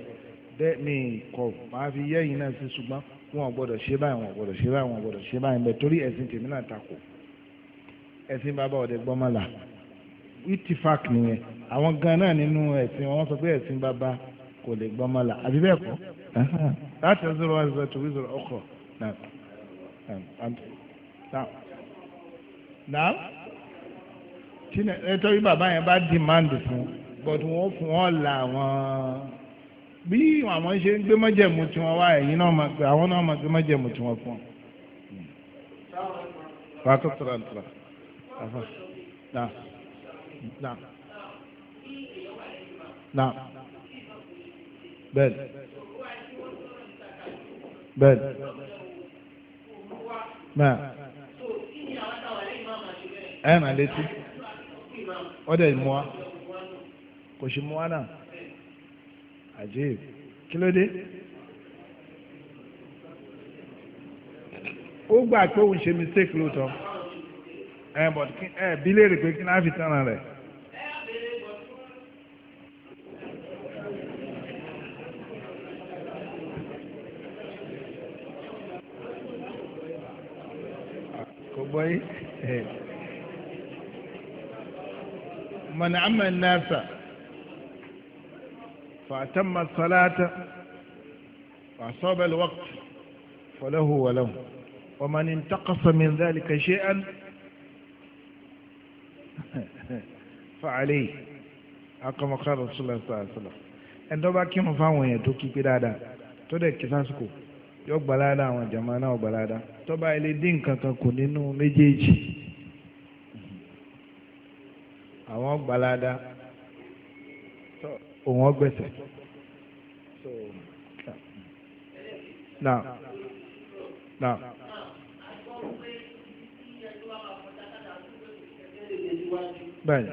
bẹ́ẹ̀ mi kọ̀ máa fi yẹ́yìn náà sí ṣùgbọ́n wọn gbọ́dọ̀ ṣe báyìí wọn gbọ́dọ̀ ṣe báyìí wọn gbọ́dọ̀ ṣe báyìí bẹ́ẹ̀ torí ẹ̀sìn tèmi náà takò ẹ̀sìn bàbá ọ̀dẹ gbọ́mọ̀là itifak nìyẹn àwọn gan náà nínú ẹ̀sìn wọn sọ pé ẹ̀sìn bàbá kò lè gbọ́mọ̀là àbí bẹ́ẹ̀ kọ́ láti ẹ̀sìn wọn sọ tòwí sọ̀rọ̀ ọkọ̀ náà nítorí bàbá yẹn bá dìmáàndì fún but wọ́n fún wọn là wọ́n bí àwọn ṣe ń gbé mọ́jẹ̀mú tí wọ́n wá ẹ̀yìn náà máa gbé àwọn náà máa gbé mọ́jẹ̀mú tí wọ́n fún wọn. bẹ́ẹ̀ni bẹ́ẹ̀ni bẹ́ẹ̀ni ẹ̀ létí. ọ̀dẹ̀ mú wa kò sí mú wa náà àjẹ́ kí ló dé ó gbà pé òun ṣe mistake lóòótọ́ ẹ bọ̀ ẹ bí léèrè pé kí náà fi tán من عم الناس فأتم الصلاة وأصاب الوقت فله وله ومن انتقص من ذلك شيئا فعليه akọmọ kọrọ sọlọ sọlọ ẹnitọba kí mo fáwọn èèyàn tó kíkí dáadáa tó dẹ kí sásìkò yóò gbalada àwọn jama náà gbalada tọba ilé dín kankan kù nínú méjèèjì àwọn gbalada òun ọgbẹ̀sẹ̀. now now. bẹ́ẹ̀ni.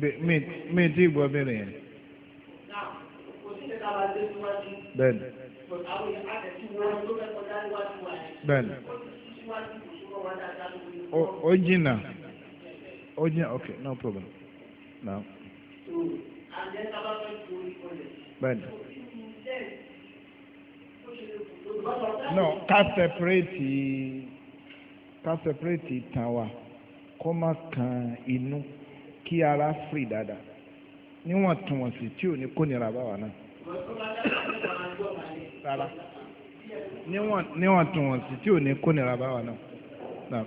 bẹ́ẹ̀ni. mi ti gbọ́ bẹ̀rẹ̀ yẹn. bẹ́ẹ̀ni. bẹ́ẹ̀ni. ó jìnnà ó jìnnà ok no problem now. bẹ́ẹ̀ni. no ká sẹpẹrẹtì ká sẹpẹrẹtì tàn wá kó má kan inú kí ara fìrì dáadáa níwọ̀ntúnwọ̀nsì tí ò ní kó nira bá náà rárá níwọ̀n tún wọ̀n sí tí ò ní kó nira bá náà.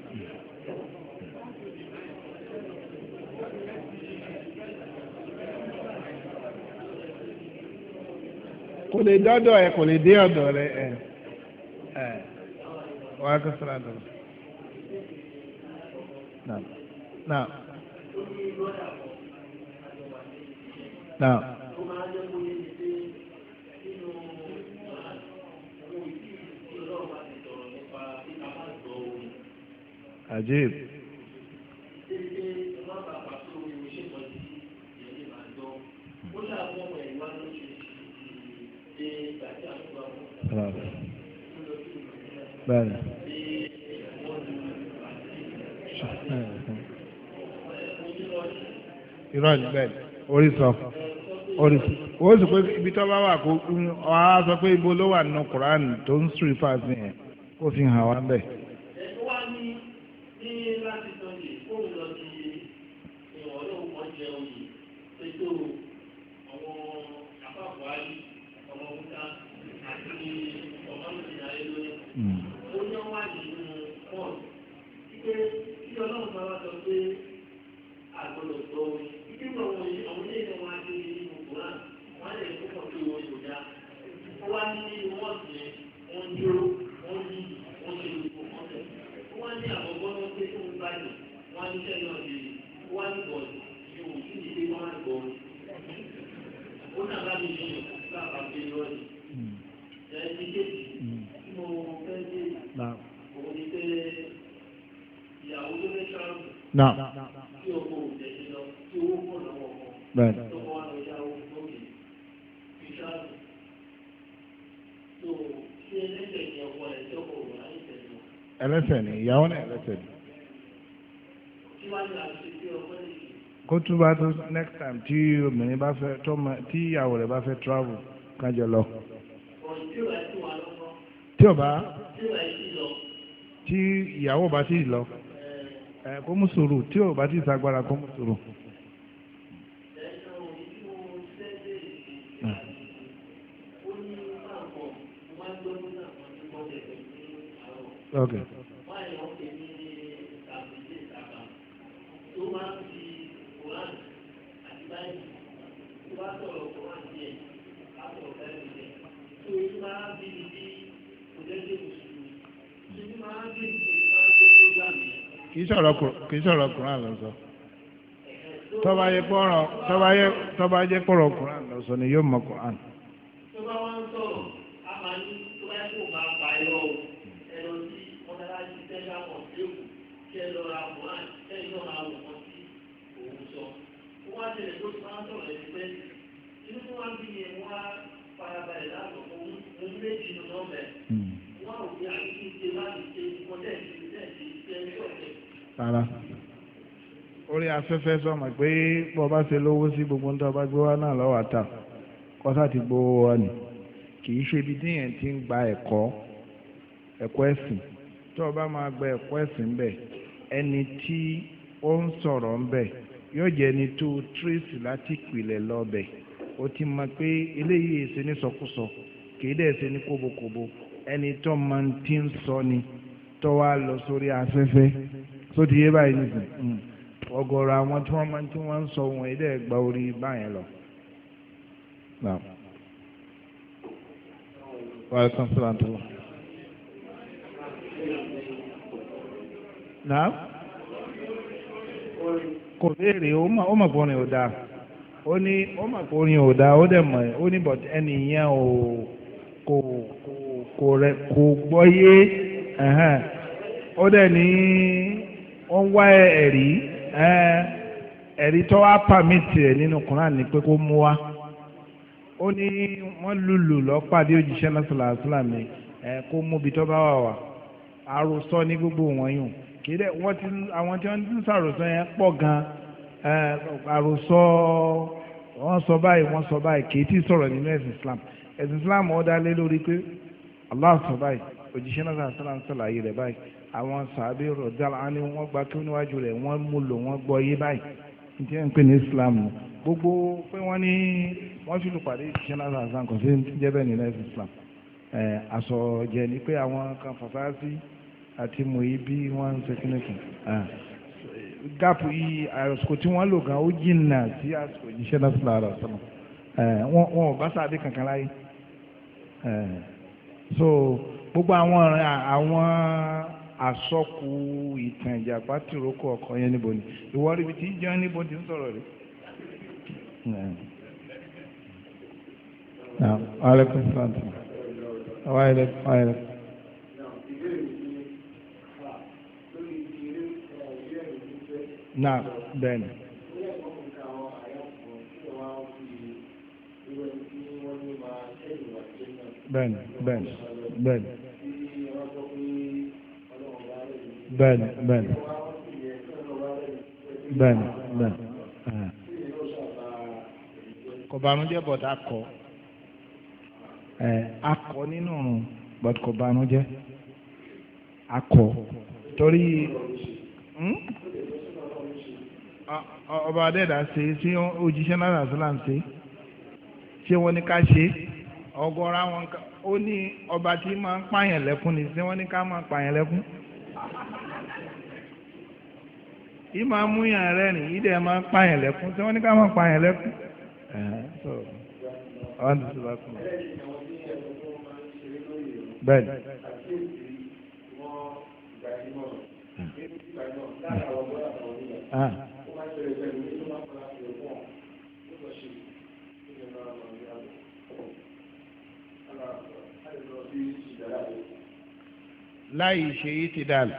kò lè dọ́dọ̀ ẹ kò lè dé ọ̀dọ̀ rẹ ẹ ẹ wàá kó sọ́ra dọ̀rọ̀. now, now. ajib bẹ́ẹ̀ni irọ́ ni bẹ́ẹ̀ni orí sọ orí sọ ó sì pé ibi tó bá wà kó ọ á sọ pé ibo ló wà nínú Kùránì tó ń sùn ìfàsìn yẹn kó fi hàn wá bẹ́ẹ̀. ìyàwó náà lẹ́sẹ̀ ni. kó túbà tó next time tí obìnrin bá fẹ́ tí ìyàwó rẹ̀ bá fẹ́ travel kájọ lọ. tí ò bá tí ìyàwó bá sì lọ kó mú sùúrù tí ò bá sì sagbára kó mú sùúrù. sọ̀rọ̀ Quran lọ sọ tọ́ba yẹ pọ́rọ̀ tọ́ba yẹ tọ́ba yẹ pọ́rọ̀ Quran lọ sọ ni yóò mọ Quran. tọ́ba wọn a máa ní tọ́ba yẹ kó máa pa ẹ̀rọ ẹ̀rọ tí mọ́tàlájú tẹ́lá mọ̀ lẹ́kù kí ẹ lọ́ra Quran kí ẹ lọ́ra àwọn tí òun sọ. wọ́n á tẹ̀lé tó ti máa ń sọ̀rọ̀ ẹni pẹ́ inú tó wá orí afẹ́fẹ́ sọ̀mọ̀ pé bọ́ bá ṣe lówó sí gbogbo ń tọ́ba gbé wá náà lọ́wọ́ àtà kọ́sà ti gbowó wa nì kì í ṣe ibi tíyẹn ti ń gba ẹ̀kọ́ ẹ̀kọ́ ẹ̀sìn tó o bá máa gba ẹ̀kọ́ ẹ̀sìn bẹ̀ ẹni tí ó ń sọ̀rọ̀ ń bẹ̀ yóò jẹ́ ẹni tó tírèsì láti pìlẹ̀ lọ bẹ̀ ó ti mọ pé eléyìí èsì ní sọkúsọ kìí dẹ̀ ṣe ní kóbokòbo ẹni tó máa ti ń sọ ni tó wá lọ sórí afẹ́fẹ́ só ti yé báyìí nìkan. Hmm. ọgọrọ àwọn tí nsọ máa tí ń sọ ohun ilé ẹ̀gbà orí báyẹn lọ. Náà kò béèrè ó mọ̀ pé orin ò dáa ó ní ó mọ̀ pé orin ò dáa ó dẹ̀ mọ̀ ó ní bọ̀t ẹni yẹn ò kò kò rẹ kò ẹ̀rí tó wá pàmìtì ẹ̀ nínú Kùránì ni pé kó mú wá ó ní wọ́n lùlù lọ́pàdé òjíṣẹ́ lọ́sọ̀làṣọ́là mi ẹ̀ kó mú ibi tó bá wà wà àròsọ ní gbogbo wọn yùn kì í dẹ̀ wọ́n ti àwọn tí wọ́n ti ń sàròsọ yẹn pọ̀ gan àròsọ wọ́n sọ báyìí wọ́n sọ báyìí kì í ti sọ̀rọ̀ nínú ẹ̀sìn Islam ẹ̀sìn Islam ó dá lé lórí pé Allah sọ báyìí òjíṣẹ́ lọ́sọ̀làṣọ́là ń sọ̀làyé rẹ̀ àwọn sàbí rọ̀dàlá ni wọ́n gba kí níwájú rẹ̀ wọ́n mú lò wọ́n gbọ́ yé báyìí ní tí wọ́n ń pè ní Islam gbogbo pé wọ́n ní wọ́n fi lùpàdé ìṣẹ́ náà sàn kò sí jẹ́ bẹ́ẹ̀ ní láìsí Islam àsọ̀jẹ̀ ni pé àwọn kan fàfáàsì àti mòye bí wọ́n ń ṣe kíníkì gáàpù yìí àsìkò tí wọ́n lò gan ó jìnnà sí àsìkò ìṣẹ́ náà sàn àrà sàn wọn ò bá sàbí kankan láyé so gbogbo àwọn àwọn àsọkù ìtàn ìjàpá tìrókò ọkọ yẹn níbo ni ìwọ rí ibi tí jẹun níbo ti ń sọ̀rọ̀ rẹ̀. Alaikum salaam. Àwọn àìlẹ́kùn. náà bẹ́ẹ̀ ni. bẹ́ẹ̀ ni bẹ́ẹ̀ni bẹ́ẹ̀ni bẹ́ẹ̀ni bẹ́ẹ̀ni. Eh. kò bànújẹ́ bọ̀dá akọ eh. akọ nínú ọ̀run bọ̀dá kò bànújẹ́ akọ torí hmm? ọba adẹ́dà ṣe tí òjíṣẹ́ náírà sílá ń ṣe ṣé wọ́n ní ká ṣe ọgọ́ra wọn ó ní ọba tí máa ń pààyàn lẹ́kún ni ṣé wọ́n ní ká máa pààyàn lẹ́kún yìí máa mú yàn rẹ nìyí dẹ̀ máa ń pààyàn lẹ́kún tí wọ́n ní ká máa pààyàn lẹ́kún. bẹ́ẹ̀ni. láì ṣe yìí ti dà lọ.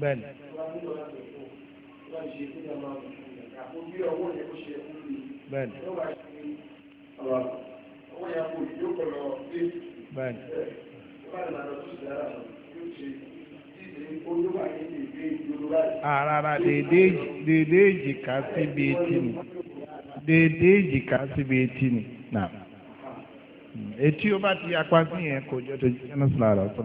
bẹ́ẹ̀ni. bẹ́ẹ̀ni. dede eji ka èjìká síbi etí ni. Dèdé èjìká síbi etí ni. Hmm, ti yẹn náà.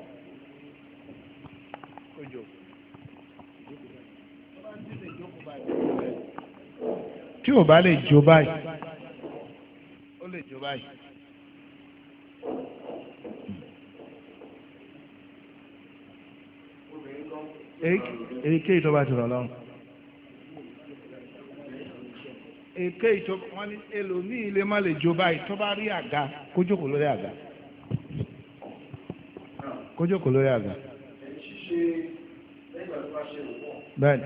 tí ò bá lè jó báyìí ó lè jó báyìí. èyíkéyìí tó bá ti rọ̀ lọ́rùn. èyíkéyìí tó wọ́n ní ẹlòmíì lè má lè jó báyìí tó bá rí àga kó jókòó lórí àga kó lórí àga. bẹ́ẹ̀ni.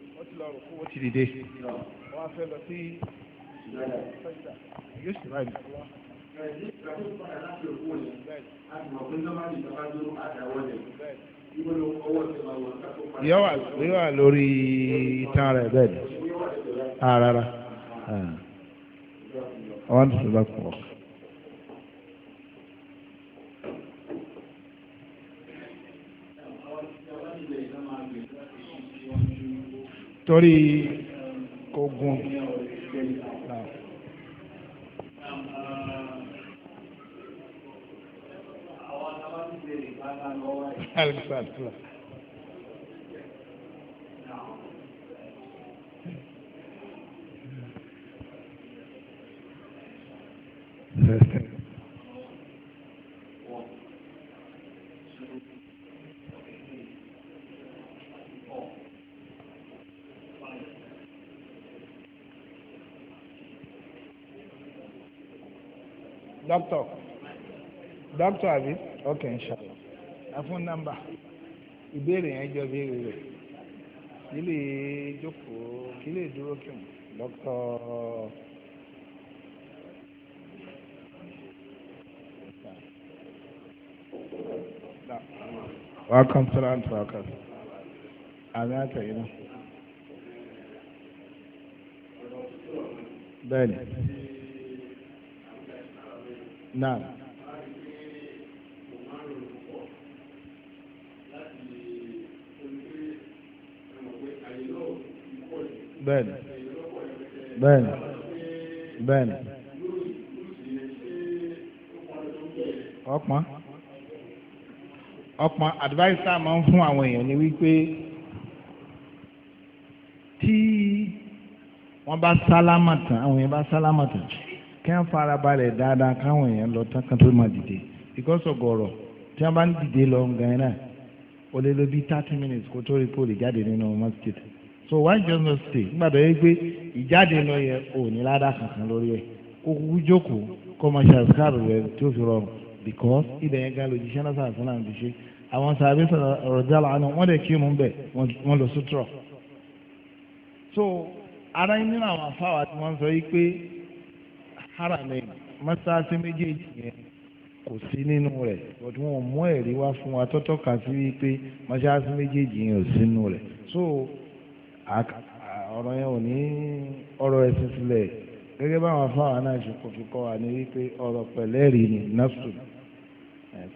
lọ rùkú ó ti dìde wọ́n fẹ́ lọ sí yóò sì lórí itan rẹ̀ bẹ́ẹ̀ ni ah, rárá wọ́n ti sọ bá kú torí kò gùn. Alexander. doctor, dókítọ̀ àbí ok inshallah ẹ fún nọ́mbà ìbéèrè yẹn jọ béèrè rẹ̀ kí lè jókòó kí dúró kí wọn dókítọ̀ welcome to land welcome àmì àtẹ̀yìn náà bẹ́ẹ̀ ni náà. bẹ́ẹ̀ni bẹ́ẹ̀ni bẹ́ẹ̀ni ọpọn ọpọn adviser máa ń fún àwọn èèyàn ní wípé tí wọ́n bá sálámà tán àwọn èèyàn bá sálámà tán kí wọ́n fara balẹ̀ dáadáa káwọn èèyàn lọ tán kan tó máa dìde because of ọ̀gọ̀rọ̀ tí wọ́n bá ń dìde lọ gan náà ó lé lóbi thirty minutes kó tó rí pòlì jáde nínú masjid so why just not stay nígbà tó yẹ pé ìjáde lọ yẹ ò ní ládàá kankan lórí ẹ̀ kó kúkú jókòó kó máa ṣe àṣìkárò rẹ̀ tó fi rọrùn because ibẹ̀ yẹn gan lójijì náà sàrà fúnra mi ṣe àwọn sàbẹ̀ rọ̀jà lànà wọ́n dẹ̀ kí mú bẹ̀ wọ́n lọ sutura so ara nínú àwọn afáwà tí wọ́n sọ yìí pé haramain mọ́sáàsì méjèèjì yẹn kò sí nínú rẹ̀ but wọn mú ẹ̀rí wá fún wa tọ́tọ́ kà sí wípé mọ́sáàsì méjèèjì yẹn ò sínú rẹ̀ so ọ̀rọ̀ yẹn ò ní ọ̀rọ̀ ẹ̀sìn sílẹ̀ gẹ́gẹ́ báwọn afáwọn náà ṣe kò fi kọ́ wa ní wípé ọ̀rọ̀ pẹ̀lẹ́rì ni nafsun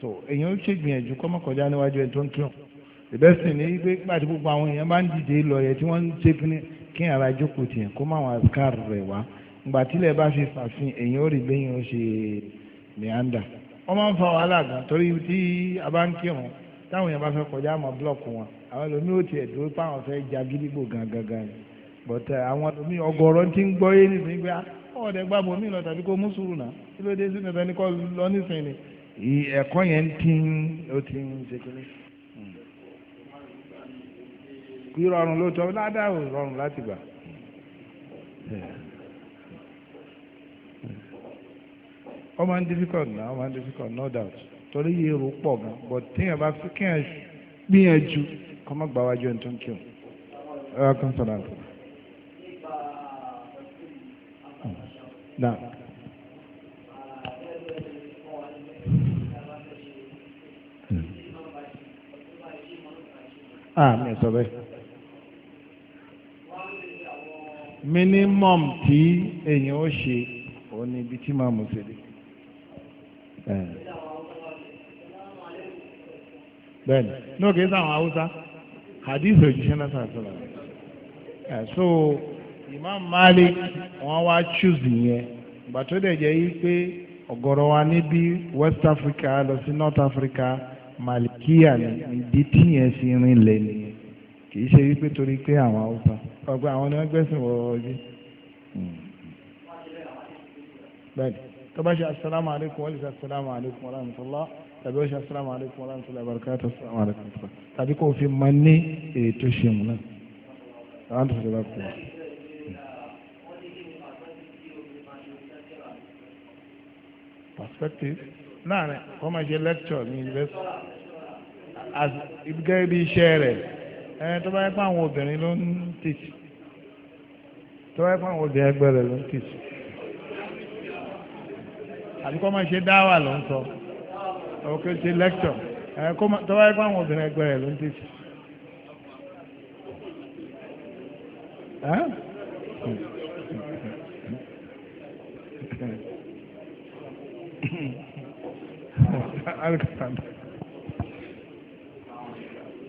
so èyàn ó ṣègbìyànjú kọ́mọkọjá níwájú ẹ̀ tó ń tún ìbẹ́sìn ní wípé pàtó gbogbo àwọn èèyàn bá ń dìde lọ yẹ tí wọ́n ń ṣe kí ara jókòó tiẹ̀ kó máa wọn àṣkár rẹ̀ wá gbàtílẹ̀ bá fi fàfin èyàn ó rí bẹ́yìn ó ṣe meanda wọ́n máa ń fa wàhálà gan torí tí a bá ń kírun táwọn èèyàn bá fẹ́ kọjá àmọ́ búlọ̀kù wọn àwọn ẹlòmí ò tiẹ̀ dúró páwọn fẹ́ ja gídígbò gangan ni but eh, àwọn ẹlòmí ọgọ́rọ̀ ti ń gbọ́ yé nìfún yín pé ọ̀ọ́dẹ gbàgbọ́ mi lọ tàbí kó mú sùúrù náà kí ló dé sínú ẹni kọ́ lọ nísìnyí ni ẹ̀kọ́ yẹn ti ń ó ti ń ṣe kínní. Hmm. kí rọrùn ló tọ́ ládàá rọrùn láti gbà. Hmm. ó máa difficult náà ó difficult no doubt torí iye èrò pọ̀ gan but téèyàn bá fi kéèyàn gbìyànjú kọ́ má gbà wájú ẹni tó ń kí o ẹ kàn sọ̀rọ̀ àti. Hmm. Ah, mi sọ bẹ́ẹ̀. Minimum tí èèyàn ó ṣe òun ni ibi tí màá mú sílẹ̀. Eh. bẹ́ẹ̀ni ní òkè sáwọn haúsá hadith òjíṣẹ́ náà sàtọ́lá eh, so Imam Malik wọ́n wá choose yẹn ìgbà tó dẹ̀ jẹ́ yí pé ọ̀gọ̀rọ̀ wa níbi West Africa lọ sí North Africa Malikiya ni ìdí tí yẹn sì rìn lẹ̀ nìyẹn kì í ṣe wípé torí pé àwọn haúsá ọgbà àwọn ni wọ́n gbẹ̀sìn wọ́ọ́rọ́ ọjọ́ hmm. bẹ́ẹ̀ni tó bá ṣe assalamu alaikum wọ́n lè ṣe assalamu alaikum wa rahmatullah tàbí ó ṣe assalamu alaikum wa rahmatullah barakatuh assalamu alaikum tàbí kò fi máa ní ètò ṣe mu náà. àwọn tó ṣe bá kú. perspective náà rẹ̀ wọ́n máa ṣe lecture ní university as gẹ́gẹ́ bí iṣẹ́ rẹ̀ ẹ tó bá yẹ pé àwọn obìnrin ló ń teach tó bá yẹ pé àwọn obìnrin ẹgbẹ́ rẹ̀ ló ń teach àbí kọ́ máa ṣe dáwà ló ń sọ òkè ṣe lẹ́kítọ̀ tọ́wá ipá àwọn obìnrin ẹgbẹ́ rẹ̀ ló ń tètè.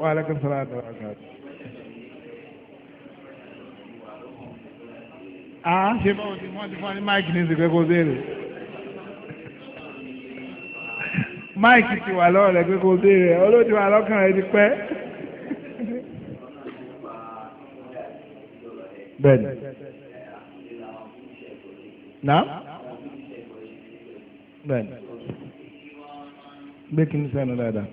وعليكم السلام ورحمة الله Ah, ṣe báwo ti wọ́n ti fún ọ ní máìkì ní ìsìnkú ẹ̀kọ́ máìkì ti wà lọ́rọ̀ rẹ̀ pé kò béèrè olóòtú wa lọ́kàn rẹ̀ ti pẹ́. bẹ́ẹ̀ni na bẹ́ẹ̀ni gbé kí n sẹ́nu dáadáa.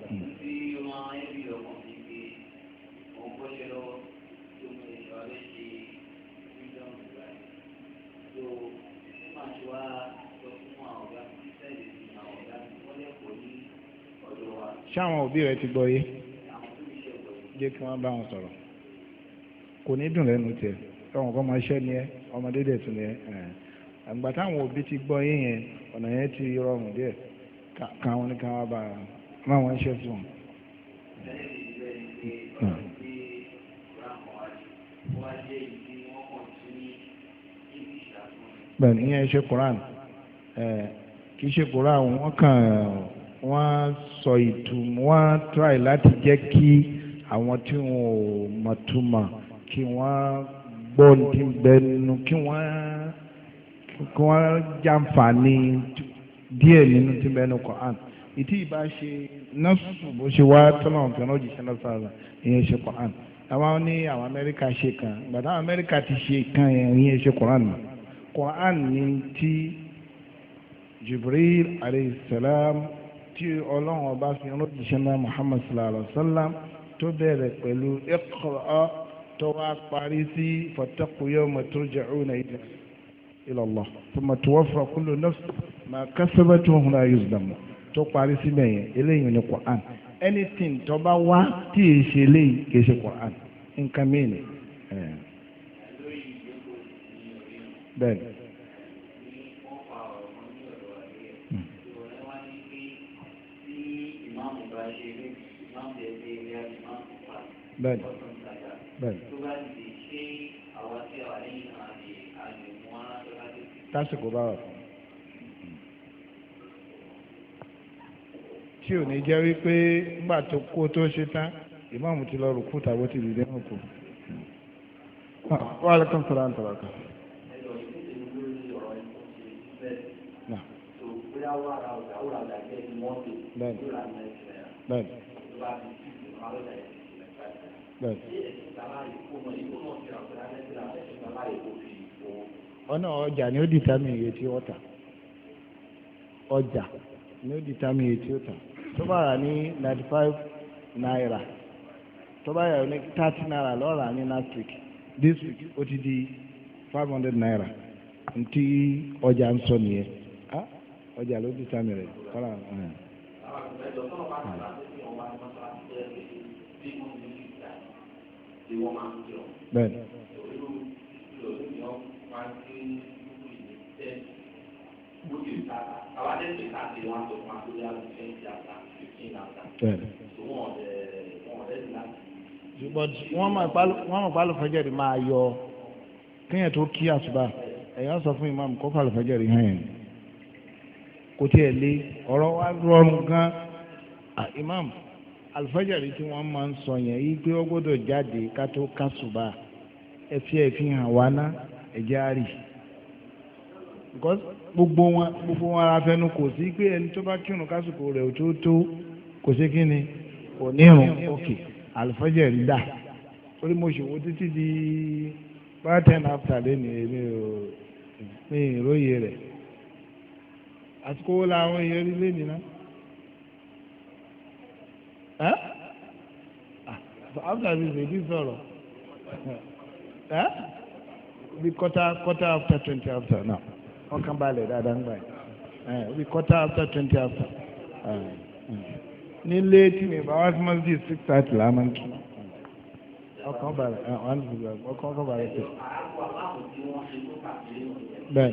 ṣé àwọn òbí rẹ ti gbọ́ yé jẹ́ kí ba bá wọn ko kò ní dùn lẹ́nu tiẹ̀ táwọn kan máa ṣẹ́ ni ẹ ọmọdé dẹ̀ tún ti gbọ́ yé yẹn ọ̀nà yẹn ti rọrùn díẹ̀ káwọn ní káwọn bá máa wọn ṣe fún wọn. bẹ́ẹ̀ ìyẹn ṣe Quran kì í ṣe kàn wọ́n sọ ìtumọ̀ wọ́n try láti jẹ́ kí àwọn tí wọn ò mọ̀túmọ̀ kí wọ́n gbọ́ ní bẹnu kí wọ́n kí wọ́n jàǹfààní díẹ̀ nínú tí bẹnu Quran ìtì ìbá ṣe nọ́ọ̀sù bó ṣe wá tọ́lá ọ̀gbìn náà jìṣẹ́ náà sára ìyẹn ṣe Quran àwọn ní àwọn Amẹ́ríkà ṣe kan gbàtà Amẹ́ríkà ti ṣe kan yẹn ìyẹn ṣe Quran náà Quran ní ti Jibril alayhi salam tí ọlọ́run ọba fi rán jíṣẹ́ náà muhammad sallallahu alayhi wa sallam tó bẹ̀rẹ̀ pẹ̀lú iqra tó wá parí sí fattaqu yawma turja'una ila Allah thumma tuwaffa kullu nafs ma kasabat wa hum la tó parí sí bẹ̀yẹn eléyìí ní quran anything tó bá wá tí èyí ṣe eléyìí kì í ṣe quran nǹkan mìíràn bẹ́ẹ̀ ni. bẹ́ẹ̀ni bẹ́ẹ̀ni. tásìkò bá wà fún tí ò ní jẹ́ wípé nígbà tó kó tó ṣe tán ìmáàmù ti lọ rùkú tàbí ti dìde náà kù. wàhálà kan sọ̀rọ̀ àǹtọ̀ wàkà. bẹ́ẹ̀ni bẹ́ẹ̀ni. ọ̀nà ọjà ni ó dìtámì iye tí ó tà ọjà ni ó iye tí ó tó five naira tó bá n'i ní naira ní last week this week ó ti di five hundred naira ntí ọjà ń sọ nìyẹn ọjà ló di tí wọ́n máa ń jọ. bẹ́ẹ̀ni. olú ìlò ìyọ́ máa ń tí kúkú ìlú tẹ́ kúkú ìtàkà àwọn wọ́n mọ̀ pálọ fẹ́jẹ̀ rí máa yọ kéèyàn tó kí àsùbà èèyàn sọ fún imam kó pálọ fẹ́jẹ̀ rí hàn yẹn kò tiẹ̀ lé ọ̀rọ̀ wa rọrùn gan-an ah, imam alifajari tí wọ́n máa ń sọ yẹn yìí pé ó gbọ́dọ̀ jáde ká tó kásùbà ẹ fi ẹ fi hàn wá ná ẹ̀jẹ̀ á rì gbogbo wọn gbogbo wọn ara fẹnu kò sí pé ẹni tó bá kírun kásìkò rẹ̀ tó tó kò sí kí ni kò ní irun òkè alifajari dà orí mo ṣòwò títí di bá ten after lẹ́nu èmi ò ní ìròyìn rẹ̀ àsìkò wo làwọn èèyàn rí lẹ́nu náà ẹ́ after ah, this èdè sọ̀rọ̀ ẹ́ bí quarter quarter after twenty after náà wọ́n kàn balẹ̀ dáadáa ń gbà ẹ́ bí quarter after twenty after nílé tí mi bá wá sí mọ́sídìí six thirty là á máa ń kí ọkàn balẹ̀ ọkàn balẹ̀ ọkàn balẹ̀ sí. bẹ́ẹ̀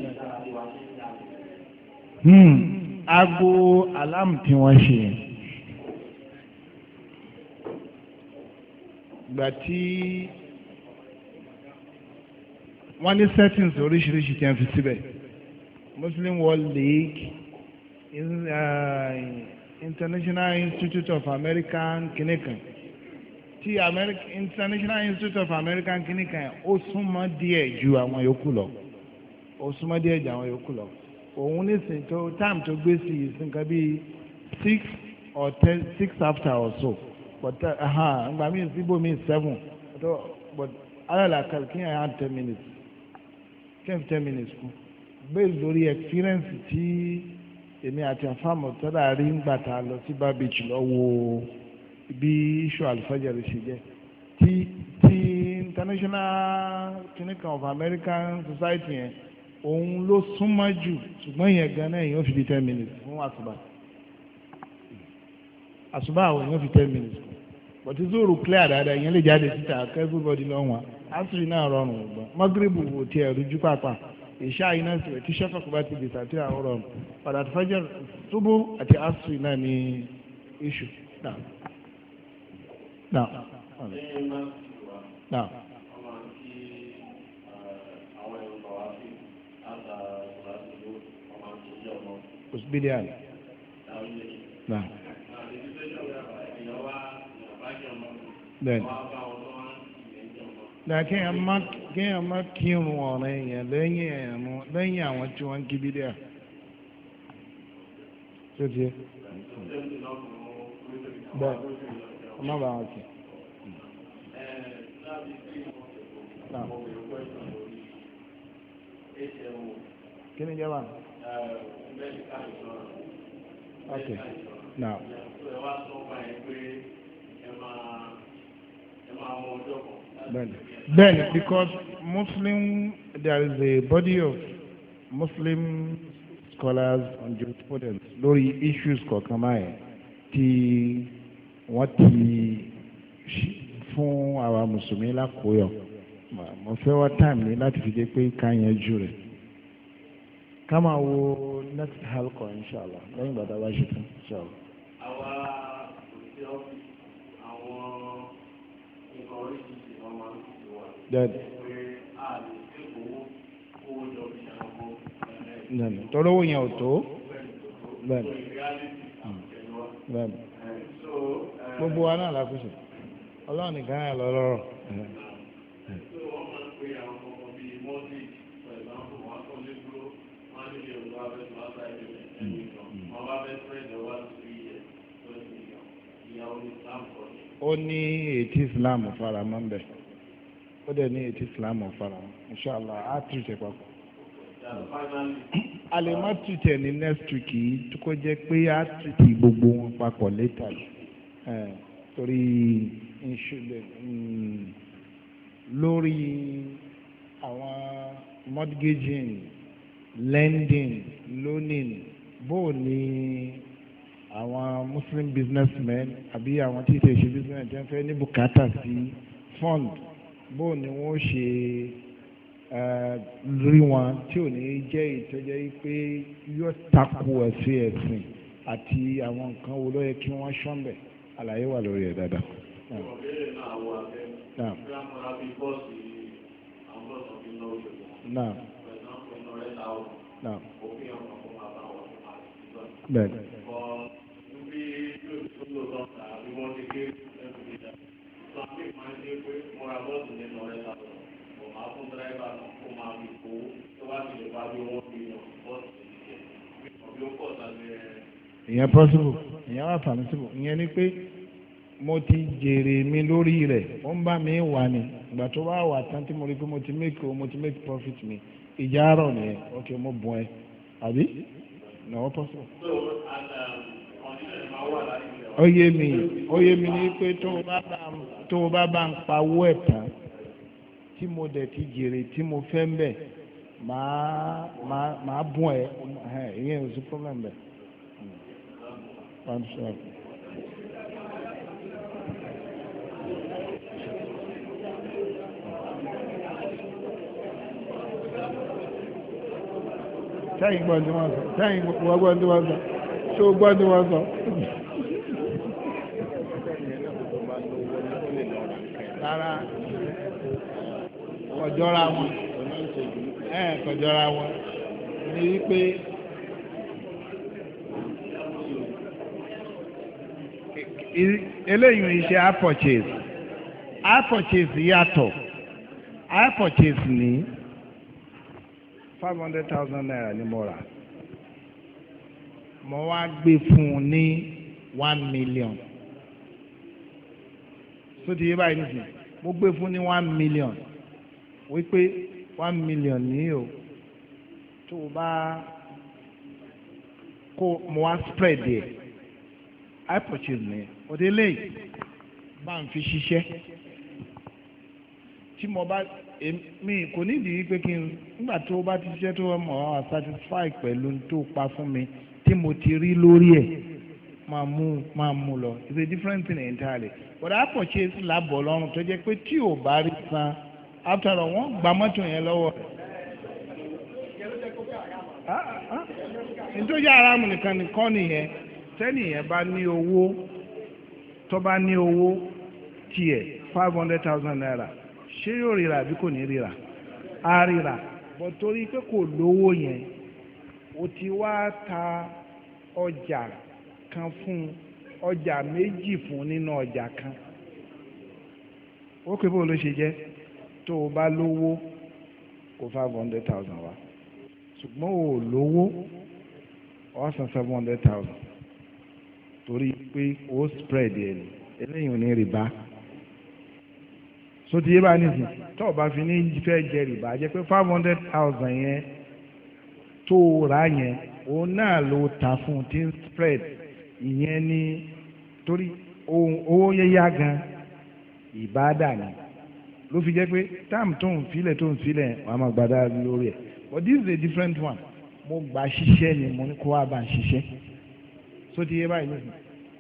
aago hmm, alámù tí wọ́n ṣe yẹn. ìgbà tí wọ́n ní settings oríṣiríṣi tí wọ́n fi síbẹ̀ Muslim World League uh, International Institute of American kìnìkan ti International Institute of American kìnìkan ó súnmọ́ díẹ̀ ju àwọn yòókù lọ ó súnmọ́ díẹ̀ ju àwọn yòókù lọ òun nísìnyí tó time tó gbé sí ìsìnkan bíi six or ten six after or so but uh, ahan gba mi si bo mi seven to but uh, alala kan kí ẹ hàn ten minutes ten ten minutes kù based lórí experience ti èmi àti àfàmù tọ́lá rí ń gbà tá lọ sí bar beach lọ wo bí iṣu alifajari ṣe jẹ ti ti international clinic of american society yẹn òun ló súnmọ́ jù ṣùgbọ́n yẹn gan-an yẹn ó fi di ten minutes fún àṣùbà àṣùbà àwọn yẹn ó fi ten minutes bọ̀tí zoro clear dáadáa ìyẹn lè jáde síta everybody lọ́wọ́ asiri náà rọrùn gbọ́n magrebu wò tiẹ̀ rújú pàápàá ìṣá iná sílẹ̀ tí sẹ́fà kò bá ti dìtà tí àwọn rọrùn padà tó fẹ́jọ́ túbú àti asiri náà ní iṣu. Osbilian. Nah. bẹ́ẹ̀ni da kéèyàn má kírun ọ̀rọ̀ èèyàn lẹ́yìn ẹ̀rùn lẹ́yìn àwọn tí wọ́n ń ok now. Then, because Muslim, there is a body of Muslim scholars on jurisprudence lórí issues kọ̀ọ̀kan báyìí tí wọ́n ti fún àwa mùsùlùmí lákòóyọ̀ mo fẹ́ wá time ni láti fi dé pé ká yẹn jù rẹ̀ ká máa wo next halqa inshallah lẹ́yìn bàtà bá ṣe tán inshallah. àwa kò sí ọ́fíìsì nǹkan oríṣiríṣi wọn máa ń fi wà. pé a lè kéwòó owó jọ fi ṣàkóso. torí owó yẹn ò tó. bẹ́ẹ̀ni bẹ́ẹ̀ni gbogbo wa náà lákòóso ọlọ́run nìkan náà lọ lọ́rọ̀. Mm. Ìyàwó ni Islam kọ́ ni ó ní ètí islam faramọ́ ń bẹ̀ ó dẹ̀ ní ètí islam faramọ́ inshallah á tìrìtẹ̀ papọ̀. a lè má tìrìtẹ̀ ní next week yìí tó kọ́ jẹ́ pé á tìrìtẹ̀ gbogbo wọn papọ̀ létà torí mm, lórí àwọn mortgaging lending loaning bó o ní àwọn muslim businessmen àbí àwọn tí kìí ṣe business jẹ́ fẹ́ ní bùkátà sí fund bó ni wọ́n ṣe eh, rí wọn tí ò ní jẹ́ ìtọ́jẹ́ pé yóò takò ẹ̀sìn ẹ̀sìn àti àwọn nǹkan wo ló yẹ kí wọ́n ṣọ́nbẹ̀ àlàyé wà lórí ẹ̀ dáadáa. Naam. Naam. Naam. Bẹ́ẹ̀ni ìyẹn possible ìyẹn wà permissible ìyẹn ni pé mo ti jèrè mi lórí rẹ̀ ó ń bá mi wà ní ìgbà tó bá wà tán tí mo rí pé mo ti make o mo ti make profit mi ìjà àárọ̀ nìyẹn ok mo bùn ẹ àbí ìnáwó possible oyé mi oyé mi ní pé tó o bá bá ń pawó ẹ̀ tán tí mo dẹ̀ ti jèrè tí mo fẹ́ ń bẹ̀ màá màá màá bùn ẹ̀ ìyẹn ò sí problem bẹ̀. Tẹ́yìn gbọ́dọ̀ tí wọ́n sọ. ṣó gbọ́ ni wọ́n sọ. rárá kọjọ́ra wọn ẹ̀ kọjọ́ra wọn ní wípé eléyìí ń ṣe a purchase yàtọ̀ a ní five hundred thousand naira ni mo rà. mo wá gbé fún un one million So ti yé báyìí nìyí mo gbé fún un one million wípé one million ní o tó o bá mo wá spread yẹ i purchase ní òde léyìí bá ń fi ṣiṣẹ́ tí mo bá mi kò nídìí pé kí n nígbà tó o bá ti ṣiṣẹ́ tó o mọ̀ ọ́ satisfy pẹ̀lú tó o pa fún mi tí mo ti rí lórí ẹ̀ máa mú máa mú lọ it's a different thing entirely but apò ṣe làbọ̀ lọ́rùn tó jẹ́ pé tí ò bá rí san after all wọ́n gba mọ́tò yẹn lọ́wọ́ rẹ̀ nítorí ara mu nìkan nìkan nìyẹn tẹ́nìyẹn bá ní owó tó bá ní owó tiẹ̀ five hundred thousand naira ṣé yóò rira àbí kò ní rira á rira bọ̀ torí pé kò lówó yẹn o ti wá ta ọjà kan fún ọjà méjì fún nínú ọjà kan ó pé bóun ló ṣe jẹ́ tó o bá lówó kó five hundred thousand wá ṣùgbọ́n o lówó ọ san seven hundred thousand torí pé o spread ẹ̀ ní eléyìí ò ní rìbá so ti yé bá nìsín tó o bá fi ní fẹ́ jẹ rìbá jẹ́ pé five hundred thousand yẹn tó o rà yẹn òun náà ló ta fún un tí ń spread ìyẹn ni torí owó yẹyà gan ìbáàdà ni ló fi jẹ́ pé táàmù tó ń filẹ̀ tó ń filẹ̀ wàá máa gbadá lórí ẹ̀ but this is a different one mo gbà ṣiṣẹ́ ni mo ní kó wá bá ń ṣiṣẹ́ so ti yé báyìí lónìí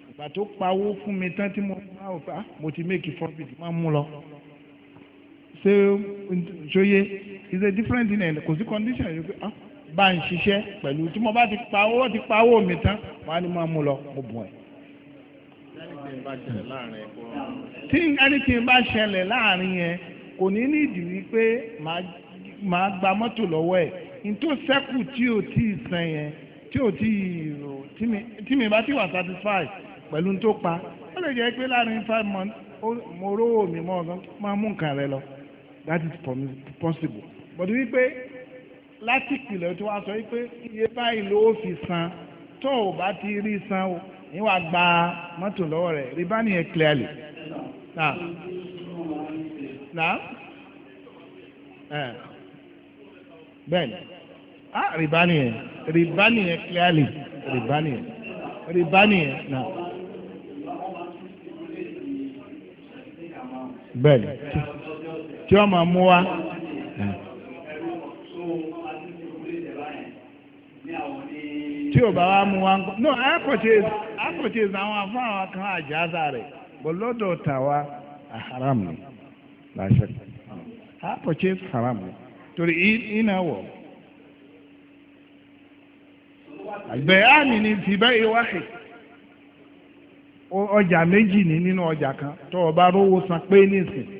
ìgbà tó pawó fún mi tán tí mo bá ò pa ah, mo ti make profit máa mú lọ ṣé ṣóyé is a different thing kò sí condition yìí pé ah bá ń ṣiṣẹ́ pẹ̀lú tí mo bá ti pa owó ti pa owó mi tán wàá ní máa mú lọ mo bùn ẹ̀. tí anything bá ṣẹlẹ̀ láàrin yẹn kò ní ní ìdí wípé màá gba mọ́tò lọ́wọ́ ẹ̀ n tó sẹ́kù tí ò tí ì yẹn tí ò tí rò tí mi bá ti wà satisfied pẹ̀lú n tó pa ó lè jẹ́ pé láàrin five months mo rówó mi mọ́ ọ̀gán máa mú nǹkan rẹ lọ that is possible but wípé láti ìpìlẹ̀ tí wọ́n sọ wípé iye báyìí ló fi san tó o bá ti rí san o yín wàá gba mọ́tò lọ́wọ́ rẹ̀ rí bá nìyẹn clearly. Nah. Bẹ́ẹ̀ni. Ah, rìbá nìyẹn. Rìbá nìyẹn clearly. Rìbá nìyẹn. Rìbá nìyẹn. Nah. Bẹ́ẹ̀ni. Tí ọmọ mú wa. tí o bá wá mú ń kọ́ no àwọn kan àjáza rẹ̀ bọ́ lọ́dọ̀ tàwa haram ni láṣẹ a haram ni torí iná wọ̀ àgbẹ̀ àmì ni tìbẹ́ ọjà méjì nínú ọjà kan tó o bá rówó san pé nísìn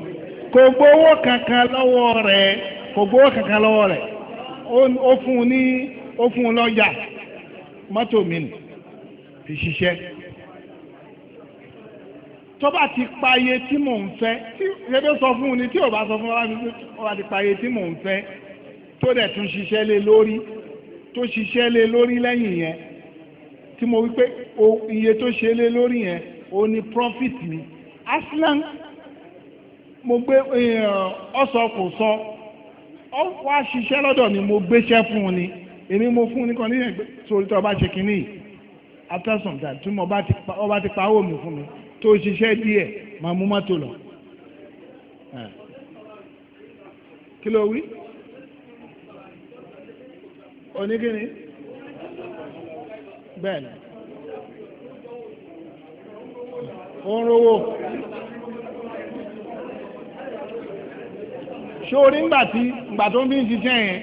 kò gbówó kankan lọ́wọ́ rẹ̀ kò gbówó kankan lọ́wọ́ rẹ̀ ó fún un ní ó fún un lọ́jà mọ́tò mi nù fi ṣiṣẹ́ tó bá ti paye tí mò ń fẹ́ tí rẹ́bẹ́ sọ fún un ni tí ò bá sọ fún wa ó bá ti paye tí mò ń fẹ́ tó dẹ̀ tún ṣiṣẹ́ lé lórí tó ṣiṣẹ́ lé lórí lẹ́yìn yẹn tí mo wí pé iye tó ṣe lé lórí yẹn ó ní profit mi aslan mo gbé eh, ọ̀sọ̀ kò sọ ọ wá ṣiṣẹ́ lọ́dọ̀ ni mo gbéṣẹ́ fún un ni èmi mo fún un ní kan ní ẹgbẹ́ torí tó bá ṣe kínní yìí after some time tí mo bá ti pa owó mi fún mi tó ṣiṣẹ́ díẹ̀ máa mú mọ́tò lọ. Eh. kí ló wí? oníkíni? bẹ́ẹ̀ ni. ó ń rówó. ṣé orí ńgbà tí ńgbà tó ń bí ń ṣiṣẹ́ yẹn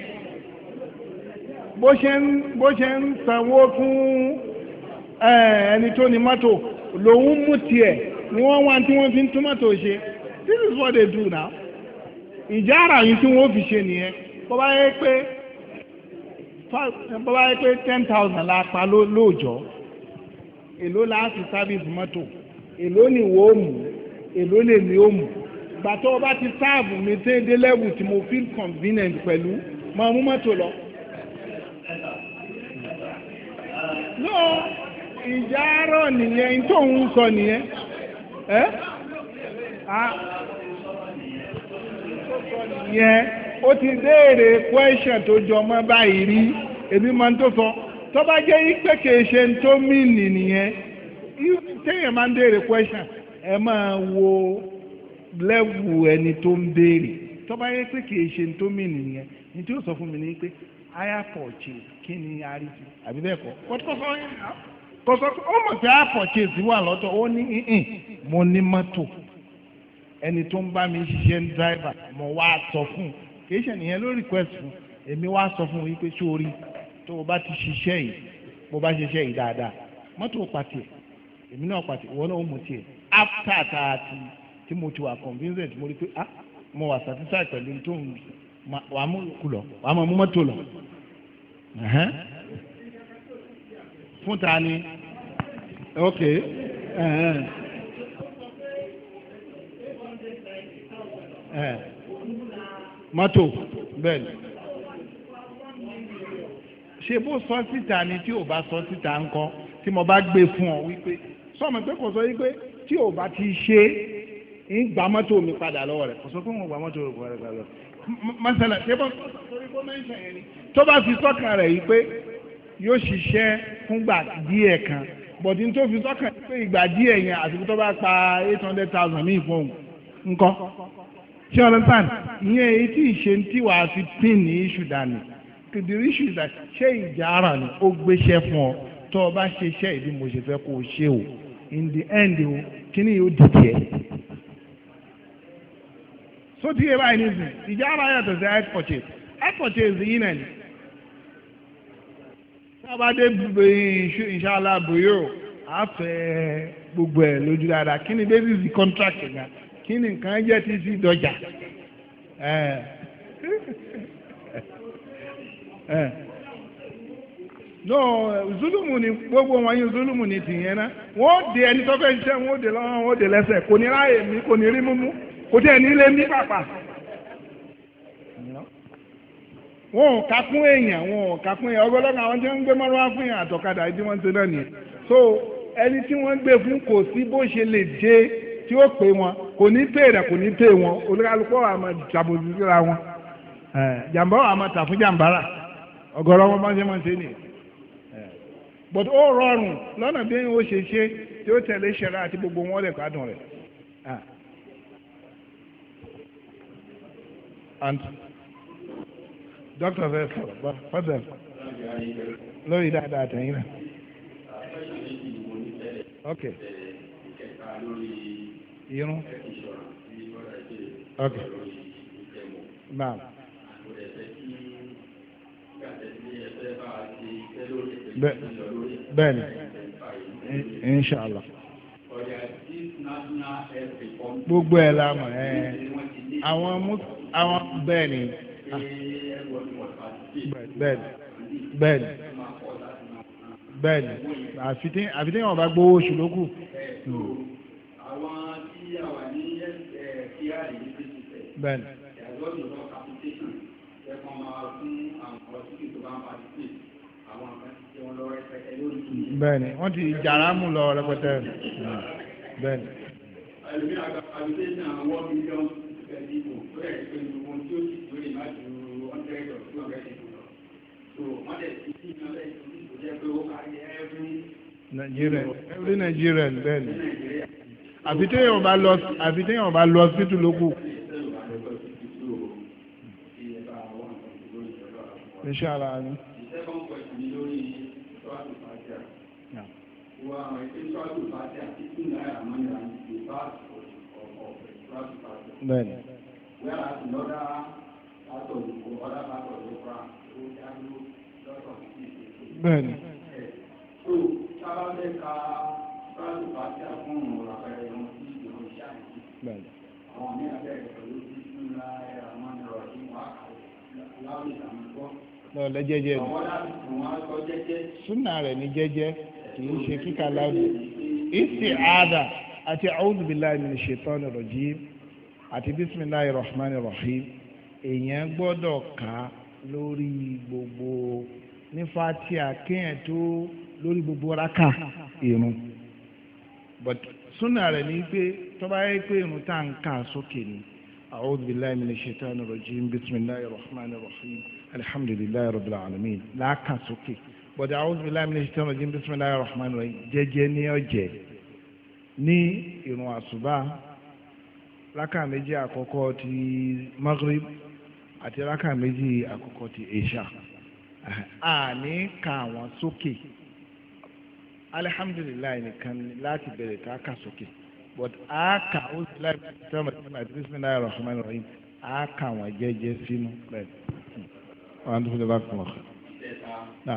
bó ṣe ń sanwó fún ẹni tó ní mọ́tò lòun mú tiẹ̀ ni wọ́n wá tí wọ́n fi ń tún mọ́tò ṣe this is what they do now ìjà ara yìí tí wọ́n fi ṣe nìyẹn bọ́bá yẹ yẹ pé ten thousand la pa lóòjọ́ èló la fi service mọ́tò èló ni wo mú èló lè ní ó mú gbàtọ́ bá ti sáàbù mi déédé lẹ́wù tí mo feel convenient pẹ̀lú máa mú mọ́tò lọ. no ìjà àárọ̀ nìyẹn tó ń sọ nìyẹn ẹ́ yẹn ó ti déèrè question tó jọ mọ́ báyìí rí èmi máa ń tó sọ tó bá jẹ́ ipe kèéṣe tó mí nìyẹn téèyàn máa ń déèrè question ẹ máa wo lẹ́wù ẹni tó ń béèrè tó bá yẹ pé kìí ṣe tó mì nìyẹn ní tí ó sọ fún mi ni pé higher purchase kí ni àríjì àbí bẹ́ẹ̀ kọ́ kò ah, ó mọ̀ pé higher purchase wà lọ́tọ̀ ó ní ìhìn mo ní mọ́tò ẹni tó ń bá mi ṣiṣẹ́ ń driver mo wá sọ fún un kìí ṣe nìyẹn ló request fún èmi wá sọ fún un wípé sórí tó o bá ti ṣiṣẹ́ yìí bó bá ṣiṣẹ́ yìí dáadáa mọ́tò pàtì èmi náà pàtì ìwọ náà ó mú tiẹ̀ after tá a ti tí mo ti wà convinced mo rí pé ah mo wà satisfied pẹ̀lú tó ń wà á mú kú lọ wà mú mọ́tò lọ. fún ta ni ok. Uh-huh. mọ́tò bẹ́ẹ̀ ni ṣe bó sọ síta ni tí ò bá sọ síta ń kọ́ tí mo bá gbé fún ọ wípé sọmọ pé kò sọ wípé tí ò bá ti ṣe ń gba mọ́tò mi padà lọ́wọ́ rẹ̀ kò sọ pé wọ́n gba mọ́tò rẹ̀ padà lọ́wọ́ masala tẹ́bọ̀ tó bá fi sọ́kàn rẹ̀ yìí pé yóò ṣiṣẹ́ fúngbà díẹ̀ kan bọ̀dí tó fi sọ́kàn pé ìgbà díẹ̀ yẹn àsìkò tó bá pa eight hundred thousand míì fún òun ńkọ́ ṣé ọlọ́tàn ìyẹn èyí tí ìṣe ń tí wàá fi pín ní iṣu dànù kìdìrí iṣu dànù ṣé ìjà ara ni ó gbéṣẹ́ fún ọ tó o bá ṣe iṣẹ́ ìdí mo ṣe fẹ́ kó o ṣe o in the end o kíní yóò dìde ẹ̀ so ti yé báyìí nísìn ìjára yàtọ̀ sí high purchase high purchase yìí nà ní. sábàdé ìṣàlá bòyó àfẹ́ gbogbo ẹ̀ lójú dáadáa kí ni basis the contract ga kí ni nǹkan jẹ́ ti sí dọjà. no zulumu ni gbogbo wọn yín zulumu ni tìyẹn náà wọn ó de ẹni tó fẹ́ ṣiṣẹ́ wọn ó de lọ́wọ́ wọn ó de lẹ́sẹ̀ kò ní ráàyè mi kò ní rí mímú. kò tẹ̀ nílé ní pàpà wọn ò ká fún èèyàn wọn ò ká fún èèyàn ọgọlọ́gà àwọn tí wọ́n ń gbé mọ́rọ́ fún èèyàn àtọ̀kadà tí wọ́n ń ṣe náà nìyẹn so ẹni tí wọ́n ń gbé fún kò sí bó ṣe lè dé tí ó pè wọn kò ní pè rẹ̀ kò ní pè wọn olúkálùkọ́ àmọ́ jàbòjú síra wọn jàǹbá àmọ́ tà fún jàǹbá rà ọgọrọ wọn bá ṣe máa ṣe nìyẹn but ó rọrùn lọ́nà bí ó ṣe ṣe tí ó tẹ̀lé àti gbogbo wọn lẹ̀ rẹ̀ and dókítà fẹ́ sọ̀rọ̀ that that, dáadáa you know, ok irun ok naam. bẹ́ẹ̀ni inshallah. gbogbo ẹ̀ la mọ̀ ẹ́ àwọn àwọn bẹ́ẹ̀ ni bẹ́ẹ̀ bẹ́ẹ̀ bẹ́ẹ̀ ni àfi tí wọ́n bá gbowó oṣù lókù. bẹ́ẹ̀ ni bẹ́ẹ̀ni wọ́n ti jàrá mú lọ rẹpẹtẹ bẹ́ẹ̀ni. Nigerian every Nigerian bẹ́ẹ̀ni àfi téèyàn bá lọ àfi téèyàn bá lọ sí tùlókù. Inshallah. were my spiritual group party at fifteen naira money and the part of of spiritual party. bẹ́ẹ̀ni. whereas in other part of the other part of the crown o dájú lọ́sọ̀ sí i. bẹ́ẹ̀ni. so sábà fẹ́ ka spiritual party fún òun àpẹẹrẹ wọn sí ìdíwọ̀n iṣẹ́ àìsí. bẹ́ẹ̀ni. àwọn mi àbẹ̀rẹ̀ pẹ̀lú fifteen naira money rọ̀ ní wàhálà láwùjọ àmì gbọ́. lọ́ọ̀ lẹ́jẹ́jẹ́ ni. àwọn láti fún wa sọ jẹ́jẹ́. súnà rẹ̀ ní jẹ́jẹ́ kìí ṣe kíkà láàmù isti'adha àti a'udhu billahi minash shaitanir rajim àti bismillahir rahmanir rahim èèyàn gbọ́dọ̀ kà á lórí gbogbo ní fatia kéèyàn tó lórí gbogbo raka irun but súnà rẹ̀ ni pé tó bá yẹ pé irun tá à ń kà sókè ni a'udhu billahi minash shaitanir rajim bismillahir rahmanir rahim alhamdulillahi rabbil alamin láàkà sókè bọ̀dẹ̀ àwọn òṣèlú láìmílẹ̀ ṣe tẹ́lẹ̀ jíjìn bísí mẹ́láyà rahman rẹ̀ jẹ́jẹ́ ní ọ̀jẹ̀ ní ìrun àṣùbà rákà méjì àkọ́kọ́ ti maghrib àti rákà méjì àkọ́kọ́ ti isha a ní ka àwọn sókè alihamdulilayi nìkan láti bẹ̀rẹ̀ tá a kà sókè but a kà ó sì láì tẹ́lẹ̀ jíjìn àti bísí mẹ́láyà rahman rẹ̀ a kà àwọn jẹ́jẹ́ sínú rẹ̀. wọ́n á dúró lọ́wọ́ kí wọ́n kà.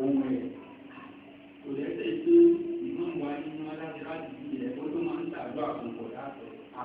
ohun rẹ̀ kò lẹ́sẹ̀ pé ìmọ̀ wa nínú aláṣẹ láti fi ilẹ̀ kó tó máa ń tàdó àkùnkọ̀ láti à.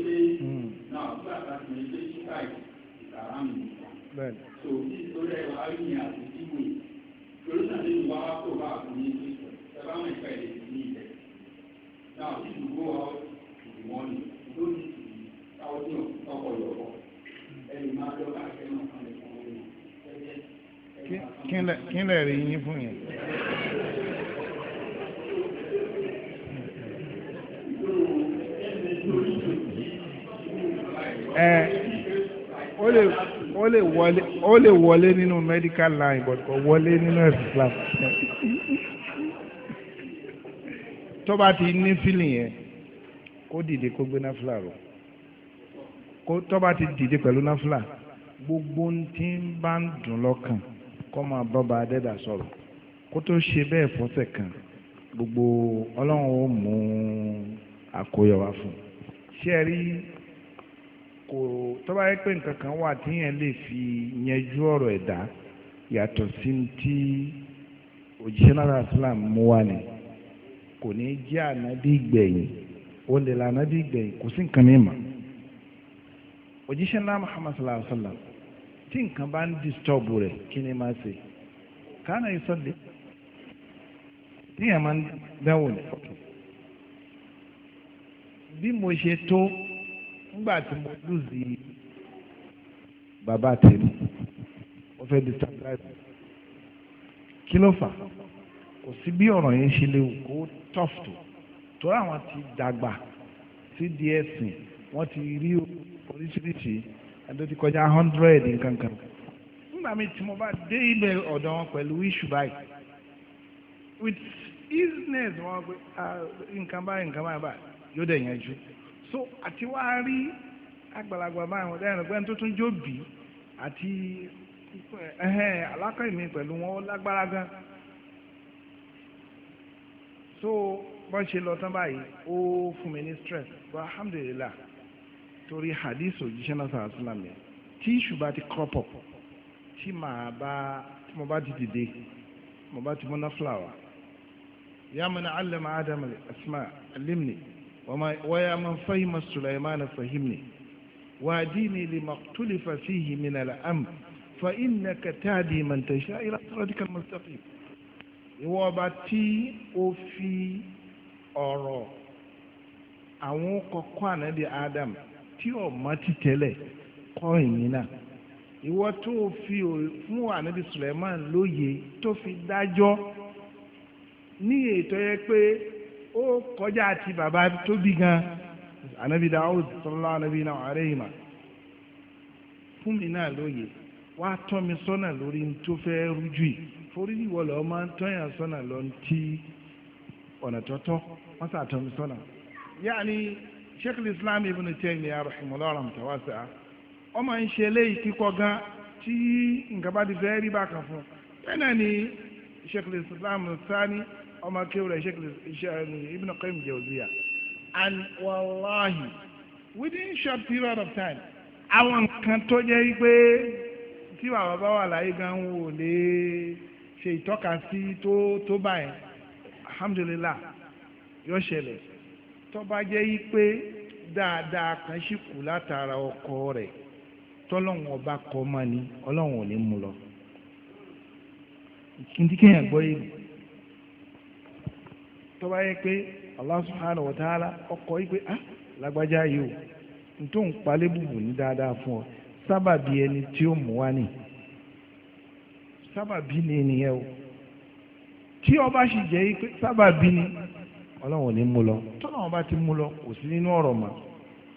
so nítorí ẹ̀rọ arúgbìn àti ìdíbò yìí kòrónà nínú wa wá kó bá àbúrò ní ìlú ẹ̀bá wọn ìfẹ́ lè ní ilẹ̀ náà tí ìlú gbó wa ìlú wọn ni ló ní ìlú táwọn ní ọ̀pọ̀lọpọ̀ ẹni máa lọ bá àṣẹ náà kan lè fún ọmọ náà. kí lè rí yín fún yẹn. ẹ ó lè ó lè wọlé nínú medical line but kò wọlé nínú Islam tó bá ti ní fílì yẹn kó dìde kó gbé náfìlà rò tó bá ti dìde pẹ̀lú náfìlà gbogbo ń tí ń bá ń dùn lọ́kàn kó máa bọ́ba adẹ́dà sọ̀rọ̀ kó tó ṣe bẹ́ẹ̀ fọ́sẹ̀ kan gbogbo ọlọ́run ó mú àkóyọ wá fún un ṣé ẹ rí kò tó bá yẹ pé nǹkan kan wà tíyẹn lè fi yanjú ọ̀rọ̀ ẹ̀dá yàtọ̀ sí ti òjíṣẹ́ náà islam mú wa ni kò ní jẹ́ ànábì gbẹ̀yìn ó lè la ànábì gbẹ̀yìn kò sí nǹkan mímọ́ òjíṣẹ́ náà muhammad sallallahu alaihi wa sallam tí nǹkan bá ń disturb rẹ̀ kí ni máa ṣe kánà ìsọ̀lẹ̀ tíyẹn máa ń dáwọ̀ ní ọ̀tún bí mo ṣe tó nígbà tí mo lùzì bàbá tèmi ó fẹ́ di stabilize kí ló fà kò sí bí ọ̀rọ̀ yẹn ṣe léwu kó tough tó torí àwọn ti dàgbà sí díẹ̀ sìn wọ́n ti rí oríṣiríṣi ẹ̀dọ́ ti kọjá hundred nǹkan kan mi tí mo bá dé ibẹ̀ ọ̀dọ̀ wọn pẹ̀lú iṣu báyìí with easiness wọn pé ah, nǹkan báyìí nǹkan báyìí báyìí yóò dẹ̀ yanjú so àti wá rí àgbàlagbà báyìí lẹ́yìn pé tó tún jó bì àti alákọ̀ ìmí pẹ̀lú wọn lágbára gan so bọ́n ṣe lọ tán báyìí ó fún mi ní stress but alhamdulillah torí hadith òjíṣẹ́ náà sàrà sílá mi tí ṣùgbọ́n ti crop up tí màá bá tí mo bá ti dìde mo bá ti múná flower yá mi ní alẹ́ máa dá mi asma alimni waya man fahima sulaimana fahimni wa dini lima tulifa fihi min al'am fa innaka tahdi man tasha ila siratikal mustaqim ìwọ ọba tí ó fi ọ̀rọ̀ àwọn kọ̀kọ́ ànábì Adam tí ó mọ̀ ti tẹ́lẹ̀ kọ́ ìyìn náà ìwọ tó fi fún ànábì Suleiman lóye tó fi dájọ́ ní ètò yẹ pé ó kọjá àti bàbá tó gan anabi Dawud anabi náà ààrẹ ìmà fún mi náà lóye wá tọ́ mi sọ́nà lórí tó fẹ́ rújú yìí forí ìwọ lọ máa ń sọ́nà lọ tí ọ̀nà tọ́tọ́ wọ́n sà tọ́ mi sọ́nà. yaani sheikh islam ibn Taymiyyah rahimahullah rahmatawasa ọmọ ń ṣe eléyìí kíkọ gan tí ti fẹ́ rí fún náà ni sheikh islam sani. ọmọ kéwìrẹ̀ sheikh um, ibn qayyim jawziya and wallahi within short period of time àwọn nǹkan tó jẹ́ pé tí bàbá bá wà láyé gan wò lè ṣe ìtọ́ka sí tó tó báyìí alhamdulillah yóò ṣẹlẹ̀ tó bá jẹ́ pé dáadáa kan sì kù látara ọkọ rẹ̀ tọ́lọ́hún ọba kọ́ mọ́ ni ọlọ́hún ò ní mú lọ. ntí kéèyàn tó bá yẹ pé Allah subhanahu wa ọkọ̀ yìí pé ah lágbájá yìí o n tó ń palẹ́ bùbù ní dáadáa fún ọ sábàbí ẹni tí ó mú wá nì sábàbí ni ènìyàn o tí ọba sì jẹ́ yìí pé sábàbí ni ọlọ́run ò ní mú lọ tọ́lọ́run bá ti mú lọ kò sí nínú ọ̀rọ̀ mọ́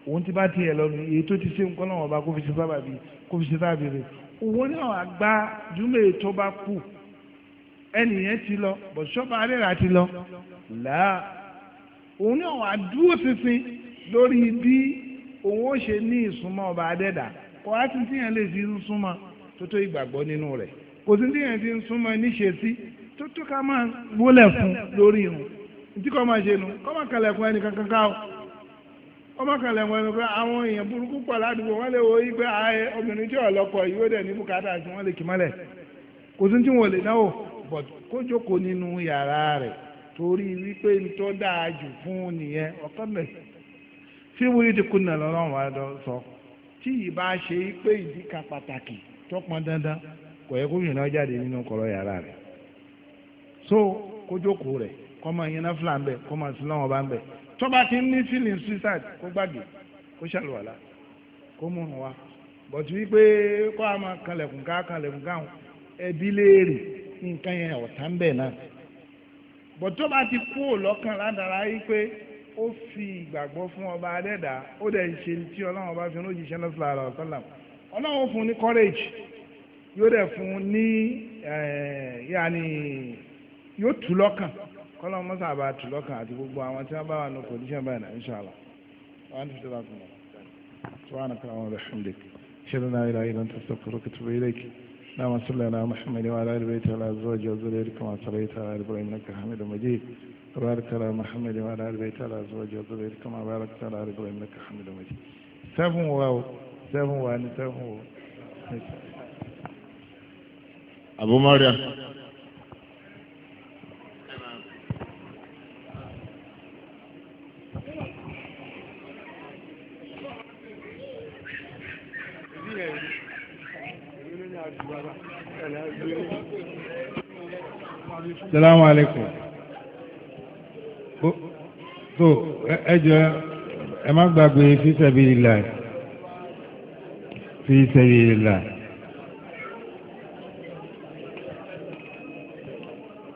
òun ti bá tiẹ̀ lọ èyí tó ti ṣe nǹkan náà ọba kó fi ṣe sábàbí kó fi ṣe sábàbí rẹ̀ òun náà àgbá júmọ̀ ètò bá kù ẹnìyẹn ti lọ bọ̀ṣọ́ba arẹ́rà ti lọ láà òun náà wà dúró ṣinṣin lórí bí òun ó ṣe ní ìsúnmọ́ ọba adẹ́dà kò á ti tíyàn lè fi ń súnmọ́ tó tó ìgbàgbọ́ nínú rẹ̀ kò sí tíyàn fi ń súnmọ́ níṣe sí tó tó ká máa wólẹ̀ fún lórí irun tí kò máa ṣe nu kò máa kalẹ̀kùn ẹnì kankan ká o kò máa kalẹ̀kùn ẹnì kankan àwọn èèyàn burúkú pọ̀ ládùúgbò lè wo obìnrin tí yìí ó dẹ̀ ní torí wípé ntọ́ dáa jù fún nìyẹn ọ̀kan mẹ́ tí wọ́n ti kùnà lọ́rùn wa sọ tí ìbá ṣe pé ìdíkà pàtàkì tó pọn dandan kò yẹ kó yìnbọn jáde nínú kọ̀rọ̀ yàrá rẹ̀ so kó jókòó rẹ̀ kó máa yẹn náà fúlà ń bẹ̀ kó bá ń bẹ̀ tó ti ní feeling suicide kó gbàgbé kó ṣàlùwàlà kó múnú wa bọ̀tú wípé kó a máa kanlẹ̀kùn ká kanlẹ̀kùn káwọn ẹbí léèrè nǹkan yẹn ọ̀tá ń bẹ̀ náà bọ̀ tó bá ti kú òlọ́kàn ládàra yìí pé ó fi ìgbàgbọ́ fún ọba adẹ́dà ó dẹ̀ ṣe tí ọlọ́run ọba fi ń lójijì ṣẹlẹ́sìlá ara ọ̀sọ́là ọlọ́run fún ní courage yóò dẹ̀ fún ní eh, yaani yóò tù lọ́kàn kọ́lọ́run mọ́sá bá tù lọ́kàn àti gbogbo àwọn tí wọ́n bá wà ní condition báyìí náà inṣàlá wọ́n ti fi tẹ́lá fún wọn. سبحانك اللهم وبحمدك اشهد ان لا اله الا انت استغفرك واتوب اليك اللهم صل على محمد وعلى ال بيته وعلى ازواجه وذريته كما صليت على ابراهيم انك حميد مجيد وبارك على محمد وعلى ال بيته وعلى ازواجه وذريته كما باركت على ابراهيم انك حميد مجيد سبع واو سبع وان سبع ابو مريم salamu alaikum so ẹjọ ẹ má gbàgbé fi sabilillah fi sabilillah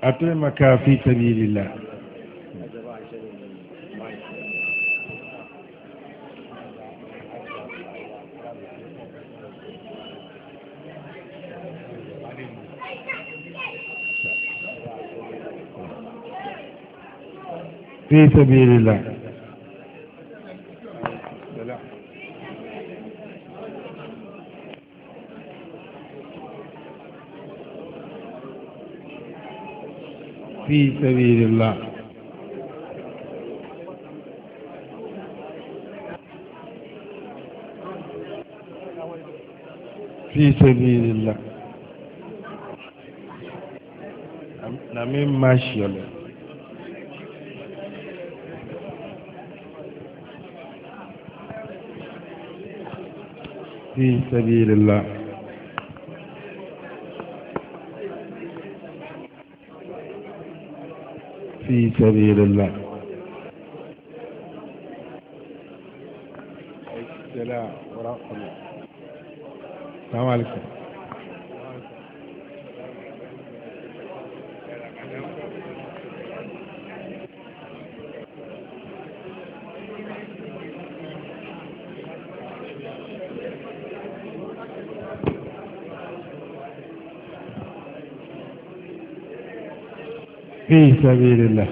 àtúrẹ́mọ̀ká fi sabilillah. في سبيل الله في سبيل الله في سبيل الله na mi ma ṣe ọlẹ. في سبيل الله في سبيل الله السلام عليكم سبيل الله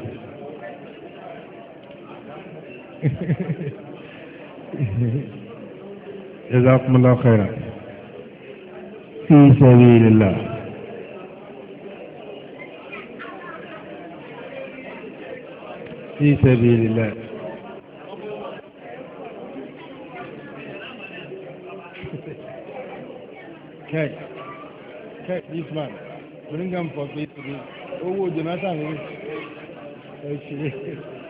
جزاكم الله خيرا في سبيل الله في سبيل الله Okay. Okay, this one. Bring them for peace. owó jẹ̀mẹ́ta rẹ̀ ẹ̀ṣẹ̀